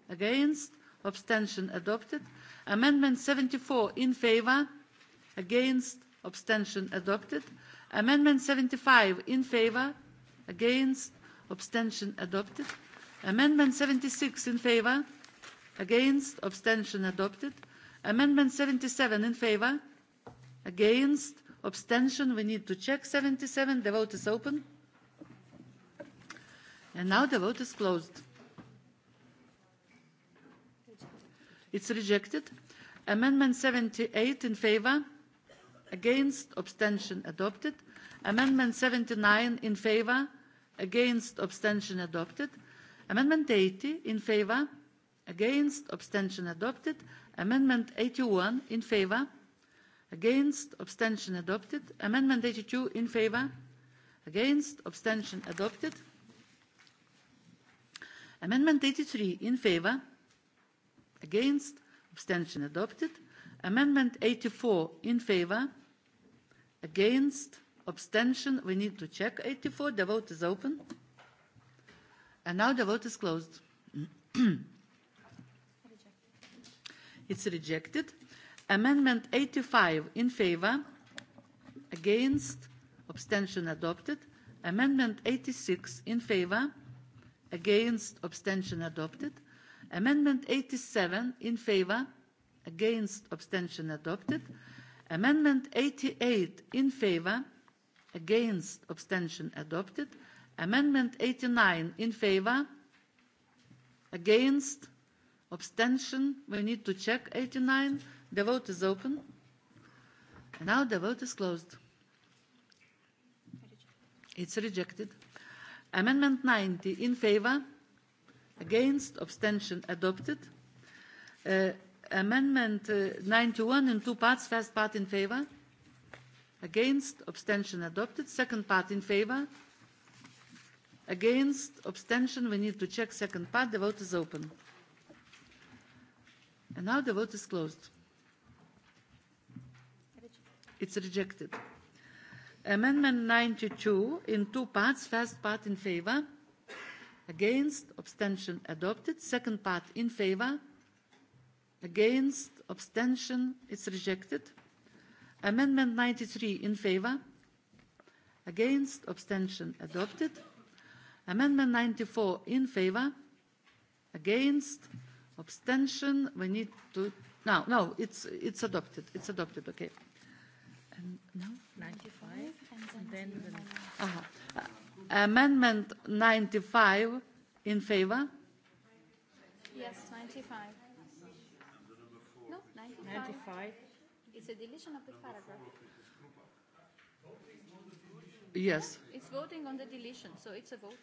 against abstention adopted amendment seventy four in favour against abstention adopted amendment seventy five in favour against abstention adopted amendment seventy six in favour against abstention adopted amendment 77 in favor against abstention we need to check 77 the vote is open and now the vote is closed it's rejected amendment 78 in favor against abstention adopted amendment 79 in favor against abstention adopted amendment 80 in favor against abstention adopted amendment 81 in favor against abstention adopted amendment 82 in favor against abstention adopted amendment 83 in favor against abstention adopted amendment 84 in favor against abstention we need to check 84 the vote is open and now the vote is closed <clears throat> It's rejected. Amendment 85 in favor, against, abstention adopted. Amendment 86 in favor, against, abstention adopted. Amendment 87 in favor, against, abstention adopted. Amendment 88 in favor, against, abstention adopted. Amendment 89 in favor, against, Abstention. We need to check 89. The vote is open. And now the vote is closed. It's rejected. Amendment 90 in favor, against, abstention adopted. Uh, amendment uh, 91 in two parts, first part in favor, against, abstention adopted, second part in favor, against, abstention, we need to check second part, the vote is open. Uh, And now the vote is closed. It's rejected. Amendment 92 in two parts. First part in favor. Against. Abstention adopted. Second part in favor. Against. Abstention. It's rejected. Amendment 93 in favor. Against. Abstention adopted. Amendment 94 in favor. Against. Abstention. We need to. No, no, it's it's adopted. It's adopted. Okay. And no. 95. And then. The... Uh -huh. uh, amendment 95 in favor. Yes, 95. No, 95. 95. It's a deletion of the paragraph. Yes. It's voting on the deletion, so it's a vote.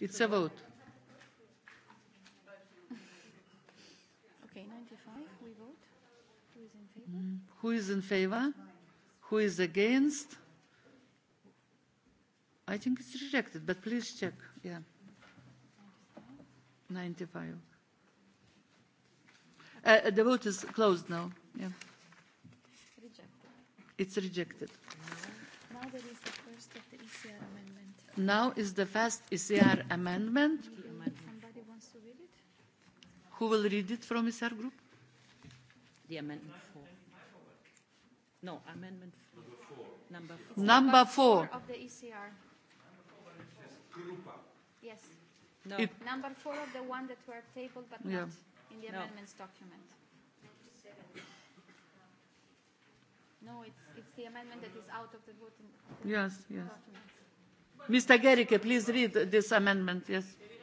It's a vote. Okay, 95, we vote. Who is in favor? Mm. Who is in favor? Who is against? I think it's rejected, but please check. Yeah. 95. Uh, uh, the vote is closed now. Yeah. Rejected. It's rejected. Now there is the first of the ECR amendment. Now is the first ECR amendment. Yeah Who will read it from his group? The amendment four. No, amendment four. Number four. Number four. Number four of the ECR. Yes. No. It, Number four of the one that were tabled but yeah. not in the no. amendments document. No, it's, it's the amendment that is out of the voting. The yes, yes. Documents. Mr. Gerike, please read this amendment. Yes. It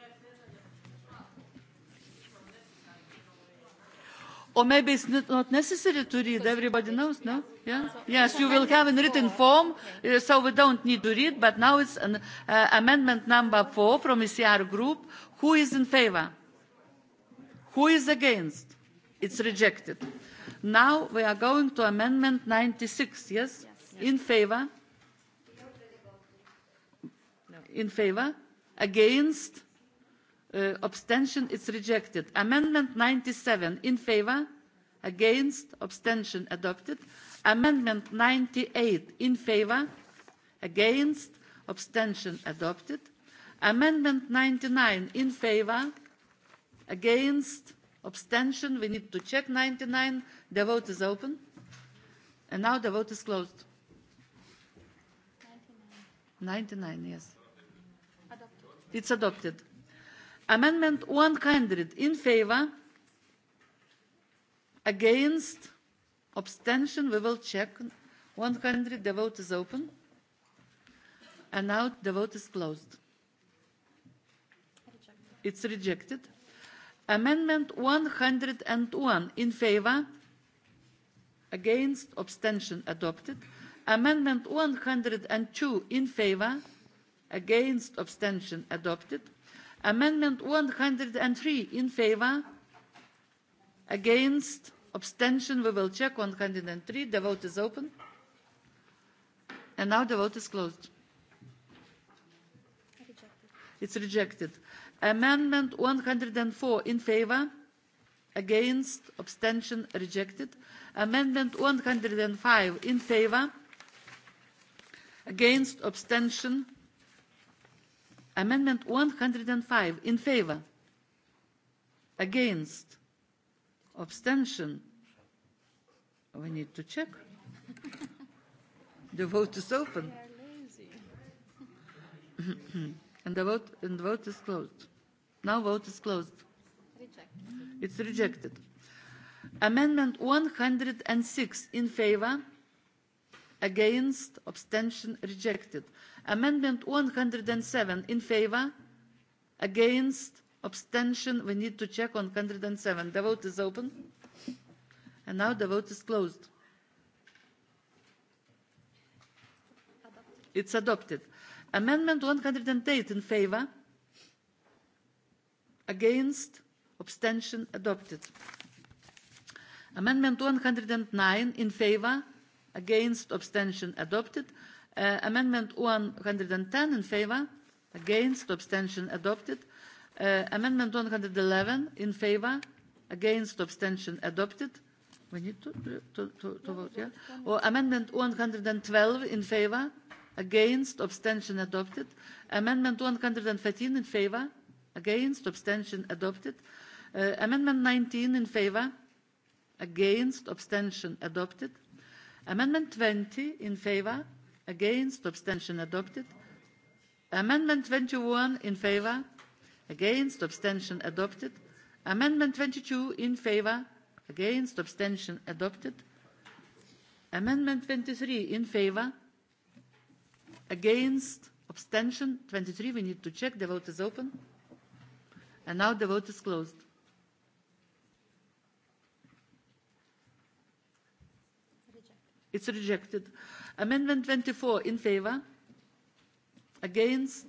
Or maybe it's not necessary to read. Everybody knows, no? Yeah? Yes, you will have in written form, uh, so we don't need to read. But now it's an, uh, amendment number four from ECR group. Who is in favor? Who is against? It's rejected. Now we are going to amendment 96, yes? yes. In favor? No. In favor? Against? Uh, abstention it's rejected amendment 97 in favor against abstention adopted amendment 98 in favor against abstention adopted amendment 99 in favor against abstention we need to check 99 the vote is open and now the vote is closed 99, 99 yes adopted. it's adopted Amendment 100 in favor, against, abstention, we will check. 100, the vote is open. And now the vote is closed. It's rejected. Amendment 101 in favor, against, abstention adopted. Amendment 102 in favor, against, abstention adopted amendment one hundred and three in favour against abstention we will check one hundred and three the vote is open and now the vote is closed rejected. it's rejected amendment one hundred and four in favour against abstention rejected amendment one hundred and five in favour against abstention rejected Amendment 105 in favor. Against. Abstention. We need to check. the vote is open. <laughs> and the vote and the vote is closed. Now vote is closed. Rejected. It's rejected. Amendment 106 in favor. Against. Abstention. Rejected amendment one hundred and seven in favour against abstention we need to check on one hundred and seven the vote is open and now the vote is closed it's adopted amendment one hundred and eight in favour against abstention adopted amendment one hundred and nine in favour against abstention adopted Uh, amendment 110 in favor, against, abstention adopted. Uh, amendment 111 in favor, against, abstention adopted. We need to, to, to, to vote, yeah? Or amendment 112 in favor, against, abstention adopted. Amendment 113 in favor, against, abstention adopted. Uh, amendment 19 in favor, against, abstention adopted. Amendment 20 in favor, against abstention adopted amendment twenty one in favour against abstention adopted amendment twenty two in favour against abstention adopted amendment twenty three in favour against abstention twenty three we need to check the vote is open and now the vote is closed rejected. it's rejected amendment twenty four in favour against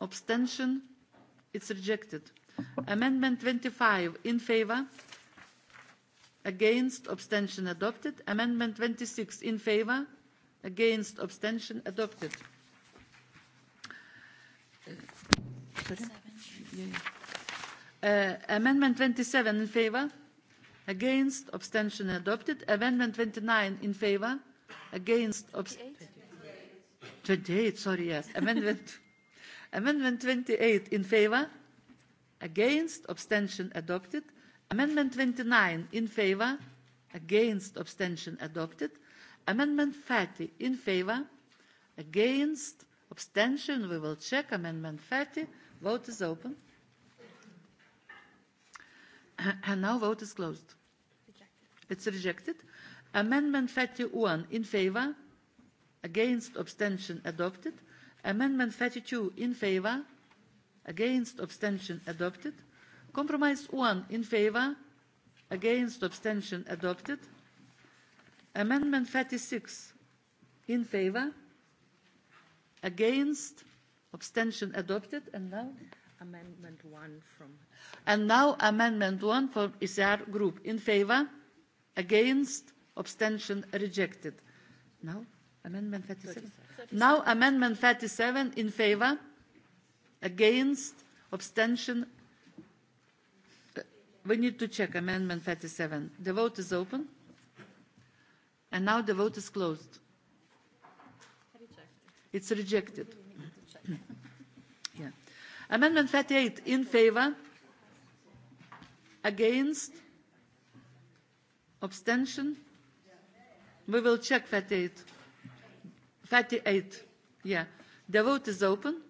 abstention it is rejected amendment twenty five in favour against abstention adopted amendment twenty six in favour against abstention adopted uh, amendment twenty seven in favour against abstention adopted amendment twenty nine in favour Against. Obst 28. 28, sorry, yes. Amendment, <laughs> Amendment 28 in favor. Against. Abstention adopted. Amendment 29 in favor. Against. Abstention adopted. Amendment 30 in favor. Against. Abstention. We will check Amendment 30. Vote is open. <clears throat> And now vote is closed. Rejected. It's rejected amendment thirty one in favour against abstention adopted amendment thirty two in favour against abstention adopted compromise one in favour against abstention adopted amendment thirty six in favour against abstention adopted and now amendment one from and now amendment one for ecr group in favour against abstention rejected now amendment 37 37. now amendment 37 in favor against abstention uh, we need to check amendment 37 the vote is open and now the vote is closed it's rejected <coughs> yeah amendment 38 in favor against abstention We will check 38. 38. Yeah. The vote is open.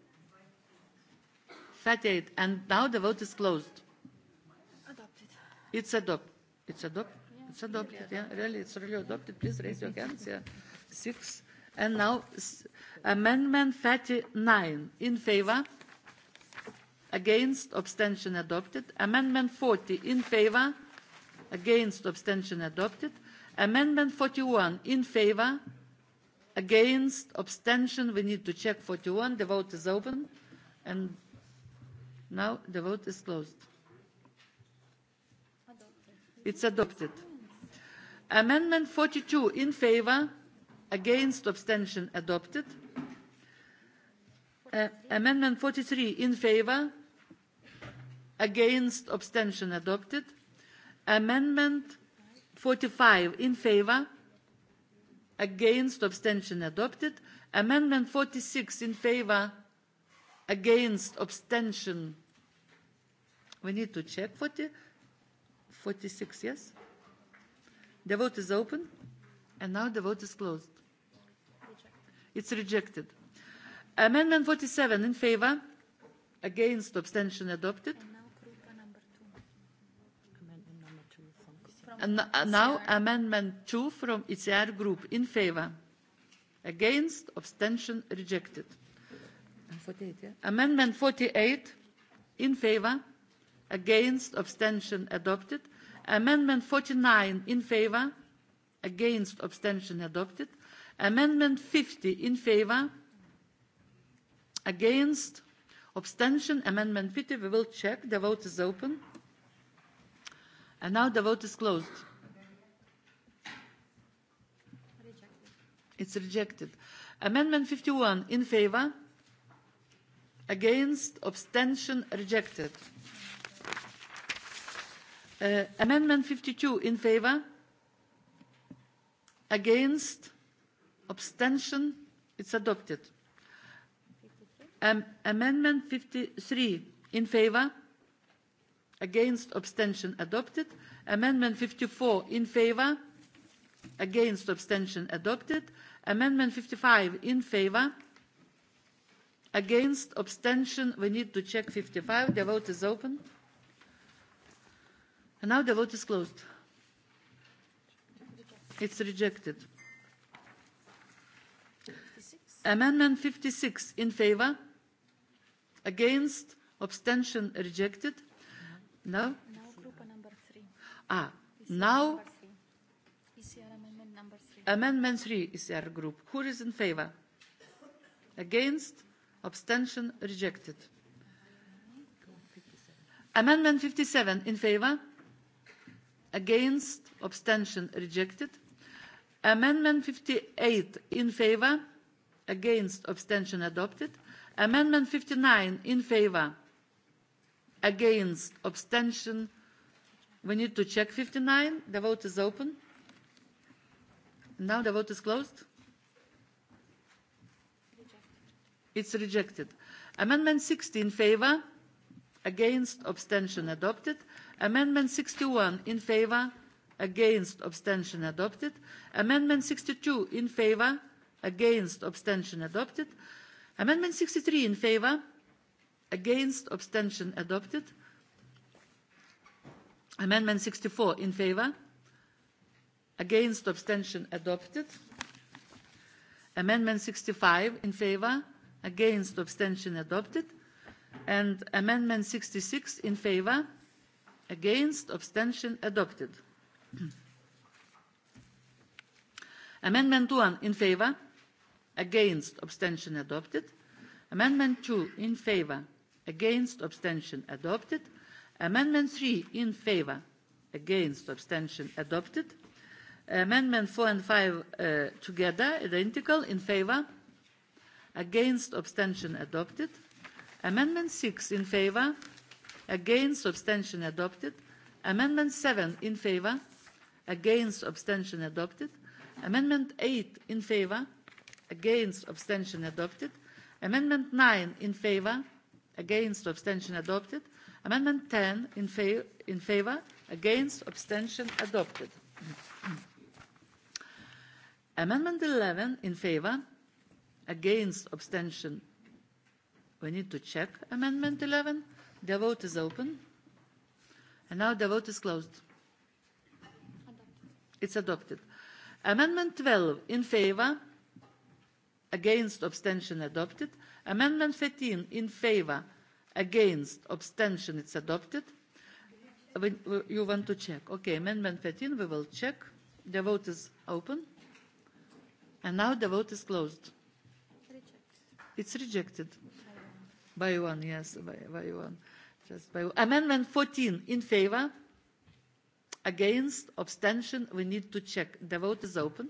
38. And now the vote is closed. Adopted. It's adopted. It's adopted. Yeah, it's adopted. Really yeah. Adopted. Really, it's really adopted. Please raise your hands. Yeah. Six. And now amendment 39 in favor against abstention adopted amendment 40 in favor against abstention adopted amendment forty one in favour against abstention we need to check forty one the vote is open and now the vote is closed it's adopted amendment forty two in favour against abstention adopted uh, amendment forty three in favour against abstention adopted amendment 45 in favor, against, abstention adopted. Amendment 46 in favor, against, abstention. We need to check 40, 46, yes? The vote is open, and now the vote is closed. Rejected. It's rejected. Amendment 47 in favor, against, abstention adopted. Mm-hmm. Uh, now amendment two from ecr group in favour against abstention rejected 48, yeah? amendment forty eight in favour against abstention adopted amendment forty nine in favour against abstention adopted amendment fifty in favour against abstention amendment fifty we will check the vote is open And now the vote is closed. Rejected. It's rejected. Amendment 51 in favor, against, abstention, rejected. Uh, amendment 52 in favor, against, abstention, it's adopted. Um, amendment 53 in favor, against abstention adopted amendment 54 in favor against abstention adopted amendment 55 in favor against abstention we need to check 55 the vote is open and now the vote is closed it's rejected amendment 56 in favor against abstention rejected No? Now group number three. Ah, ECR now three. ECR amendment number three. Amendment three ECR group. Who is in favor? Against? Abstention rejected. Amendment 57 in favor? Against? Abstention rejected. Amendment 58 in favor? Against? Abstention adopted. Amendment 59 in favor? against abstention we need to check 59 the vote is open now the vote is closed it's rejected amendment 60 in favor against abstention adopted amendment 61 in favor against abstention adopted amendment 62 in favor against abstention adopted amendment 63 in favor against abstention adopted amendment 64 in favor against abstention adopted amendment 65 in favor against abstention adopted and amendment 66 <clears throat> in favor against abstention adopted amendment 1 in favor against abstention adopted amendment 2 in favor against abstention adopted amendment three in favour against abstention adopted amendment four and five uh, together identical in favour against abstention adopted amendment six in favour against abstention adopted amendment seven in favour against abstention adopted amendment eight in favour against abstention adopted amendment nine in favour against abstention adopted amendment ten in, fa in favour against abstention adopted amendment eleven in favour against abstention we need to check amendment eleven the vote is open and now the vote is closed it's adopted amendment twelve in favour against abstention adopted amendment fifteen in favour against abstention it's adopted you want to check okay amendment fifteen we will check the vote is open and now the vote is closed it's rejected by one yes by, by one just by one. amendment fourteen in favour against abstention we need to check the vote is open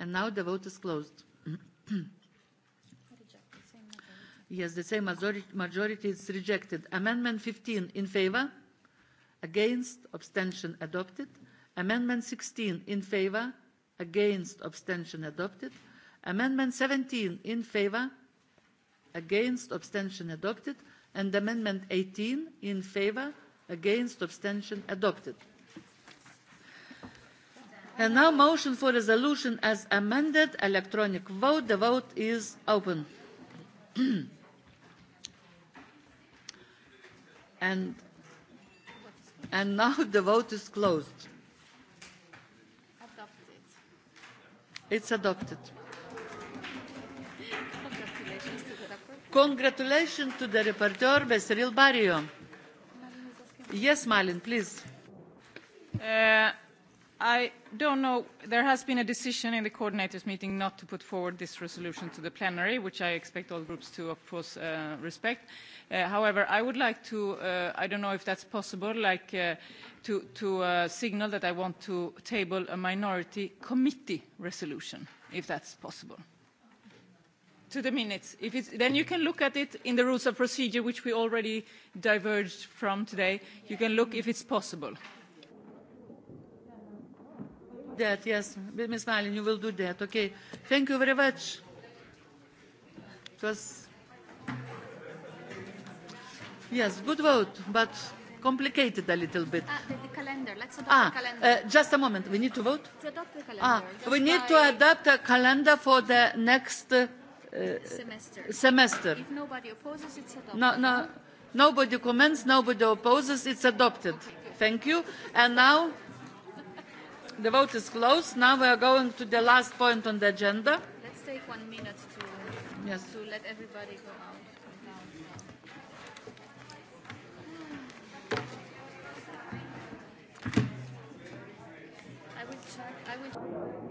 and now the vote is closed <clears throat> Yes, the same majority, majority is rejected. Amendment 15 in favor? Against? Abstention adopted. Amendment 16 in favor? Against? Abstention adopted. Amendment 17 in favor? Against? Abstention adopted. And Amendment 18 in favor? Against? Abstention adopted. And now motion for resolution as amended electronic vote. The vote is open. <clears throat> And, and now <laughs> the vote is closed. Adopted. It's adopted. Congratulations to the rapporteur. Congratulations to the rapporteur, Mr. Ilbario. Yes, Malin, please. Uh, I don't know. There has been a decision in the coordinators' meeting not to put forward this resolution to the plenary, which I expect all groups to, of course, uh, respect. Uh, however, I would like to, uh, I don't know if that's possible, like uh, to, to uh, signal that I want to table a minority committee resolution, if that's possible. To the minutes. If it's, then you can look at it in the rules of procedure, which we already diverged from today. You can look if it's possible. Yeah do that. Yes, Ms. Malin, you will do that. Okay. Thank you very much. It was, yes, good vote, but complicated a little bit. Ah, the, the calendar. Let's adopt ah, the calendar. Uh, just a moment. We need to vote? To adopt the calendar. Ah, we need by... to adopt a calendar for the next uh, semester. semester. If nobody opposes, it's adopted. No, no, nobody comments, nobody opposes, it's adopted. Okay, good. Thank you. And now... The vote is closed. Now we are going to the last point on the agenda. Let's take one minute to, yes. to let everybody go out. I will check. I will.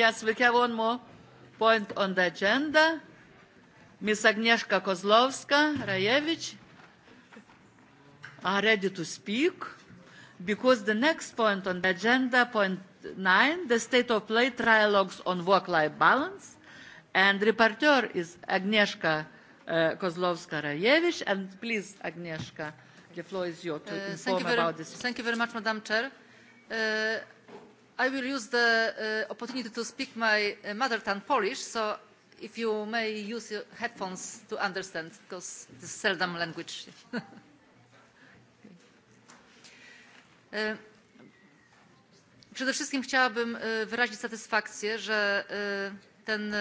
Yes, we have one more point on the agenda. Ms. Agnieszka Kozlowska Rajewicz are ready to speak because the next point on the agenda, point nine, the state of play trialogues on work-life balance, and rapporteur is Agnieszka uh, Kozlowska Rajewicz. And please, Agnieszka, the floor is yours to uh, inform about this. Thank you very much, Madam Chair. Uh, I will use the uh, opportunity to speak my uh, mother tongue Polish, so if you may use your headphones to understand, because it is seldom language. <laughs> E, przede wszystkim chciałabym e, wyrazić satysfakcję, że e, ten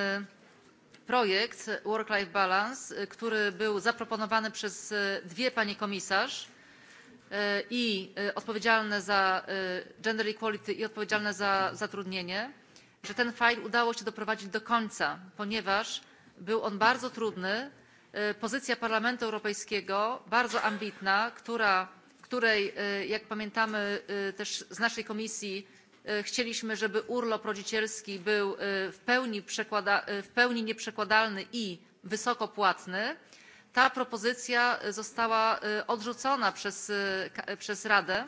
projekt Work-Life Balance, który był zaproponowany przez dwie pani komisarz, E, i e, odpowiedzialne za e, gender equality i odpowiedzialne za zatrudnienie że ten fajl udało się doprowadzić do końca ponieważ był on bardzo trudny pozycja parlamentu europejskiego bardzo ambitna która, której jak pamiętamy też z naszej komisji chcieliśmy żeby urlop rodzicielski był w pełni, w pełni nieprzekładalny i wysoko płatny ta propozycja e, została e, odrzucona przez, e, przez radę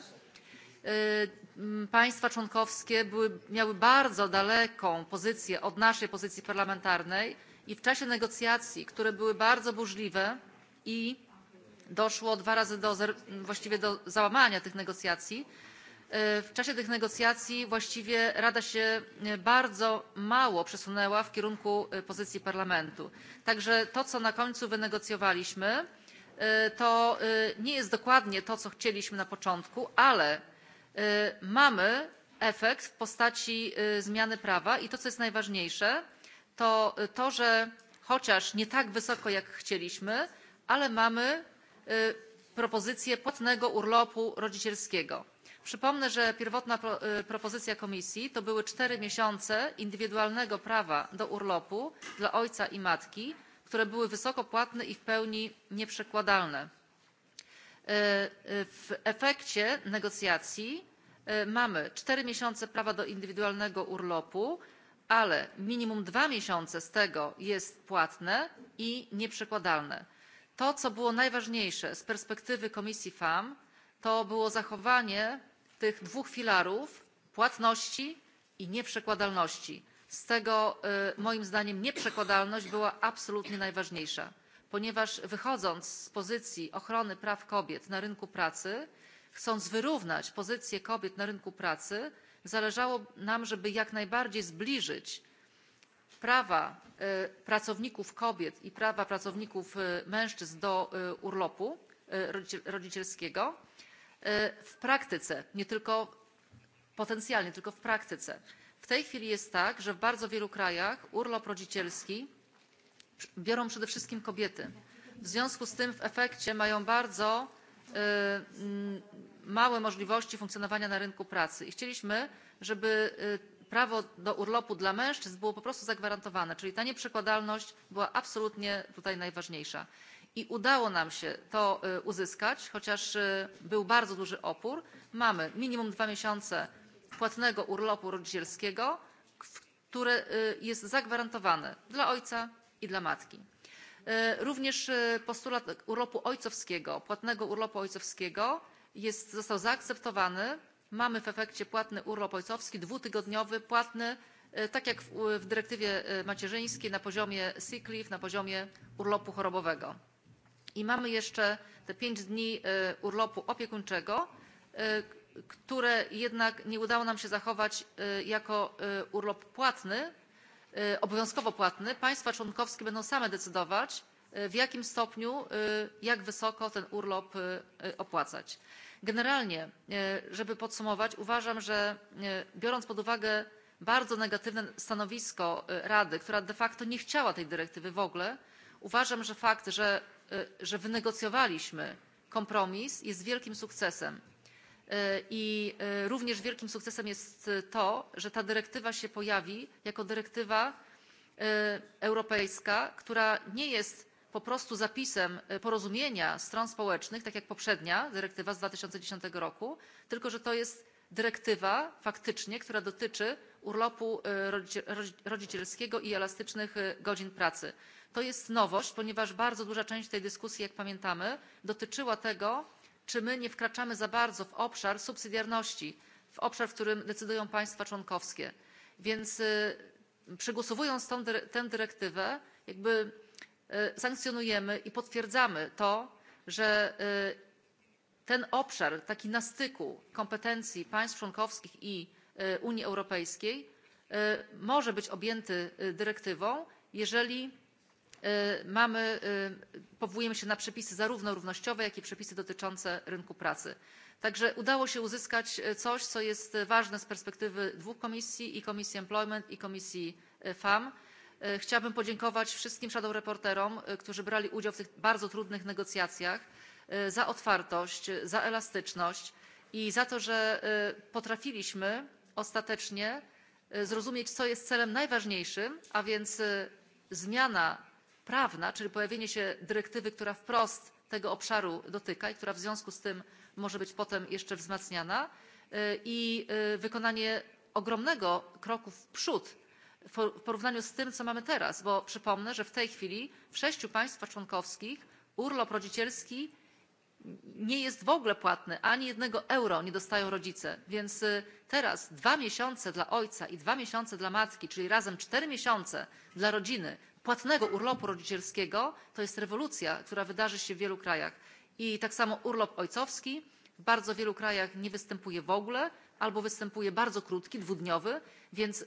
państwa członkowskie były, miały bardzo daleką pozycję od naszej pozycji parlamentarnej i w czasie negocjacji które były bardzo burzliwe i doszło dwa razy do, właściwie do załamania tych negocjacji E, w czasie tych negocjacji właściwie rada się e, bardzo mało przesunęła w kierunku e, pozycji parlamentu tak że to co na końcu wynegocjowaliśmy to nie jest dokładnie to co chcieliśmy na początku ale mamy efekt w postaci zmiany prawa i to co jest najważniejsze to to że chociaż nie tak wysoko jak chcieliśmy ale mamy propozycję płatnego urlopu rodzicielskiego przypomnę że pierwotna propozycja komisji to były cztery miesiące indywidualnego prawa do urlopu dla ojca i matki które były wysoko płatne i w pełni nieprzekładalne. w efekcie negocjacji mamy cztery miesiące prawa do indywidualnego urlopu ale minimum dwa miesiące z tego jest płatne i nieprzekładalne. to co było najważniejsze z perspektywy komisji femm to było zachowanie tych dwóch filarów płatności i nieprzekładalności. z tego moim zdaniem nieprzekładalność była absolutnie najważniejsza ponieważ wychodząc z pozycji ochrony praw kobiet na rynku pracy chcąc wyrównać pozycję kobiet na rynku pracy zależało nam żeby jak najbardziej zbliżyć prawa pracowników kobiet i prawa pracowników mężczyzn do urlopu rodzicielskiego E, w praktyce, nie tylko potencjalnie, tylko w praktyce. W tej chwili jest tak, że w bardzo wielu krajach urlop rodzicielski biorą przede wszystkim kobiety. W związku z tym w efekcie mają bardzo e, małe możliwości funkcjonowania na rynku pracy i chcieliśmy, żeby e, prawo do urlopu dla mężczyzn było po prostu zagwarantowane, czyli ta nieprzekładalność była absolutnie tutaj najważniejsza i udało nam się to uzyskać chociaż był bardzo duży opór. mamy minimum dwa miesiące płatnego urlopu rodzicielskiego który jest zagwarantowany dla ojca i dla matki. również postulat urlopu ojcowskiego płatnego urlopu ojcowskiego jest, został zaakceptowany. mamy w efekcie płatny urlop ojcowski dwutygodniowy płatny tak jak w dyrektywie macierzyńskiej na poziomie sick leave na poziomie urlopu chorobowego I mamy jeszcze te pięć dni e, urlopu opiekuńczego, e, które jednak nie udało nam się zachować e, jako urlop płatny, obowiązkowo płatny. Państwa członkowskie będą same decydować, w jakim stopniu, jak wysoko ten urlop opłacać. Generalnie, żeby podsumować, uważam, że biorąc pod uwagę bardzo negatywne stanowisko Rady, która de facto nie chciała tej dyrektywy w ogóle, uważam, że fakt, że E, że wynegocjowaliśmy kompromis jest wielkim sukcesem e, i e, również wielkim sukcesem jest to że ta dyrektywa się pojawi jako dyrektywa europejska która nie jest po prostu zapisem porozumienia stron społecznych tak jak poprzednia dyrektywa z dwa tysiące dziesięć roku tylko że to jest dyrektywa faktycznie która dotyczy urlopu rodzicielskiego i elastycznych godzin pracy to jest nowość ponieważ bardzo duża część tej dyskusji jak pamiętamy dotyczyła tego czy my nie wkraczamy za bardzo w obszar subsydiarności w obszar w którym decydują państwa członkowskie więc przegłosowując tę dyrektywę jakby sankcjonujemy i potwierdzamy to że ten obszar taki na styku kompetencji państw członkowskich i unii europejskiej może być objęty dyrektywą jeżeli E, mamy, e, powołujemy się na przepisy zarówno równościowe, jak i przepisy dotyczące rynku pracy. Także udało się uzyskać e, coś, co jest ważne z perspektywy dwóch komisji, i Komisji Employment, i Komisji FAM. Chciałabym podziękować wszystkim shadow reporterom, którzy brali udział w tych bardzo trudnych negocjacjach, za otwartość, za elastyczność i za to, że potrafiliśmy ostatecznie zrozumieć, co jest celem najważniejszym, a więc zmiana prawna czyli pojawienie się dyrektywy która wprost tego obszaru dotyka i która w związku z tym może być potem jeszcze wzmacniana i wykonanie ogromnego kroku w przód w porównaniu z tym co mamy teraz bo przypomnę że w tej chwili w sześciu państwach członkowskich urlop rodzicielski nie jest w ogóle płatny ani jednego euro nie dostają rodzice więc teraz dwa miesiące dla ojca i dwa miesiące dla matki czyli razem cztery miesiące dla rodziny płatnego urlopu rodzicielskiego to jest rewolucja która wydarzy się w wielu krajach i tak samo urlop ojcowski w bardzo wielu krajach nie występuje w ogóle albo występuje bardzo krótki dwudniowy więc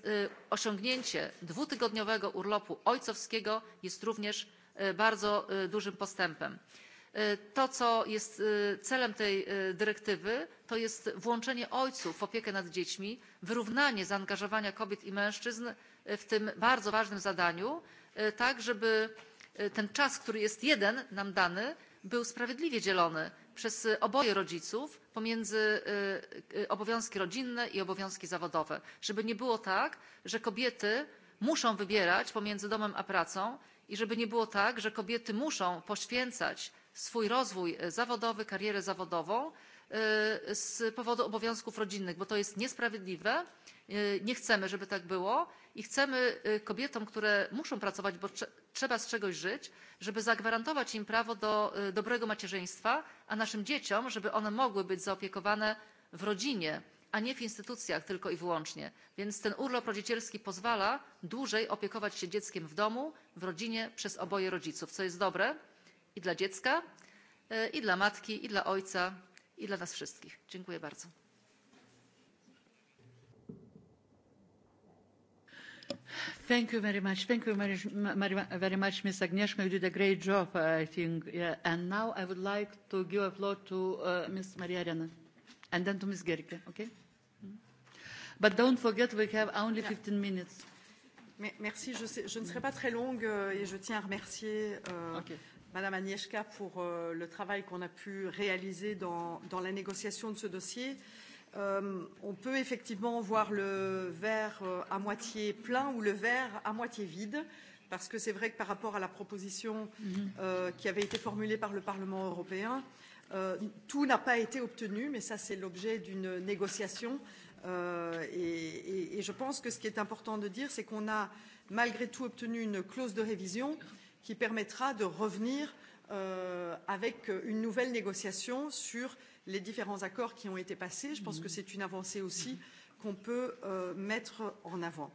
osiągnięcie dwutygodniowego urlopu ojcowskiego jest również bardzo dużym postępem. to co jest celem tej dyrektywy to jest włączenie ojców w opiekę nad dziećmi wyrównanie zaangażowania kobiet i mężczyzn w tym bardzo ważnym zadaniu E, tak żeby e, ten czas który jest jeden nam dany był sprawiedliwie dzielony przez oboje rodziców pomiędzy e, obowiązki rodzinne i obowiązki zawodowe żeby nie było tak że kobiety muszą wybierać pomiędzy domem a pracą i żeby nie było tak że kobiety muszą poświęcać swój rozwój zawodowy karierę zawodową E, z powodu obowiązków rodzinnych bo to jest niesprawiedliwe e, nie chcemy żeby tak było i chcemy e, kobietom które muszą pracować bo trzeba z czegoś żyć żeby zagwarantować im prawo do dobrego macierzyństwa a naszym dzieciom żeby one mogły być zaopiekowane w rodzinie a nie w instytucjach tylko i wyłącznie więc ten urlop rodzicielski pozwala dłużej opiekować się dzieckiem w domu w rodzinie przez oboje rodziców co jest dobre i dla dziecka i dla matki i dla ojca i dla nas wszystkich. dziękuję bardzo. Thank you very much. Thank you very, very much, Ms. Agnieszka. You did a great job, I think. Yeah. And now I would like to give a floor to uh, Ms. Maria Arena and then to Ms. Gerke, okay? Hmm. But don't forget we have only 15 minutes. Merci, je, sais, je ne serai pas très longue euh, et je tiens à remercier euh, okay Madame Agnieszka pour euh, le travail qu'on a pu réaliser dans, dans la négociation de ce dossier. Euh, on peut effectivement voir le verre euh, à moitié plein ou le verre à moitié vide, parce que c'est vrai que par rapport à la proposition mm-hmm. euh, qui avait été formulée par le Parlement européen, euh, tout n'a pas été obtenu, mais ça c'est l'objet d'une négociation. Euh, et, et, et je pense que ce qui est important de dire, c'est qu'on a malgré tout obtenu une clause de révision euh, qui permettra de revenir euh, avec une nouvelle négociation sur les différents accords qui ont été passés. Je pense que mhm. c'est une avancée aussi qu'on peut euh, mettre en avant.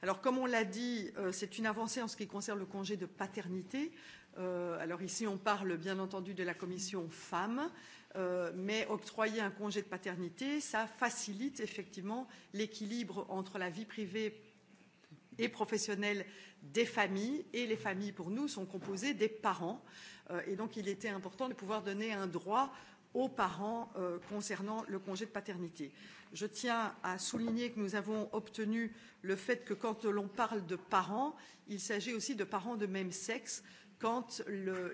Alors, comme on l'a dit, euh, c'est une avancée en ce qui concerne le congé de paternité. Euh, alors ici, on parle bien entendu de la commission femmes, euh, mais octroyer un congé de paternité, ça facilite effectivement l'équilibre entre la vie privée et professionnelle des familles. Et les familles, pour nous, sont composées des parents. Euh, et donc, il était important de pouvoir donner un droit aux parents euh, concernant le congé de paternité. Je tiens à souligner que nous avons obtenu le fait que quand l'on parle de parents, il s'agit aussi de parents de même sexe quand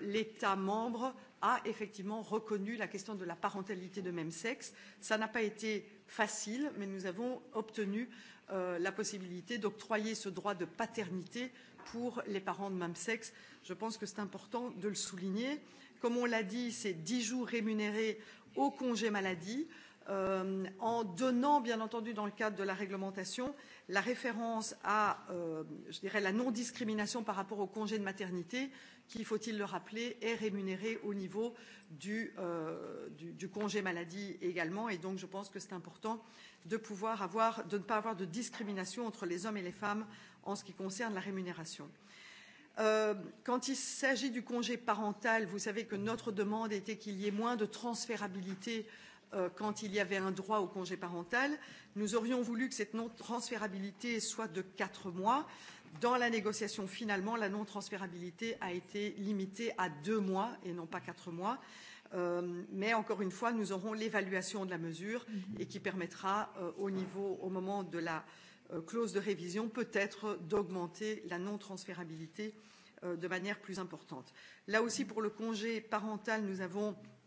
l'État membre a effectivement reconnu la question de la parentalité de même sexe. Ça n'a pas été facile, mais nous avons obtenu euh, la possibilité d'octroyer ce droit de paternité pour les parents de même sexe. Je pense que c'est important de le souligner. Comme on l'a dit, c'est 10 jours rémunérés au congé maladie. Euh, euh, en donnant, bien entendu, dans le cadre de la réglementation, la référence à, euh, je dirais, la non-discrimination par rapport au congé de maternité, qui, faut-il le rappeler, est rémunéré au niveau du, euh, du, du congé maladie également. Et donc, je pense que c'est important de pouvoir avoir, de ne pas avoir de discrimination entre les hommes et les femmes en ce qui concerne la rémunération. Euh, quand il s'agit du congé parental, vous savez que notre demande était qu'il y ait moins de transférabilité euh, euh, quand il y avait un droit au congé parental. Nous aurions voulu que cette non-transférabilité soit de quatre mois. Dans la négociation, finalement, la non-transférabilité a été limitée à deux mois et non pas quatre mois. Euh, mais encore une fois, nous aurons l'évaluation de la mesure et qui permettra euh, au niveau, au moment de la euh, clause de révision, peut-être d'augmenter la non-transférabilité euh, de manière plus importante. Là aussi, pour le congé parental, nous avons euh,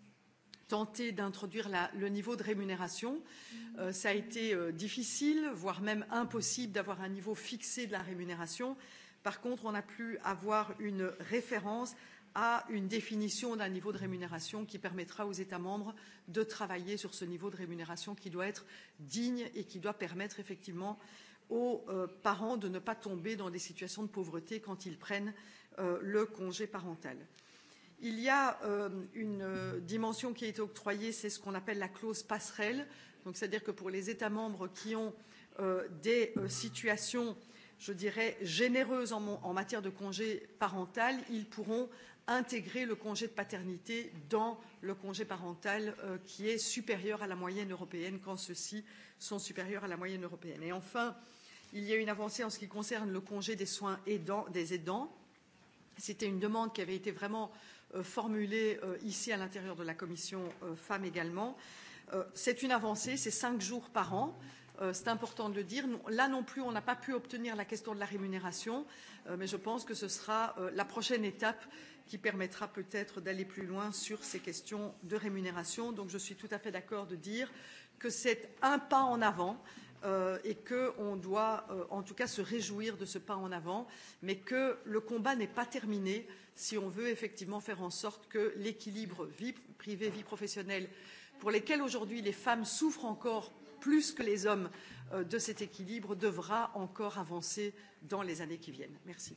tenter d'introduire le niveau de rémunération. Mm. Euh, ça a été euh, difficile, voire même impossible d'avoir un niveau fixé de la rémunération. Par contre, on a pu avoir une référence à une définition d'un niveau de rémunération qui permettra aux États membres de travailler sur ce niveau de rémunération qui doit être digne et qui doit permettre effectivement aux euh, parents de ne pas tomber dans des situations de pauvreté quand ils prennent euh, le congé parental. Euh, Il y a euh, une euh, dimension qui a été octroyée, c'est ce qu'on appelle la clause passerelle. Donc, c'est-à-dire que pour les États membres qui ont euh, des euh, situations, je dirais, généreuses en, en matière de congé parental, ils pourront intégrer le congé de paternité dans le congé parental euh, qui est supérieur à la moyenne européenne quand ceux-ci sont supérieurs à la moyenne européenne. Et enfin, il y a une avancée en ce qui concerne le congé des soins aidants, des aidants. C'était une demande qui avait été vraiment Euh, formulée euh, ici à l'intérieur de la commission euh, femmes également. C'est une avancée, c'est cinq jours par an. C'est important de le dire. Là non plus, on n'a pas pu obtenir la question de la rémunération, mais je pense que ce sera la prochaine étape qui permettra peut-être d'aller plus loin sur ces questions de rémunération. Donc je suis tout à fait d'accord de dire que c'est un pas en avant euh, et qu'on doit euh, en tout cas se réjouir de ce pas en avant, mais que le combat n'est pas terminé. Euh, si on veut effectivement faire en sorte que l'équilibre vie privée vie professionnelle pour lesquels aujourd'hui les femmes souffrent encore plus que les hommes euh, de cet équilibre devra encore avancer dans les années qui viennent. Merci.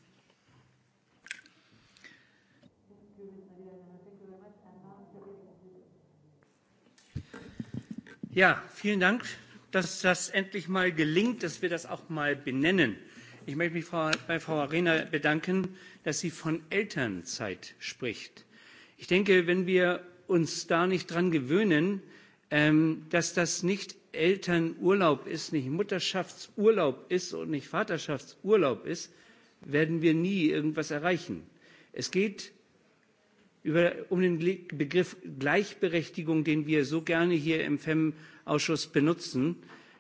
Ja, vielen Dank, dass das endlich mal gelingt, dass wir das auch mal benennen. Ich möchte mich Frau, bei Frau Arena bedanken, dass sie von Elternzeit spricht. Ich denke, wenn wir uns da nicht dran gewöhnen, ähm, dass das nicht Elternurlaub ist, nicht Mutterschaftsurlaub ist und nicht Vaterschaftsurlaub ist, werden wir nie irgendwas erreichen. Es geht über, um den Begriff Gleichberechtigung, den wir so gerne hier im FEM-Ausschuss benutzen.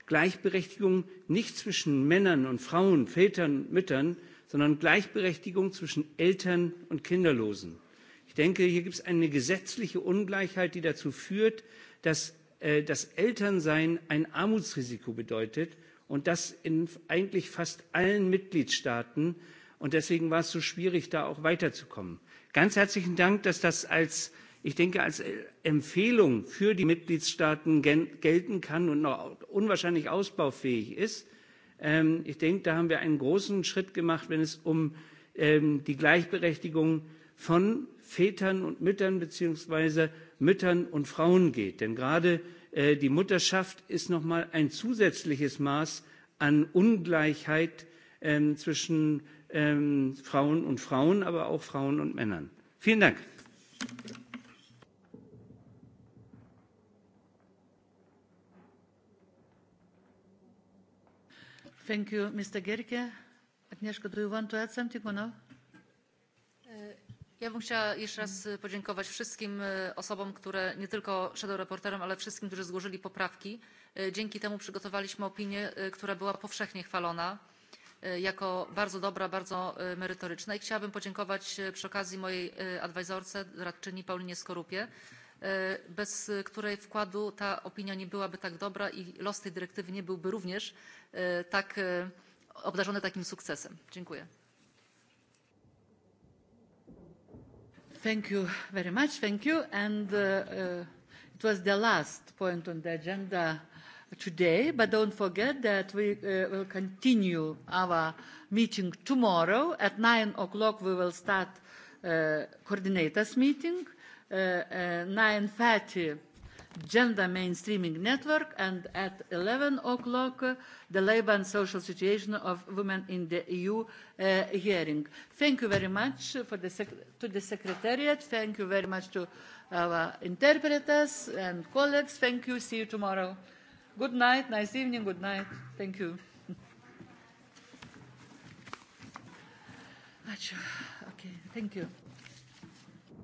Gleichberechtigung nicht zwischen Männern und Frauen, Vätern und Müttern, sondern Gleichberechtigung zwischen Eltern und Kinderlosen. Ich denke, hier gibt es eine gesetzliche Ungleichheit, die dazu führt, dass äh, das Elternsein ein Armutsrisiko bedeutet und das in eigentlich fast allen Mitgliedstaaten. Und deswegen war es so schwierig, da auch weiterzukommen. Ganz herzlichen Dank, dass das als ich denke, als äh, Empfehlung für die Mitgliedstaaten gelten kann und noch unwahrscheinlich ausbaufähig ist. Ähm, ich denke, da haben wir einen großen Schritt gemacht, wenn es um ähm, die Gleichberechtigung von Vätern und Müttern beziehungsweise Müttern und Frauen geht. Denn gerade äh, die Mutterschaft ist nochmal ein zusätzliches Maß an Ungleichheit ähm, zwischen ähm, Frauen und Frauen, aber auch Frauen und Männern. Vielen Dank. Thank you, Mr. Gerke. Agnieszka, do you want to add something or no? E, ja bym chciała jeszcze raz podziękować wszystkim e, osobom, które nie tylko shadow reporterom, ale wszystkim, którzy złożyli poprawki. E, dzięki temu przygotowaliśmy opinię, która była powszechnie chwalona jako bardzo dobra, bardzo merytoryczna. I chciałabym podziękować przy okazji mojej adwajzorce, radczyni Paulinie Skorupie, E, bez której wkładu ta opinia nie byłaby tak dobra i los tej dyrektywy nie byłby również e, tak e, obdarzony takim sukcesem. Dziękuję. Thank you very much. Thank you. And uh, uh, it was the last point on the agenda today, but don't forget that we uh, will continue our meeting tomorrow. At 9 o'clock we will start uh, coordinators meeting 9.30 uh, uh, gender mainstreaming network and at 11 o'clock uh, the labor and social situation of women in the EU uh, hearing. Thank you very much for the sec to the Secretariat. Thank you very much to our interpreters and colleagues. Thank you. See you tomorrow. Good night. Nice evening. Good night. Thank you. Ačiū. <laughs> Okay. Thank you.